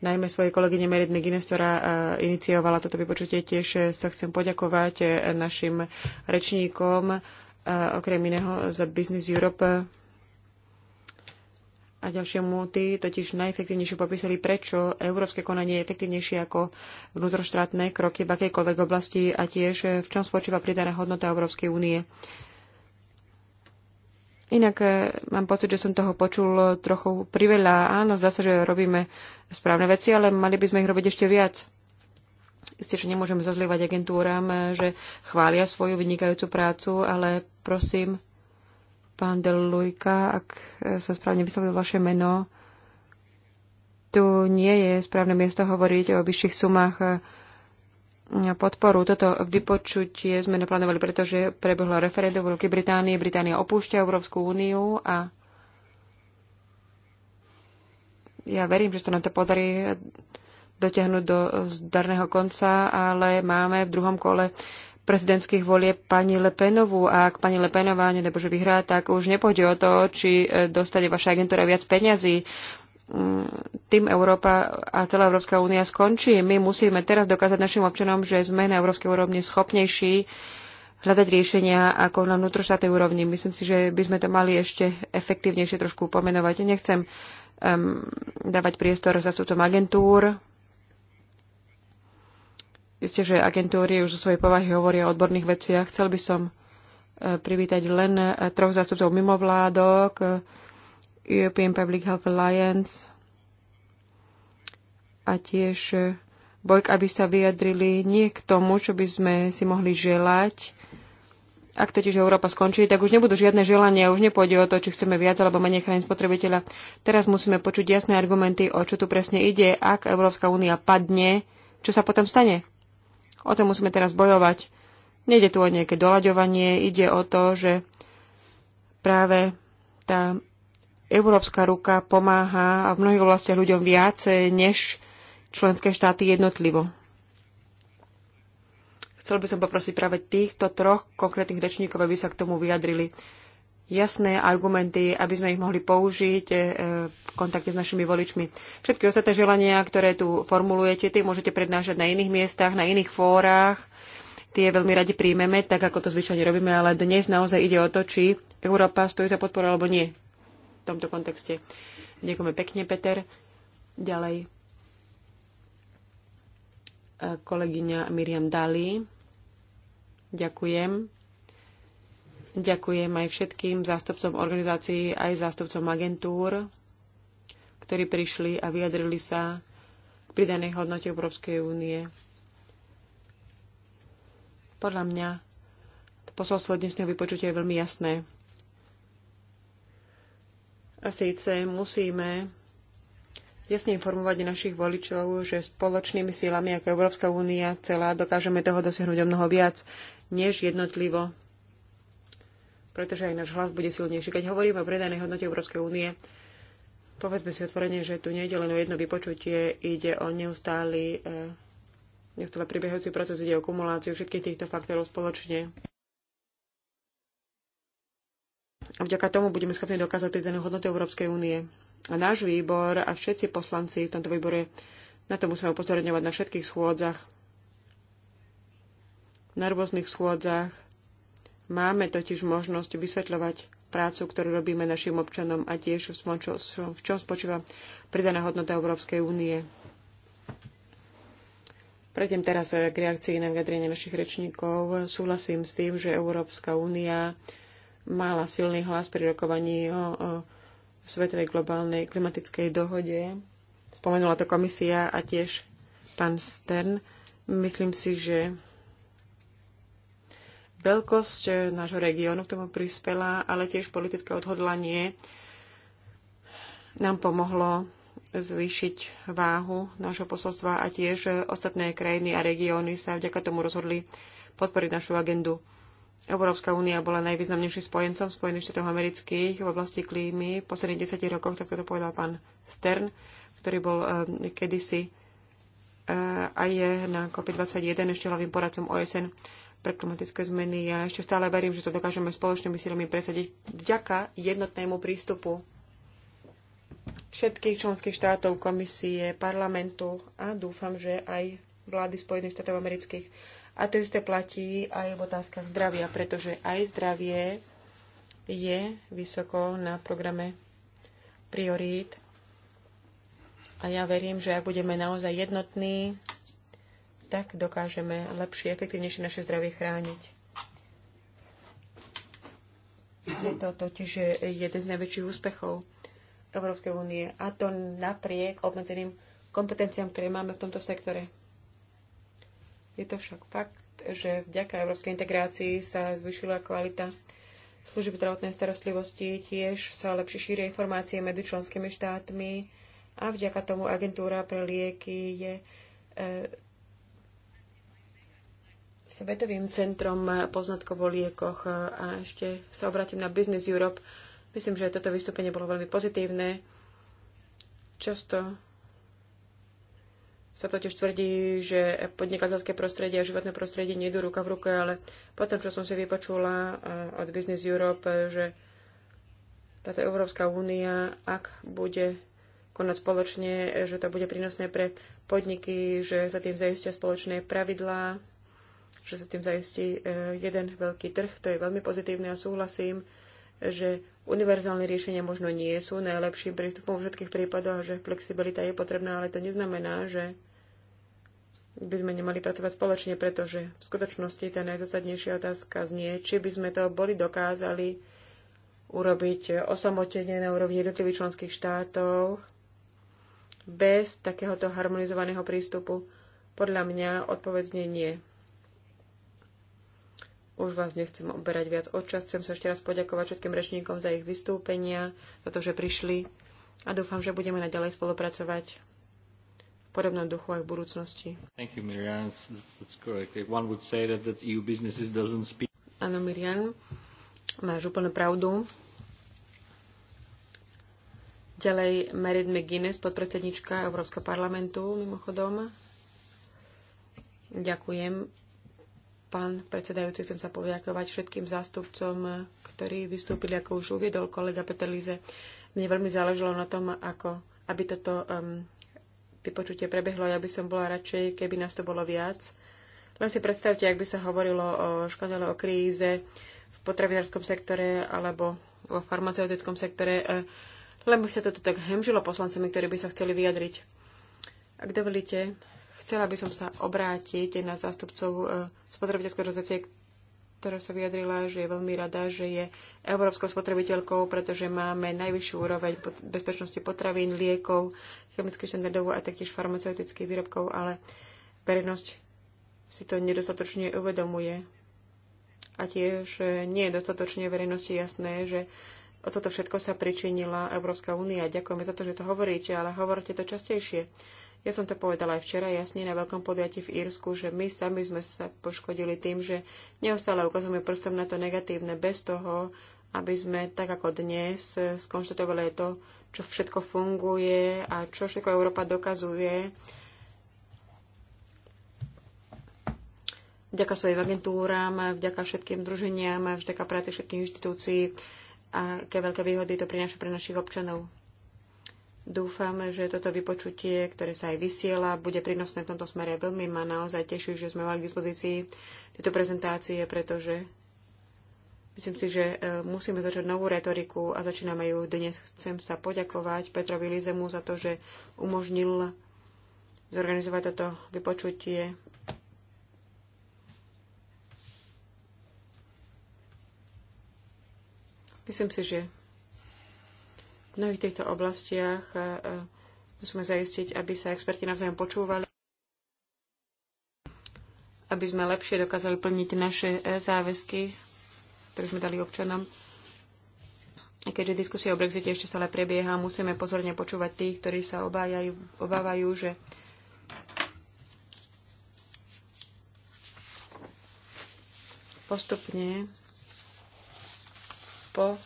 najmä svojej kolegyne Merit McGuinness, ktorá eh, iniciovala toto vypočutie. Tiež eh, sa chcem poďakovať našim rečníkom, okrem iného za Business Europe, a ďalšie múty totiž najefektívnejšie popísali, prečo európske konanie je efektívnejšie ako vnútroštátne kroky v akejkoľvek oblasti a tiež v čom spočíva pridaná hodnota Európskej únie. Inak e, mám pocit, že som toho počul trochu priveľa. Áno, zdá sa, že robíme správne veci, ale mali by sme ich robiť ešte viac. Isté, že nemôžeme zazlievať agentúram, e, že chvália svoju vynikajúcu prácu, ale prosím, Pán Delujka, ak e, sa správne vyslovil vaše meno, tu nie je správne miesto hovoriť o vyšších sumách e, podporu. Toto vypočutie sme naplánovali, pretože prebehlo referendum v Veľkej Británii. Británia opúšťa Európsku úniu a ja verím, že sa nám to podarí dotiahnuť do zdarného konca, ale máme v druhom kole prezidentských volieb pani Lepenovú a ak pani Lepenová nedebože vyhrá, tak už nepôjde o to, či e, dostane vaša agentúra viac peňazí. Mm, tým Európa a celá Európska únia skončí. My musíme teraz dokázať našim občanom, že sme na európskej úrovni schopnejší hľadať riešenia ako na vnútroštátnej úrovni. Myslím si, že by sme to mali ešte efektívnejšie trošku pomenovať. Nechcem um, dávať priestor zastupcom agentúr, Isté, že agentúry už zo svojej povahy hovoria o odborných veciach. Chcel by som e, privítať len e, troch zástupcov mimovládok, e, European Public Health Alliance a tiež Bojk, aby sa vyjadrili nie k tomu, čo by sme si mohli želať. Ak totiž Európa skončí, tak už nebudú žiadne želania, už nepôjde o to, či chceme viac alebo menej chrániť spotrebiteľa. Teraz musíme počuť jasné argumenty, o čo tu presne ide. Ak Európska únia padne, čo sa potom stane? O to musíme teraz bojovať. Nejde tu o nejaké doľaďovanie, ide o to, že práve tá európska ruka pomáha a v mnohých oblastiach ľuďom viacej než členské štáty jednotlivo. Chcel by som poprosiť práve týchto troch konkrétnych rečníkov, aby sa k tomu vyjadrili jasné argumenty, aby sme ich mohli použiť e, e, v kontakte s našimi voličmi. Všetky ostatné želania, ktoré tu formulujete, tie môžete prednášať na iných miestach, na iných fórach. Tie veľmi radi príjmeme, tak ako to zvyčajne robíme, ale dnes naozaj ide o to, či Európa stojí za podporu alebo nie v tomto kontexte. Ďakujeme pekne, Peter. Ďalej e, kolegyňa Miriam Dali. Ďakujem. Ďakujem aj všetkým zástupcom organizácií, aj zástupcom agentúr, ktorí prišli a vyjadrili sa k pridanej hodnote Európskej únie. Podľa mňa posolstvo dnešného vypočutia je veľmi jasné. A síce musíme jasne informovať našich voličov, že spoločnými sílami ako Európska únia celá dokážeme toho dosiahnuť o mnoho viac, než jednotlivo pretože aj náš hlas bude silnejší. Keď hovoríme o predajnej hodnote Európskej únie, povedzme si otvorene, že tu nejde len o jedno vypočutie, ide o neustály, eh, neustále pribiehajúci proces, ide o kumuláciu všetkých týchto faktorov spoločne. A vďaka tomu budeme schopní dokázať pridanú hodnotu Európskej únie. A náš výbor a všetci poslanci v tomto výbore na to musíme upozorňovať na všetkých schôdzach, na rôznych schôdzach, Máme totiž možnosť vysvetľovať prácu, ktorú robíme našim občanom a tiež v, čo, v čom spočíva pridaná hodnota Európskej únie. Prejdem teraz k reakcii na vyjadrenie našich rečníkov. Súhlasím s tým, že Európska únia mala silný hlas pri rokovaní o, o svetovej globálnej klimatickej dohode. Spomenula to komisia a tiež pán Stern. Myslím si, že veľkosť eh, nášho regiónu k tomu prispela, ale tiež politické odhodlanie nám pomohlo zvýšiť váhu nášho posolstva a tiež eh, ostatné krajiny a regióny sa vďaka tomu rozhodli podporiť našu agendu. Európska únia bola najvýznamnejším spojencom Spojených štátov amerických v oblasti klímy v posledných desiatich rokoch, tak to povedal pán Stern, ktorý bol um, kedysi uh, aj na COP21 ešte hlavným poradcom OSN pre klimatické zmeny. Ja ešte stále verím, že to dokážeme spoločnými silami presadiť vďaka jednotnému prístupu všetkých členských štátov, komisie, parlamentu a dúfam, že aj vlády Spojených štátov amerických. A to isté platí aj v otázkach zdravia, pretože aj zdravie je vysoko na programe priorít. A ja verím, že ak budeme naozaj jednotní, tak dokážeme lepšie, efektívnejšie naše zdravie chrániť. Je to totiž jeden z najväčších úspechov Európskej únie a to napriek obmedzeným kompetenciám, ktoré máme v tomto sektore. Je to však fakt, že vďaka európskej integrácii sa zvyšila kvalita služby zdravotnej starostlivosti, tiež sa lepšie šíria informácie medzi členskými štátmi a vďaka tomu agentúra pre lieky je e, Svetovým centrom poznatkov o liekoch a ešte sa obrátim na Business Europe. Myslím, že toto vystúpenie bolo veľmi pozitívne. Často sa totiž tvrdí, že podnikateľské prostredie a životné prostredie nejdú ruka v ruke, ale potom, čo som si vypočula eh, od Business Europe, eh, že táto Európska únia, ak bude konať spoločne, eh, že to bude prínosné pre podniky, že sa tým zaistia spoločné pravidlá, že sa tým zajistí e, jeden veľký trh. To je veľmi pozitívne a súhlasím, že univerzálne riešenia možno nie sú najlepším prístupom v všetkých prípadoch, že flexibilita je potrebná, ale to neznamená, že by sme nemali pracovať spoločne, pretože v skutočnosti tá najzasadnejšia otázka znie, či by sme to boli dokázali urobiť osamotene na úrovni jednotlivých členských štátov bez takéhoto harmonizovaného prístupu. Podľa mňa odpovedne nie. Už vás nechcem oberať viac od čas. Chcem sa ešte raz poďakovať všetkým rečníkom za ich vystúpenia, za to, že prišli a dúfam, že budeme naďalej spolupracovať v podobnom duchu aj v budúcnosti. Thank you, Miriam. That's, correct. One would say that, that EU businesses doesn't speak. Áno, Miriam, máš úplnú pravdu. Ďalej Merit McGuinness, podpredsednička Európskeho parlamentu, mimochodom. Ďakujem Pán predsedajúci, chcem sa poďakovať všetkým zástupcom, ktorí vystúpili, ako už uviedol kolega Peter Líze. Mne veľmi záležalo na tom, ako, aby toto um, vypočutie prebehlo. Ja by som bola radšej, keby nás to bolo viac. Len si predstavte, ak by sa hovorilo o škodele o kríze v potravinárskom sektore alebo vo farmaceutickom sektore, eh, len by sa toto tak hemžilo poslancami, ktorí by sa chceli vyjadriť. Ak dovolíte, Chcela by som sa obrátiť na zástupcov e, spotrebiteľskej organizácie, ktorá sa vyjadrila, že je veľmi rada, že je európskou spotrebiteľkou, pretože máme najvyššiu úroveň bezpečnosti potravín, liekov, chemických štandardov a taktiež farmaceutických výrobkov, ale verejnosť si to nedostatočne uvedomuje. A tiež e, nie je dostatočne verejnosti jasné, že o toto všetko sa pričinila Európska únia. Ďakujeme za to, že to hovoríte, ale hovorte to častejšie. Ja som to povedala aj včera jasne na veľkom podujatí v Írsku, že my sami sme sa poškodili tým, že neustále ukazujeme prstom na to negatívne bez toho, aby sme tak ako dnes skonštatovali to, čo všetko funguje a čo všetko Európa dokazuje. Vďaka svojim agentúram, vďaka všetkým druženiam, vďaka práci všetkých inštitúcií, aké veľké výhody to prináša pre našich občanov. Dúfame, že toto vypočutie, ktoré sa aj vysiela, bude prínosné v tomto smere. Veľmi ma naozaj teší, že sme mali k dispozícii tieto prezentácie, pretože myslím si, že e, musíme začať novú retoriku a začíname ju dnes. Chcem sa poďakovať Petrovi Lizemu za to, že umožnil zorganizovať toto vypočutie. Myslím si, že v mnohých týchto oblastiach e, e, musíme zaistiť, aby sa experti navzájom počúvali, aby sme lepšie dokázali plniť naše e, záväzky, ktoré sme dali občanom. A keďže diskusia o Brexite ešte stále prebieha, musíme pozorne počúvať tých, ktorí sa obávajú, obávajú že postupne po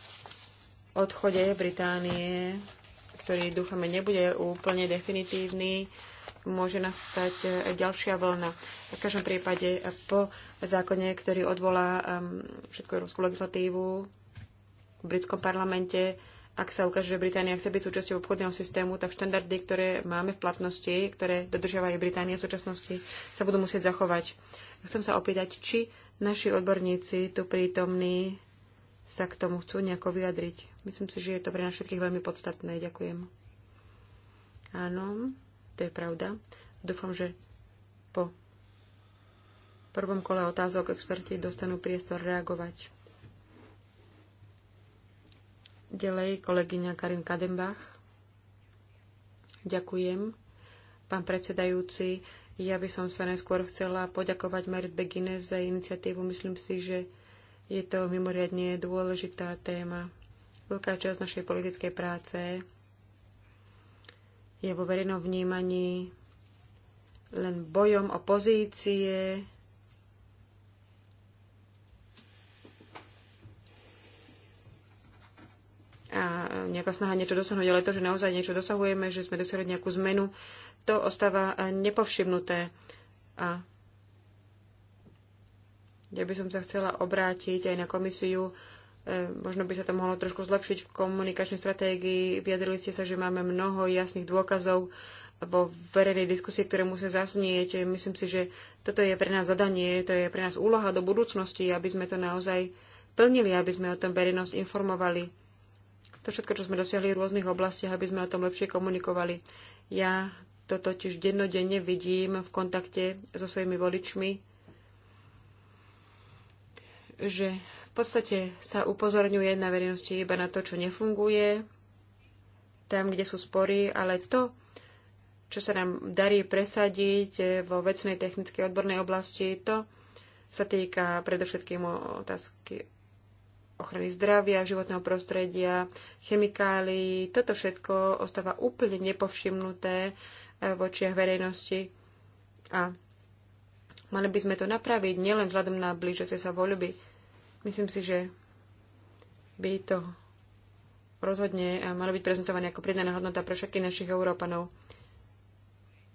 odchode Británie, ktorý dúfame nebude úplne definitívny, môže nastať eh, ďalšia vlna. V každom prípade eh, po zákone, ktorý odvolá ehm, všetku európsku legislatívu v britskom parlamente, ak sa ukáže, že Británia chce byť súčasťou obchodného systému, tak štandardy, ktoré máme v platnosti, ktoré dodržiavajú Británia v súčasnosti, sa budú musieť zachovať. Chcem sa opýtať, či naši odborníci tu prítomní sa k tomu chcú nejako vyjadriť. Myslím si, že je to pre nás všetkých veľmi podstatné. Ďakujem. Áno, to je pravda. Dúfam, že po prvom kole otázok experti dostanú priestor reagovať. Ďalej kolegyňa Karin Kadenbach. Ďakujem. Pán predsedajúci, ja by som sa najskôr chcela poďakovať Merit Begines za iniciatívu. Myslím si, že je to mimoriadne dôležitá téma. Veľká časť našej politickej práce je vo verejnom vnímaní len bojom o pozície, a nejaká snaha niečo dosahnuť, ale to, že naozaj niečo dosahujeme, že sme dosiahli nejakú zmenu, to ostáva eh, nepovšimnuté. A ja by som sa chcela obrátiť aj na komisiu E, možno by sa to mohlo trošku zlepšiť v komunikačnej stratégii. Vyjadrili ste sa, že máme mnoho jasných dôkazov vo verejnej diskusie, ktoré musia zasnieť. Myslím si, že toto je pre nás zadanie, to je pre nás úloha do budúcnosti, aby sme to naozaj plnili, aby sme o tom verejnosť informovali. To všetko, čo sme dosiahli v rôznych oblastiach, aby sme o tom lepšie komunikovali. Ja to totiž dennodenne vidím v kontakte so svojimi voličmi, že podstate sa upozorňuje na verejnosti iba na to, čo nefunguje, tam, kde sú spory, ale to, čo sa nám darí presadiť eh, vo vecnej, technickej, odbornej oblasti, to sa týka predovšetkým otázky ochrany zdravia, životného prostredia, chemikálií. Toto všetko ostáva úplne nepovšimnuté eh, v očiach verejnosti a mali by sme to napraviť nielen vzhľadom na blížiace sa voľby, Myslím si, že by to rozhodne malo byť prezentované ako pridaná hodnota pre všetkých našich Európanov.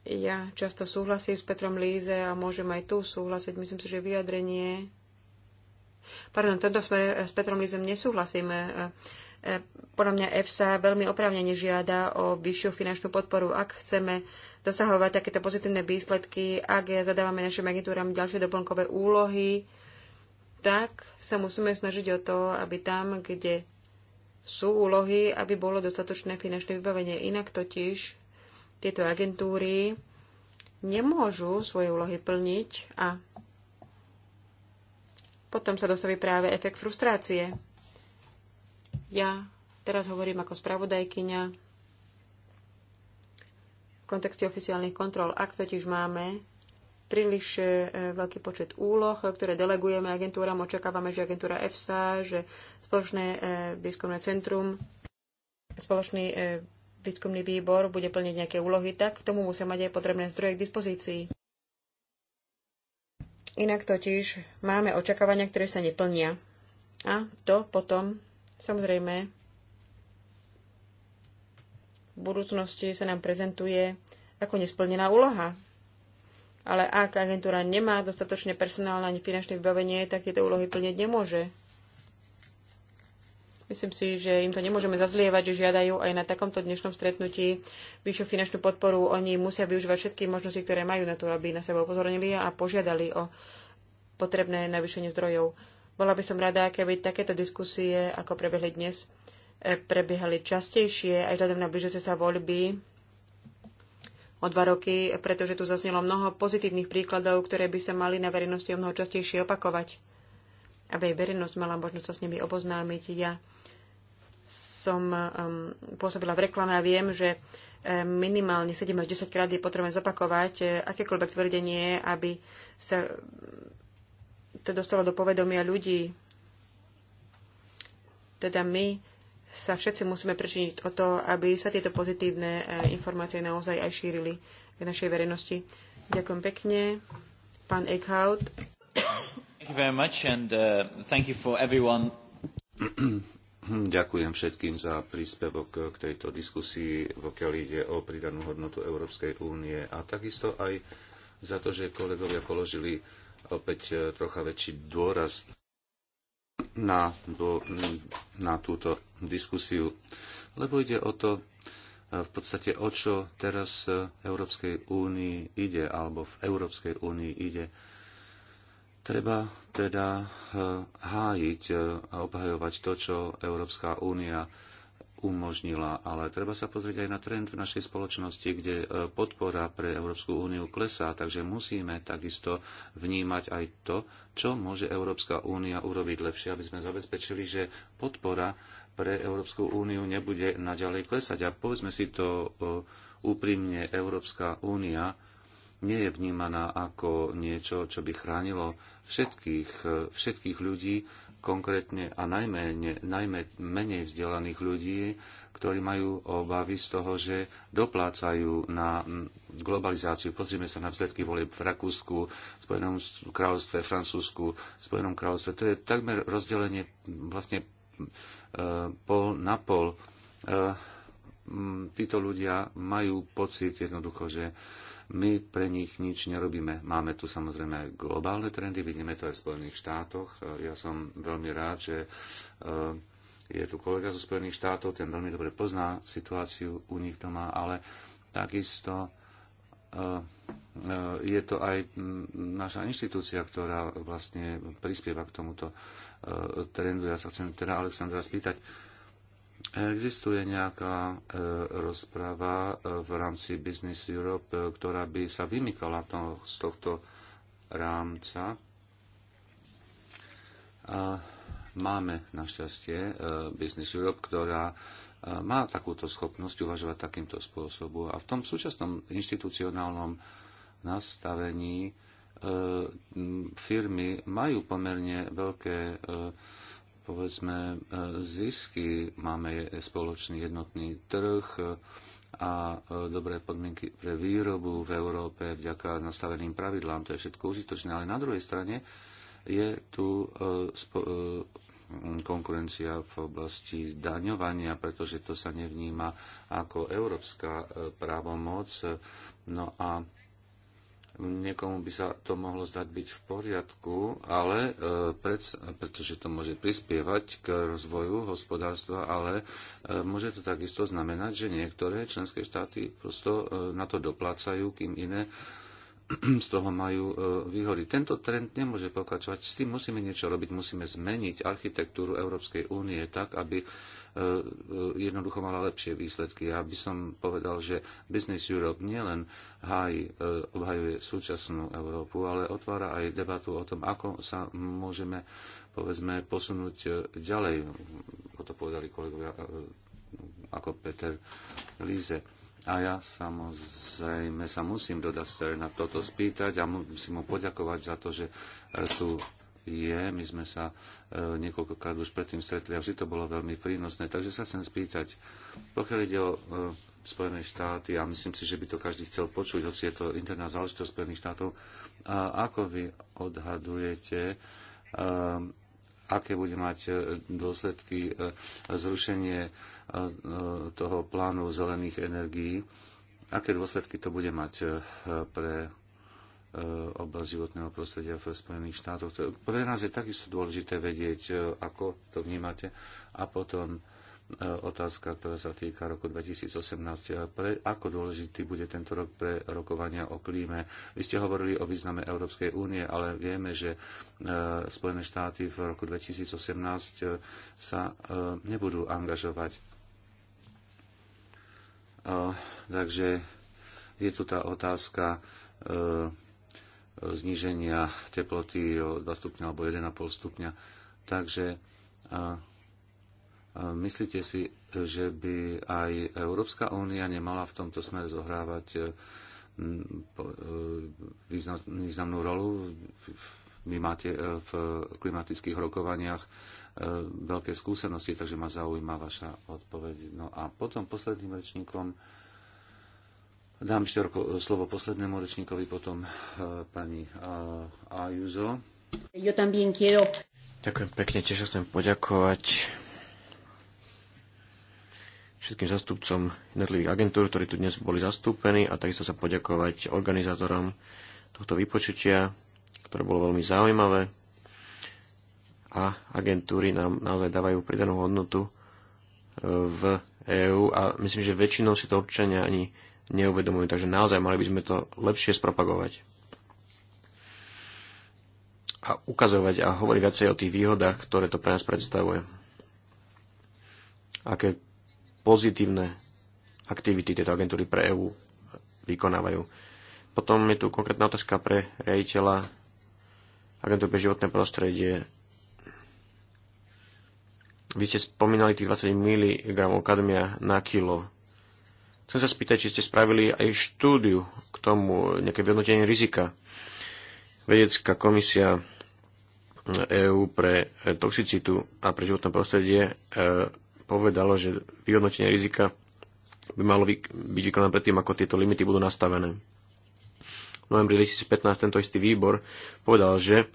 Ja často súhlasím s Petrom Líze a môžem aj tu súhlasiť. Myslím si, že vyjadrenie... Pardon, tento smer s Petrom Lízem nesúhlasím. E, e, podľa mňa EFSA veľmi oprávnene žiada o vyššiu finančnú podporu. Ak chceme dosahovať takéto pozitívne výsledky, ak zadávame našim agentúram ďalšie doplnkové úlohy, tak sa musíme snažiť o to, aby tam, kde sú úlohy, aby bolo dostatočné finančné vybavenie. Inak totiž tieto agentúry nemôžu svoje úlohy plniť a potom sa dostaví práve efekt frustrácie. Ja teraz hovorím ako spravodajkyňa v kontexte oficiálnych kontrol. Ak totiž máme príliš e, veľký počet úloh, ktoré delegujeme agentúram. Očakávame, že agentúra EFSA, že spoločné e, výskumné centrum, spoločný e, výskumný výbor bude plniť nejaké úlohy, tak k tomu musia mať aj potrebné zdroje k dispozícii. Inak totiž máme očakávania, ktoré sa neplnia. A to potom samozrejme v budúcnosti sa nám prezentuje ako nesplnená úloha. Ale ak agentúra nemá dostatočne personálne ani finančné vybavenie, tak tieto úlohy plniť nemôže. Myslím si, že im to nemôžeme zazlievať, že žiadajú aj na takomto dnešnom stretnutí vyššiu finančnú podporu. Oni musia využívať všetky možnosti, ktoré majú na to, aby na seba upozornili a požiadali o potrebné navýšenie zdrojov. Bola by som rada, keby takéto diskusie, ako prebehli dnes, e, prebiehali častejšie aj vzhľadom na blížiace sa voľby o dva roky, pretože tu zaznelo mnoho pozitívnych príkladov, ktoré by sa mali na verejnosti o mnoho častejšie opakovať. Aby aj verejnosť mala možnosť sa s nimi oboznámiť. Ja som um, pôsobila v reklame a viem, že um, minimálne 7 až 10 krát je potrebné zopakovať uh, akékoľvek tvrdenie, aby sa um, to dostalo do povedomia ľudí. Teda my sa všetci musíme prečiniť o to, aby sa tieto pozitívne e, informácie naozaj aj šírili v našej verejnosti. Ďakujem pekne. Pán Eichhout. Uh, Ďakujem všetkým za príspevok k tejto diskusii, pokiaľ ide o pridanú hodnotu Európskej únie a takisto aj za to, že kolegovia položili opäť e, trocha väčší dôraz na, na túto diskusiu, lebo ide o to, e, v podstate o čo teraz v e, Európskej únii ide, alebo v Európskej únii ide. Treba teda e, hájiť a obhajovať to, čo Európska únia umožnila, ale treba sa pozrieť aj na trend v našej spoločnosti, kde podpora pre Európsku úniu klesá, takže musíme takisto vnímať aj to, čo môže Európska únia urobiť lepšie, aby sme zabezpečili, že podpora pre Európsku úniu nebude naďalej klesať. A povedzme si to e, úprimne, Európska únia nie je vnímaná ako niečo, čo by chránilo všetkých, e, všetkých ľudí, konkrétne a najmä, ne, najmä menej vzdelaných ľudí, ktorí majú obavy z toho, že doplácajú na globalizáciu. Pozrieme sa na výsledky volieb v Rakúsku, Spojenom kráľovstve, Francúzsku, Spojenom kráľovstve. To je takmer rozdelenie vlastne pol na pol. E, títo ľudia majú pocit jednoducho, že my pre nich nič nerobíme. Máme tu samozrejme globálne trendy, vidíme to aj v Spojených štátoch. E, ja som veľmi rád, že e, je tu kolega zo Spojených štátov, ten veľmi dobre pozná situáciu u nich doma, ale takisto je to aj naša inštitúcia, ktorá vlastne prispieva k tomuto E, trendu. Ja sa chcem teda Alexandra spýtať, Existuje nejaká rozpráva e, rozprava e, v rámci Business Europe, ktorá by sa vymykala to, z tohto rámca? A máme našťastie Business Europe, ktorá má takúto schopnosť uvažovať takýmto spôsobom. A v tom súčasnom inštitucionálnom nastavení E, firmy majú pomerne veľké e, povedzme e, zisky, máme spoločný jednotný trh a dobré podmienky pre výrobu v Európe vďaka nastaveným pravidlám, to je všetko užitočné, ale na druhej strane je tu konkurencia v oblasti daňovania, pretože to sa nevníma ako európska právomoc. No a Niekomu by sa to mohlo zdať byť v poriadku, ale e, pred, pretože to môže prispievať k rozvoju hospodárstva, ale e, môže to takisto znamenať, že niektoré členské štáty prosto e, na to doplácajú, kým iné z toho majú výhody. Tento trend nemôže pokračovať. S tým musíme niečo robiť, musíme zmeniť architektúru Európskej únie tak, aby Eh, eh, jednoducho mala lepšie výsledky. Ja by som povedal, že Business Europe nielen háj, eh, obhajuje súčasnú Európu, ale otvára aj debatu o tom, ako sa môžeme povedzme, posunúť ďalej, ako to povedali kolegovia ako Peter Líze. A ja samozrejme sa musím do Dastera na toto spýtať a musím mu poďakovať za to, že tu je. My sme sa e, niekoľkokrát už predtým stretli a vždy to bolo veľmi prínosné. Takže sa chcem spýtať, pokiaľ ide o e, Spojené štáty a myslím si, že by to každý chcel počuť, hoci je to interná záležitosť Spojených štátov. A ako vy odhadujete, e, aké bude mať dôsledky zrušenie toho plánu zelených energií, aké dôsledky to bude mať pre oblasť životného prostredia v Spojených štátoch. Pre nás je takisto dôležité vedieť, e, ako to vnímate. A potom e, otázka, ktorá sa týka roku 2018. E, pre, ako dôležitý bude tento rok pre rokovania o klíme? Vy ste hovorili o význame Európskej únie, ale vieme, že Spojené štáty v roku 2018 sa nebudú angažovať. Takže je tu tá otázka zníženia teploty o 2 stupňa alebo 1,5 stupňa. Takže myslíte si, že by aj Európska únia nemala v tomto smere zohrávať e, e, významnú rolu? Vy máte e, v klimatických rokovaniach veľké skúsenosti, takže ma zaujíma vaša odpoveď. No a potom posledným rečníkom Dám ešte slovo poslednému rečníkovi, potom e, pani e, Ajuzo. Yo también quiero... Ďakujem pekne, tiež chcem poďakovať všetkým zastupcom jednotlivých agentúr, ktorí tu dnes boli zastúpení a takisto sa poďakovať organizátorom tohto vypočutia, ktoré bolo veľmi zaujímavé a agentúry nám naozaj dávajú pridanú hodnotu e, v EÚ a myslím, že väčšinou si to občania ani neuvedomujú. Takže naozaj mali by sme to lepšie spropagovať a ukazovať a hovoriť viacej o tých výhodách, ktoré to pre nás predstavuje. Aké pozitívne aktivity tieto agentúry pre EÚ vykonávajú. Potom je tu konkrétna otázka pre riaditeľa agentúry pre životné prostredie. Vy ste spomínali tých 20 mg kadmia na kilo. Chcem sa spýtať, či ste spravili aj štúdiu k tomu, nejaké vyhodnotenie rizika. Vedecká komisia EÚ eh, e pre eh, toxicitu a pre životné prostredie eh, povedalo, že vyhodnotenie rizika by malo byť vykonané predtým, ako tieto limity budú nastavené. V novembri 2015 tento istý výbor povedal, že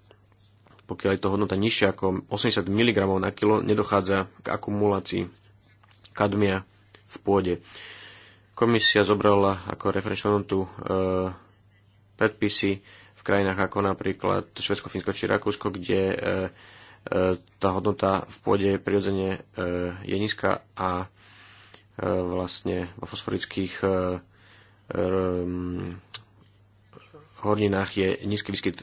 pokiaľ je to hodnota nižšia ako 80 mg na kilo, nedochádza k akumulácii kadmia v pôde. Komisia zobrala ako referenčnú e, predpisy v krajinách ako napríklad Švedsko, Fínsko či Rakúsko, kde e, e tá hodnota v pôde prirodzene e, je nízka a e, vlastne vo fosforických horninách je nízky výskyt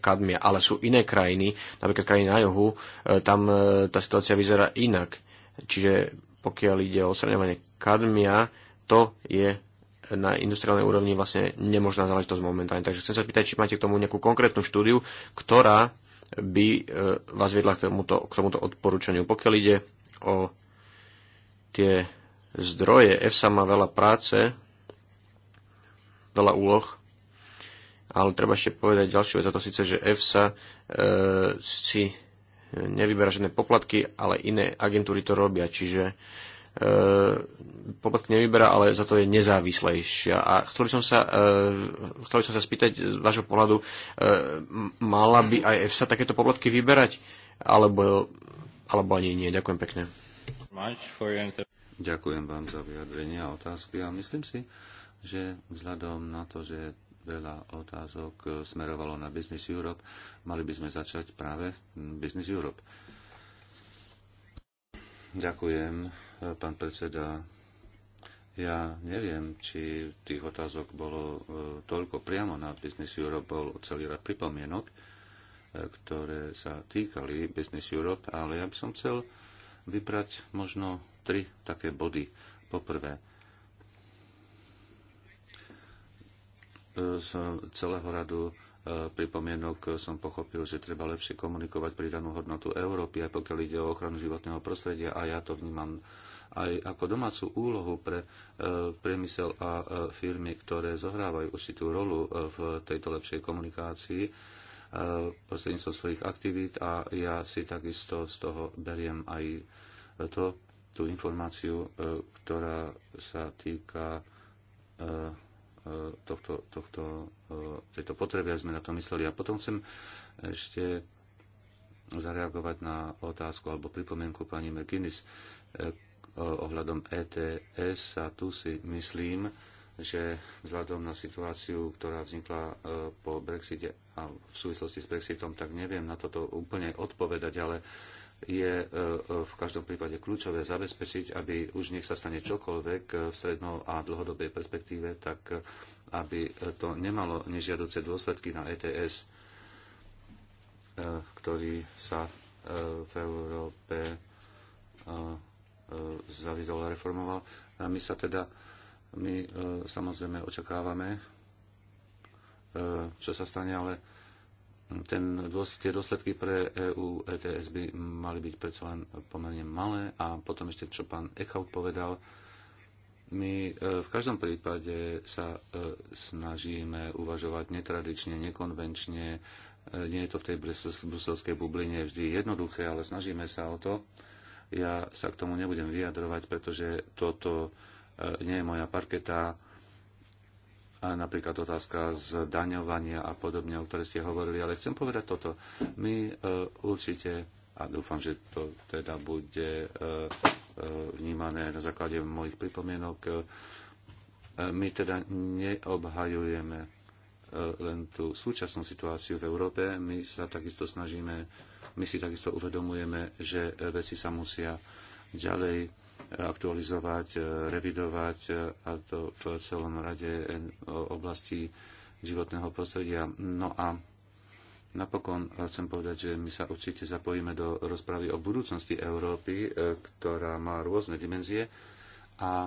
kadmia, ale sú iné krajiny, napríklad krajiny na juhu, tam tá situácia vyzerá inak. Čiže pokiaľ ide o odstraňovanie kadmia, to je na industriálnej úrovni vlastne nemožná záležitosť momentálne. Takže chcem sa pýtať, či máte k tomu nejakú konkrétnu štúdiu, ktorá by e, vás viedla k tomuto, k tomuto odporúčaniu. Pokiaľ ide o tie zdroje, EFSA má veľa práce, veľa úloh, ale treba ešte povedať ďalšiu vec, a to síce, že EFSA e, si nevyberá žiadne poplatky, ale iné agentúry to robia. Čiže e, poplatky nevyberá, ale za to je nezávislejšia. A chcel by som sa, e, chcel by som sa spýtať z vašho pohľadu, e, mala by aj EFSA takéto poplatky vyberať? Alebo, alebo ani nie. Ďakujem pekne. Ďakujem vám za vyjadrenie a otázky a myslím si, že vzhľadom na to, že veľa otázok eh, smerovalo na Business Europe. Mali by sme začať práve Business Europe. Ďakujem, eh, pán predseda. Ja neviem, či tých otázok bolo eh, toľko priamo na Business Europe, bol celý rad pripomienok, ktoré sa týkali Business Europe, ale ja by som chcel vybrať možno tri také body. Poprvé, z celého radu e, pripomienok som pochopil, že treba lepšie komunikovať pridanú hodnotu Európy, aj pokiaľ ide o ochranu životného prostredia a ja to vnímam aj ako domácu úlohu pre e, priemysel a e, firmy, ktoré zohrávajú určitú rolu v tejto lepšej komunikácii prostredníctvom svojich aktivít a ja si takisto z toho beriem aj to, tú informáciu, ktorá sa týka E, tohto, tohto, e, tejto potreby a sme na to mysleli. A potom chcem ešte zareagovať na otázku alebo pripomienku pani McGuinness e, ohľadom ETS a tu si myslím, že vzhľadom na situáciu, ktorá vznikla po Brexite a v súvislosti s Brexitom, tak neviem na toto úplne odpovedať, ale je e, e, v každom prípade kľúčové zabezpečiť, aby už nech sa stane čokoľvek e, v strednou a dlhodobej perspektíve, tak aby to nemalo nežiaduce dôsledky na ETS, ktorý sa v Európe zavidol a reformoval. A my sa teda, my samozrejme očakávame, čo sa stane, ale ten tie dôsledky pre EU ETS by mali byť predsa len pomerne malé. A potom ešte, čo pán Eckhout povedal, my e, v každom prípade sa e, snažíme uvažovať netradične, nekonvenčne. E, nie je to v tej bruselskej bubline vždy jednoduché, ale snažíme sa o to. Ja sa k tomu nebudem vyjadrovať, pretože toto nie je moja parketa napríklad otázka zdaňovania a podobne, o ktorej ste hovorili, ale chcem povedať toto. My e, určite, a dúfam, že to teda bude e, e, vnímané na základe mojich pripomienok, my teda neobhajujeme len tú súčasnú situáciu v Európe, my sa takisto snažíme, my si takisto uvedomujeme, že veci sa musia ďalej aktualizovať, eh, revidovať eh, a to v celom rade eh, oblasti životného prostredia. No a napokon chcem povedať, že my sa určite zapojíme do rozpravy o budúcnosti Európy, ktorá má rôzne dimenzie a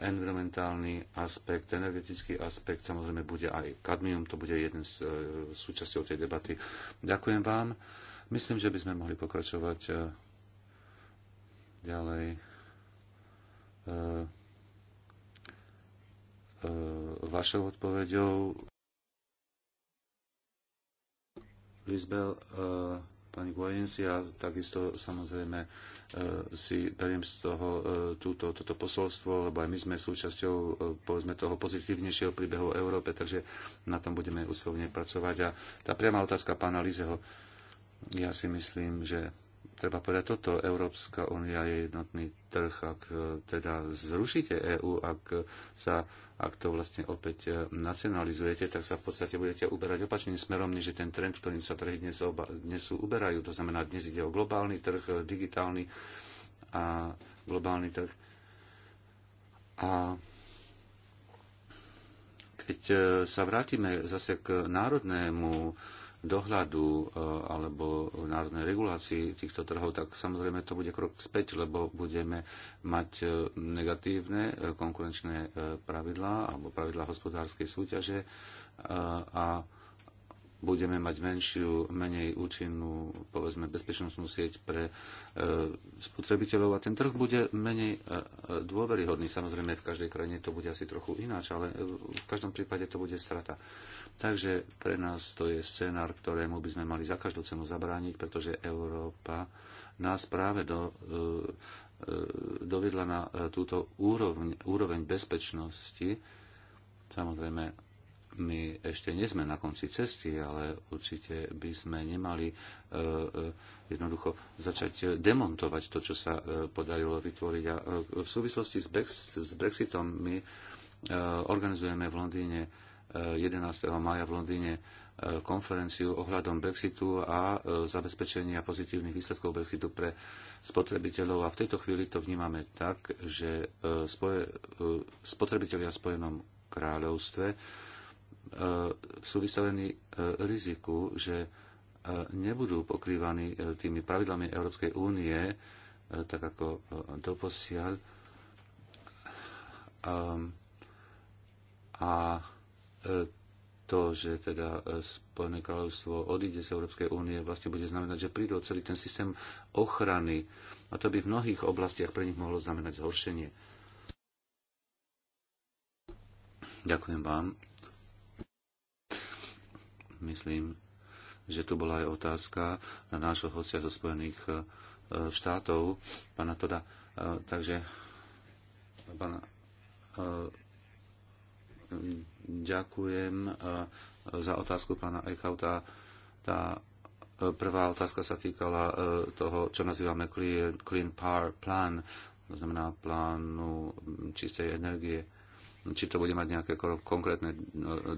environmentálny aspekt, energetický aspekt, samozrejme bude aj kadmium, to bude jeden z súčasťou tej debaty. Ďakujem vám. Myslím, že by sme mohli pokračovať ďalej. E, e, vašou odpoveďou. Lisbel, e, pani Guajens, ja takisto samozrejme si beriem z toho túto, toto posolstvo, lebo aj my sme súčasťou povedzme toho pozitívnejšieho príbehu o Európe, takže na tom budeme úsilovne pracovať. A tá priama otázka pána Lizeho, ja si myslím, že treba povedať toto. Európska únia je jednotný trh. Ak e, teda zrušíte EÚ, ak, e, sa, ak to vlastne opäť e, nacionalizujete, tak sa v podstate budete uberať opačným smerom, než ten trend, ktorým sa trhy dnes, oba, dnes sú uberajú. To znamená, dnes ide o globálny trh, digitálny a globálny trh. A keď sa vrátime zase k národnému dohľadu e, alebo národnej regulácii týchto trhov, tak samozrejme to bude krok späť, lebo budeme mať e, negatívne e, konkurenčné pravidlá alebo pravidlá hospodárskej súťaže a budeme mať menšiu, menej účinnú, povedzme, bezpečnostnú sieť pre e, spotrebiteľov a ten trh bude menej e, e dôveryhodný. Samozrejme, v každej krajine to bude asi trochu ináč, ale e, v každom prípade to bude strata. Takže pre nás to je scenár, ktorému by sme mali za každú cenu zabrániť, pretože Európa nás práve do, e, e, dovedla na e, túto úroveň, úroveň bezpečnosti. Samozrejme, my ešte nie sme na konci cesty, ale určite by sme nemali e, e, jednoducho začať demontovať to, čo sa e, podarilo vytvoriť. A v súvislosti s Brexitom my organizujeme v Londýne 11. maja v Londýne konferenciu ohľadom Brexitu a zabezpečenia pozitívnych výsledkov Brexitu pre spotrebiteľov. A v tejto chvíli to vnímame tak, že spotrebitelia v Spojenom kráľovstve E, sú vystavení e, riziku, že e, nebudú pokrývaní tými pravidlami Európskej únie, tak ako doposiaľ. A to, že teda Spojené kráľovstvo odíde z Európskej únie, vlastne bude znamenať, že prídu celý ten systém ochrany. A to by v mnohých oblastiach pre nich mohlo znamenať zhoršenie. Ďakujem vám myslím, že tu bola aj otázka na nášho hostia zo Spojených e, štátov, pána Toda. E, takže, pána, e, ďakujem za otázku pána Eichauta. Tá prvá otázka sa týkala toho, čo nazývame Clean Power Plan, to znamená plánu čistej energie či to bude mať nejaké konkrétne e,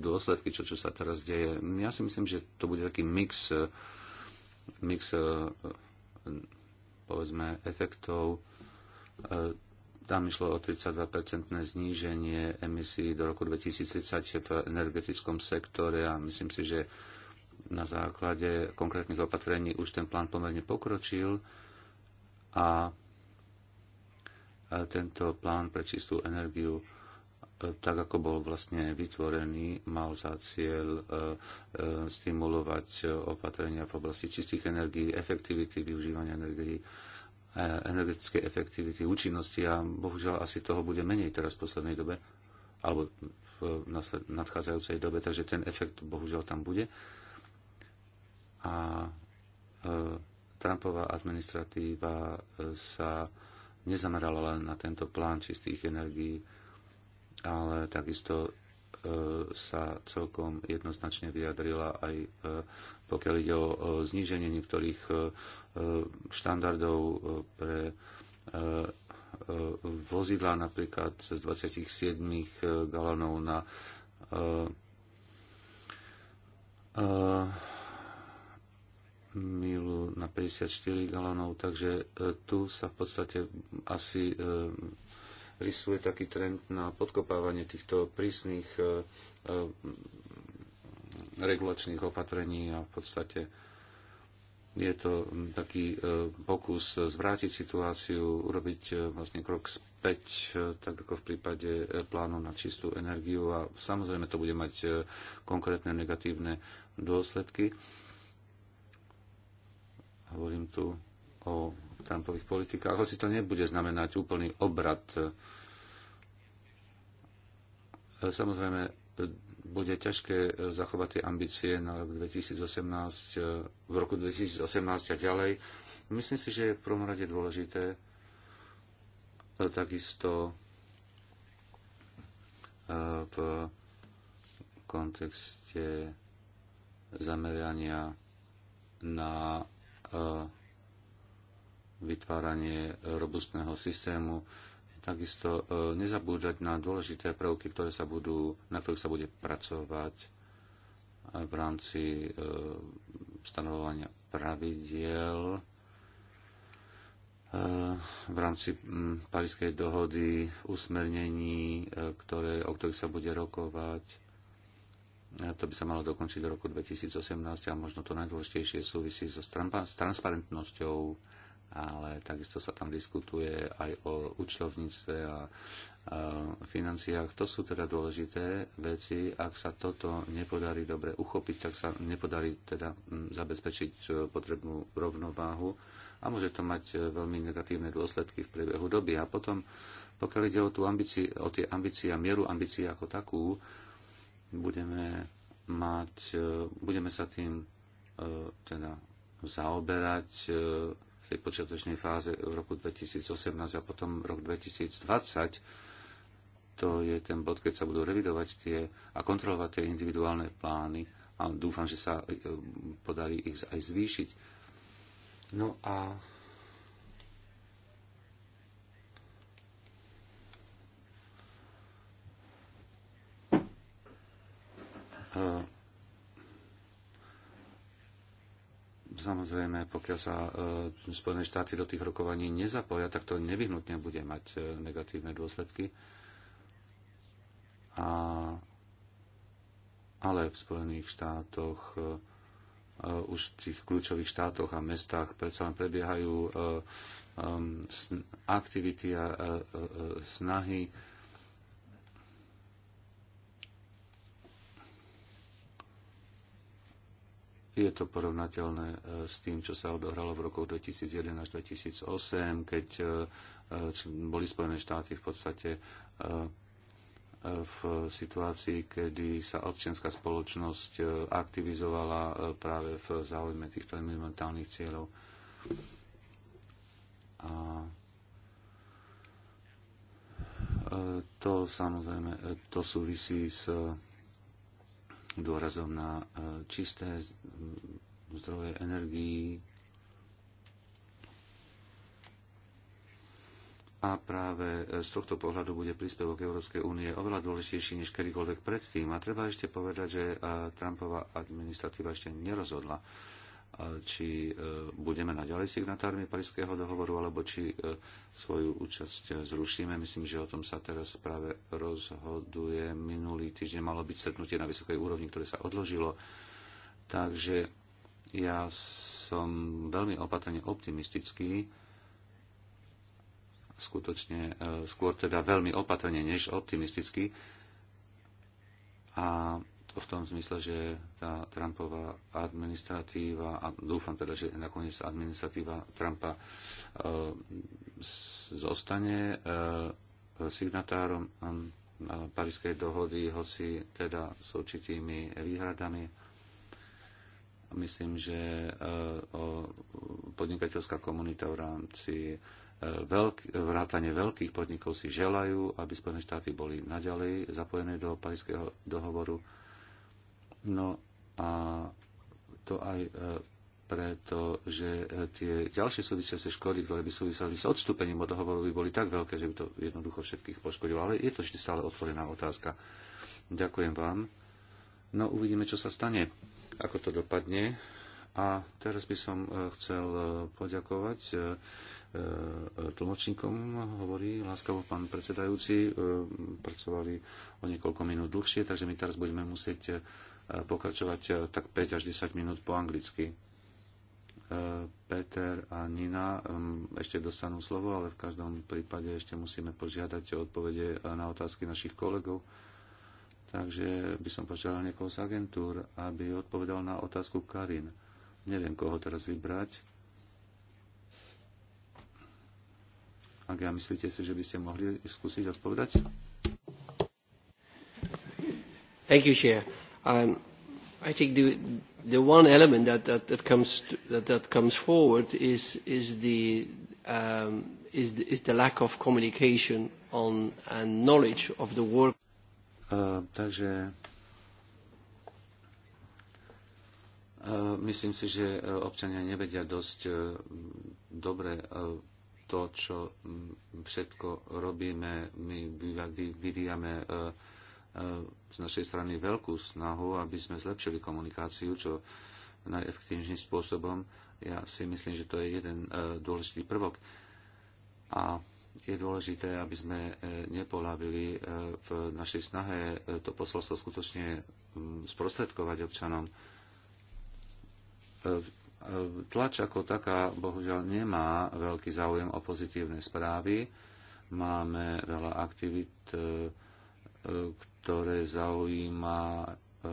dôsledky, čo, čo sa teraz deje. Ja si myslím, že to bude taký mix, e, mix e, povedzme, efektov. Tam išlo o 32-percentné zníženie emisí do roku 2030 v energetickom sektore a myslím si, že na základe konkrétnych opatrení už ten plán pomerne pokročil a tento plán pre čistú energiu tak ako bol vlastne vytvorený, mal za cieľ e, e, stimulovať opatrenia v oblasti čistých energií, efektivity využívania energií, e, energetickej efektivity, účinnosti a bohužiaľ asi toho bude menej teraz v poslednej dobe alebo v nadchádzajúcej dobe, takže ten efekt bohužiaľ tam bude. A Trumpová administratíva sa nezamerala len na tento plán čistých energií, ale takisto e, sa celkom jednoznačne vyjadrila aj e, pokiaľ ide o zníženie niektorých e, štandardov pre vozidla napríklad z 27 galónov na milu na 54 galónov, takže tu sa v podstate asi rysuje taký trend na podkopávanie týchto prísnych e, e, regulačných opatrení a v podstate je to taký e, pokus zvrátiť situáciu, urobiť vlastne krok späť, tak ako v prípade plánu na čistú energiu a samozrejme to bude mať konkrétne negatívne dôsledky. Hovorím tu o Trumpových politikách, hoci to nebude znamenať úplný obrad. Samozrejme, bude ťažké zachovať tie ambície na rok 2018, v roku 2018 a ďalej. Myslím si, že je v prvom rade dôležité e, takisto e, v kontexte zamerania na e, vytváranie robustného systému, takisto e, nezabúdať na dôležité prvky, ktoré sa budú, na ktorých sa bude pracovať e, v rámci e, stanovovania pravidiel v rámci Parískej dohody, usmernení, ktoré, o ktorých sa bude rokovať. To by sa malo dokončiť do roku 2018 a možno to najdôležitejšie súvisí so s transparentnosťou ale takisto sa tam diskutuje aj o účtovníctve a financiách. To sú teda dôležité veci. Ak sa toto nepodarí dobre uchopiť, tak sa nepodarí teda zabezpečiť e, potrebnú rovnováhu a môže to mať e, veľmi negatívne dôsledky v priebehu doby. A potom, pokiaľ ide o, tú ambici, o tie ambície a mieru ambícií ako takú, budeme, mať, e, budeme sa tým teda zaoberať tej počiatočnej fáze v roku 2018 a potom rok 2020. To je ten bod, keď sa budú revidovať tie a kontrolovať tie individuálne plány a dúfam, že sa e, podarí ich aj zvýšiť. No a uh, Samozrejme, pokiaľ sa e, Spojené štáty do tých rokovaní nezapoja, tak to nevyhnutne bude mať e, negatívne dôsledky. A, ale v Spojených štátoch e, už v tých kľúčových štátoch a mestách predsa len prebiehajú aktivity a snahy je to porovnateľné e, s tým, čo sa odohralo v rokoch 2001 až 2008, keď e, e, boli Spojené štáty v podstate v situácii, kedy sa občianská spoločnosť aktivizovala práve v záujme týchto environmentálnych cieľov. A to samozrejme, to súvisí s dôrazom na e, čisté zdroje energií a práve e, z tohto pohľadu bude príspevok Európskej únie oveľa dôležitejší než kedykoľvek predtým. A treba ešte povedať, že e, Trumpová administratíva ešte nerozhodla či e, budeme naďalej signatármi Parížského dohovoru, alebo či e, svoju účasť e, zrušíme. Myslím, že o tom sa teraz práve rozhoduje. Minulý týždeň malo byť stretnutie na vysokej úrovni, ktoré sa odložilo. Takže ja som veľmi opatrne optimistický. Skutočne skôr teda veľmi opatrne než optimistický. A to v tom zmysle, že tá Trumpová administratíva, a dúfam teda, že nakoniec administratíva Trumpa e, zostane e, signatárom e, Parískej dohody, hoci teda s určitými výhradami. Myslím, že e, o, podnikateľská komunita v rámci e, veľk, vrátane veľkých podnikov si želajú, aby Spojené štáty boli naďalej zapojené do Parískeho dohovoru No a to aj e, preto, že e, tie ďalšie súvisiace škody, ktoré by súviseli s odstúpením od dohovoru, by boli tak veľké, že by to jednoducho všetkých poškodilo. Ale je to ešte stále otvorená otázka. Ďakujem vám. No uvidíme, čo sa stane, ako to dopadne. A teraz by som e, chcel poďakovať tlmočníkom, hovorí láskavo pán predsedajúci. Pracovali o niekoľko minút dlhšie, takže my teraz budeme musieť pokračovať e, tak 5 až 10 minút po anglicky. E, Peter a Nina ešte dostanú slovo, ale v každom prípade ešte musíme požiadať o odpovede e, na otázky našich kolegov. Takže by som požiadal niekoho z agentúr, aby odpovedal na otázku Karin. Neviem, koho teraz vybrať. Ak ja myslíte si, že by ste mohli skúsiť odpovedať? Thank you, Chair. Um, I think the, the one element that, that, that, comes, to, that, that comes forward is, is, the, um, is, the, is the lack of communication on, and knowledge of the work. Uh, takže uh, myslím si, že uh, občania nevedia dosť uh, dobre uh, to, čo mm, všetko robíme. My vyvíjame uh, z našej strany veľkú snahu, aby sme zlepšili komunikáciu čo najefektívnejším spôsobom. Ja si myslím, že to je jeden e, dôležitý prvok. A je dôležité, aby sme e, nepolavili e, v našej snahe to posolstvo skutočne sprostredkovať občanom. Tlač ako taká bohužiaľ nemá veľký záujem o pozitívne správy. Máme veľa aktivít, ktoré zaujíma e, e,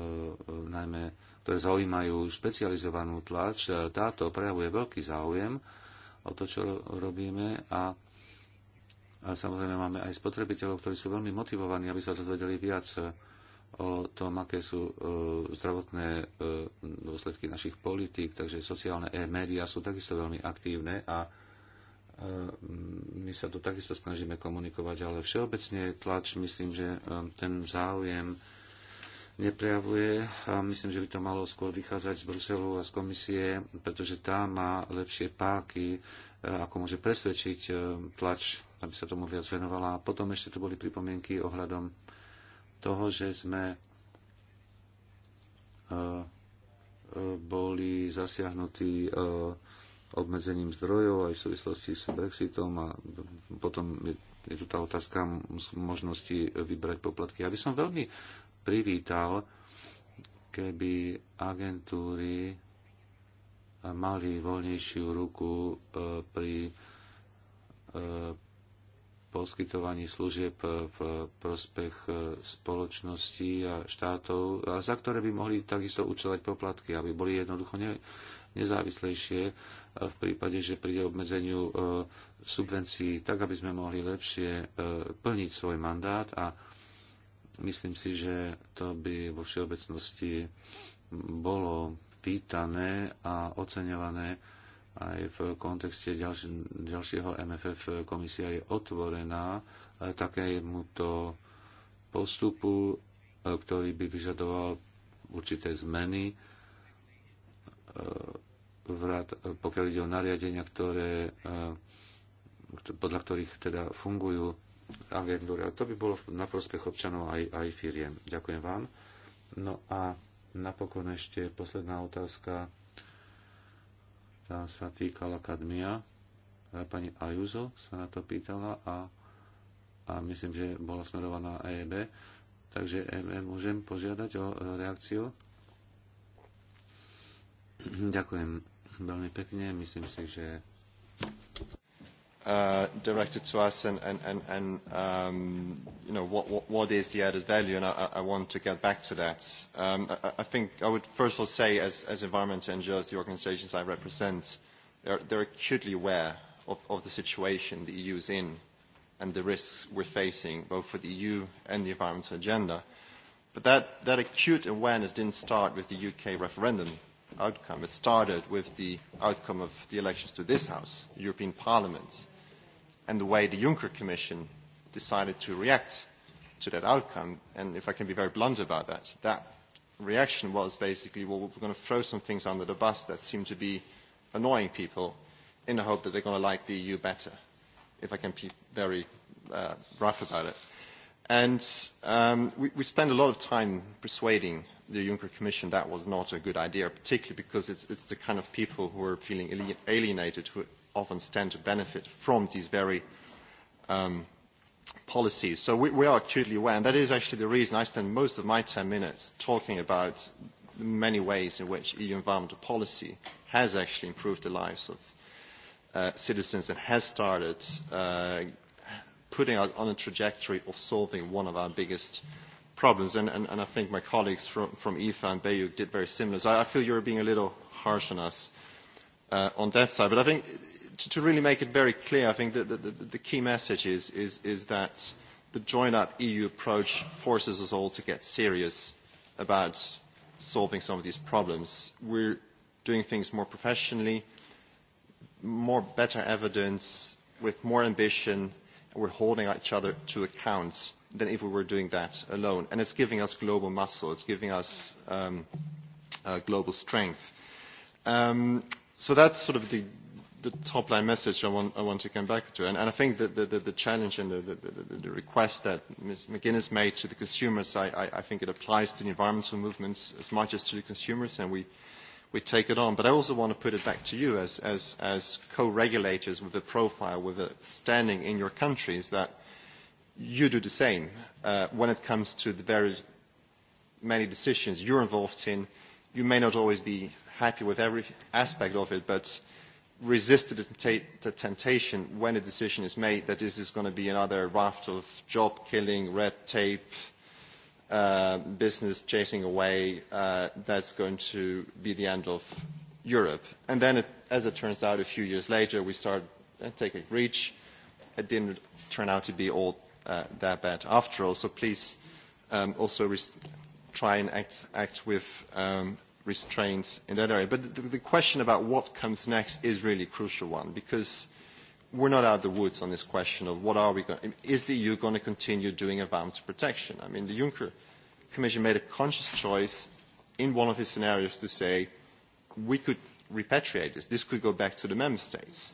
najmä ktoré zaujímajú špecializovanú tlač. E, táto prejavuje veľký záujem o to, čo robíme a, a samozrejme máme aj spotrebiteľov, ktorí sú veľmi motivovaní, aby sa dozvedeli viac o tom, aké sú e, zdravotné e, dôsledky našich politík, takže sociálne e-média sú takisto veľmi aktívne a my sa tu takisto snažíme komunikovať, ale všeobecne tlač, myslím, že e, ten záujem neprejavuje a myslím, že by to malo skôr vychádzať z Bruselu a z komisie, pretože tá má lepšie páky, e, ako môže presvedčiť e, tlač, aby sa tomu viac venovala. A potom ešte tu boli pripomienky ohľadom toho, že sme boli zasiahnutí obmedzením zdrojov aj v súvislosti s Brexitom a potom je, je tu tá otázka možnosti vybrať poplatky. Ja by som veľmi privítal, keby agentúry mali voľnejšiu ruku e, pri e, poskytovaní služieb v prospech e, spoločnosti a štátov, za ktoré by mohli takisto účelať poplatky, aby boli jednoducho ne, nezávislejšie e, v prípade, že príde obmedzeniu e, subvencií, tak aby sme mohli lepšie e, plniť svoj mandát a myslím si, že to by vo všeobecnosti bolo vítané a oceňované aj v kontexte ďalši, ďalšieho MFF. Komisia je otvorená takémuto postupu, ktorý by vyžadoval určité zmeny vrát, pokiaľ ide o nariadenia, ktoré, e, podľa ktorých teda fungujú agentúry. A to by bolo na prospech občanov aj, aj firiem. Ďakujem vám. No a napokon ešte posledná otázka. Tá sa týkala kadmia. Pani Ajuzo sa na to pýtala a, a myslím, že bola smerovaná EEB. Takže e e môžem požiadať o reakciu. Ďakujem veľmi pekne. Myslím si, že uh, directed to us and, and, and, and um, you know, what, what, what is the added value? And I, I want to get back to that. Um, I, I think I would first of all say as, as environmental NGOs, the organizations I represent, they're, they're acutely aware of, of the situation the EU is in and the risks we're facing, both for the EU and the environmental agenda. But that, that acute awareness didn't start with the UK referendum outcome. It started with the outcome of the elections to this House, the European Parliament, and the way the Juncker Commission decided to react to that outcome. And if I can be very blunt about that, that reaction was basically, well, we're going to throw some things under the bus that seem to be annoying people in the hope that they're going to like the EU better, if I can be very uh, rough about it. And um, we, we spend a lot of time persuading the Juncker Commission that was not a good idea, particularly because it's, it's the kind of people who are feeling alienated who often stand to benefit from these very um, policies. So we, we are acutely aware, and that is actually the reason I spend most of my 10 minutes talking about the many ways in which EU environmental policy has actually improved the lives of uh, citizens and has started uh, putting us on a trajectory of solving one of our biggest problems, and, and, and I think my colleagues from, from IFA and Bayouk did very similar. So I, I feel you're being a little harsh on us uh, on that side. But I think to, to really make it very clear, I think that the, the, the key message is, is, is that the joined-up EU approach forces us all to get serious about solving some of these problems. We're doing things more professionally, more better evidence, with more ambition, and we're holding each other to account than if we were doing that alone. And it's giving us global muscle. It's giving us um, uh, global strength. Um, so that's sort of the, the top-line message I want, I want to come back to. And, and I think that the, the, the challenge and the, the, the, the request that Ms. McGuinness made to the consumers, I, I, I think it applies to the environmental movements as much as to the consumers, and we, we take it on. But I also want to put it back to you as, as, as co-regulators with a profile, with a standing in your countries that – you do the same uh, when it comes to the very many decisions you're involved in. You may not always be happy with every aspect of it, but resist the, temptation when a decision is made that this is going to be another raft of job killing, red tape, uh, business chasing away uh, that's going to be the end of Europe. And then, it, as it turns out, a few years later, we start uh, taking reach. It didn't turn out to be all uh, their bed after all. So please um, also try and act, act with um, restraints in that area. But the, the question about what comes next is really a crucial one because we're not out of the woods on this question of what are we going is the EU going to continue doing environmental protection? I mean, the Juncker Commission made a conscious choice in one of his scenarios to say we could repatriate this. This could go back to the member states.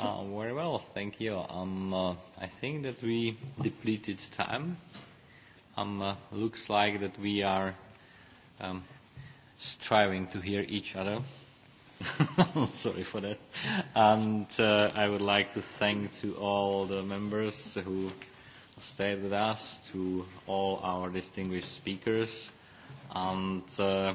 Uh, very well, thank you. Um, uh, I think that we depleted time. Um, uh, looks like that we are um, striving to hear each other. Sorry for that. And uh, I would like to thank to all the members who stayed with us, to all our distinguished speakers, and. Uh,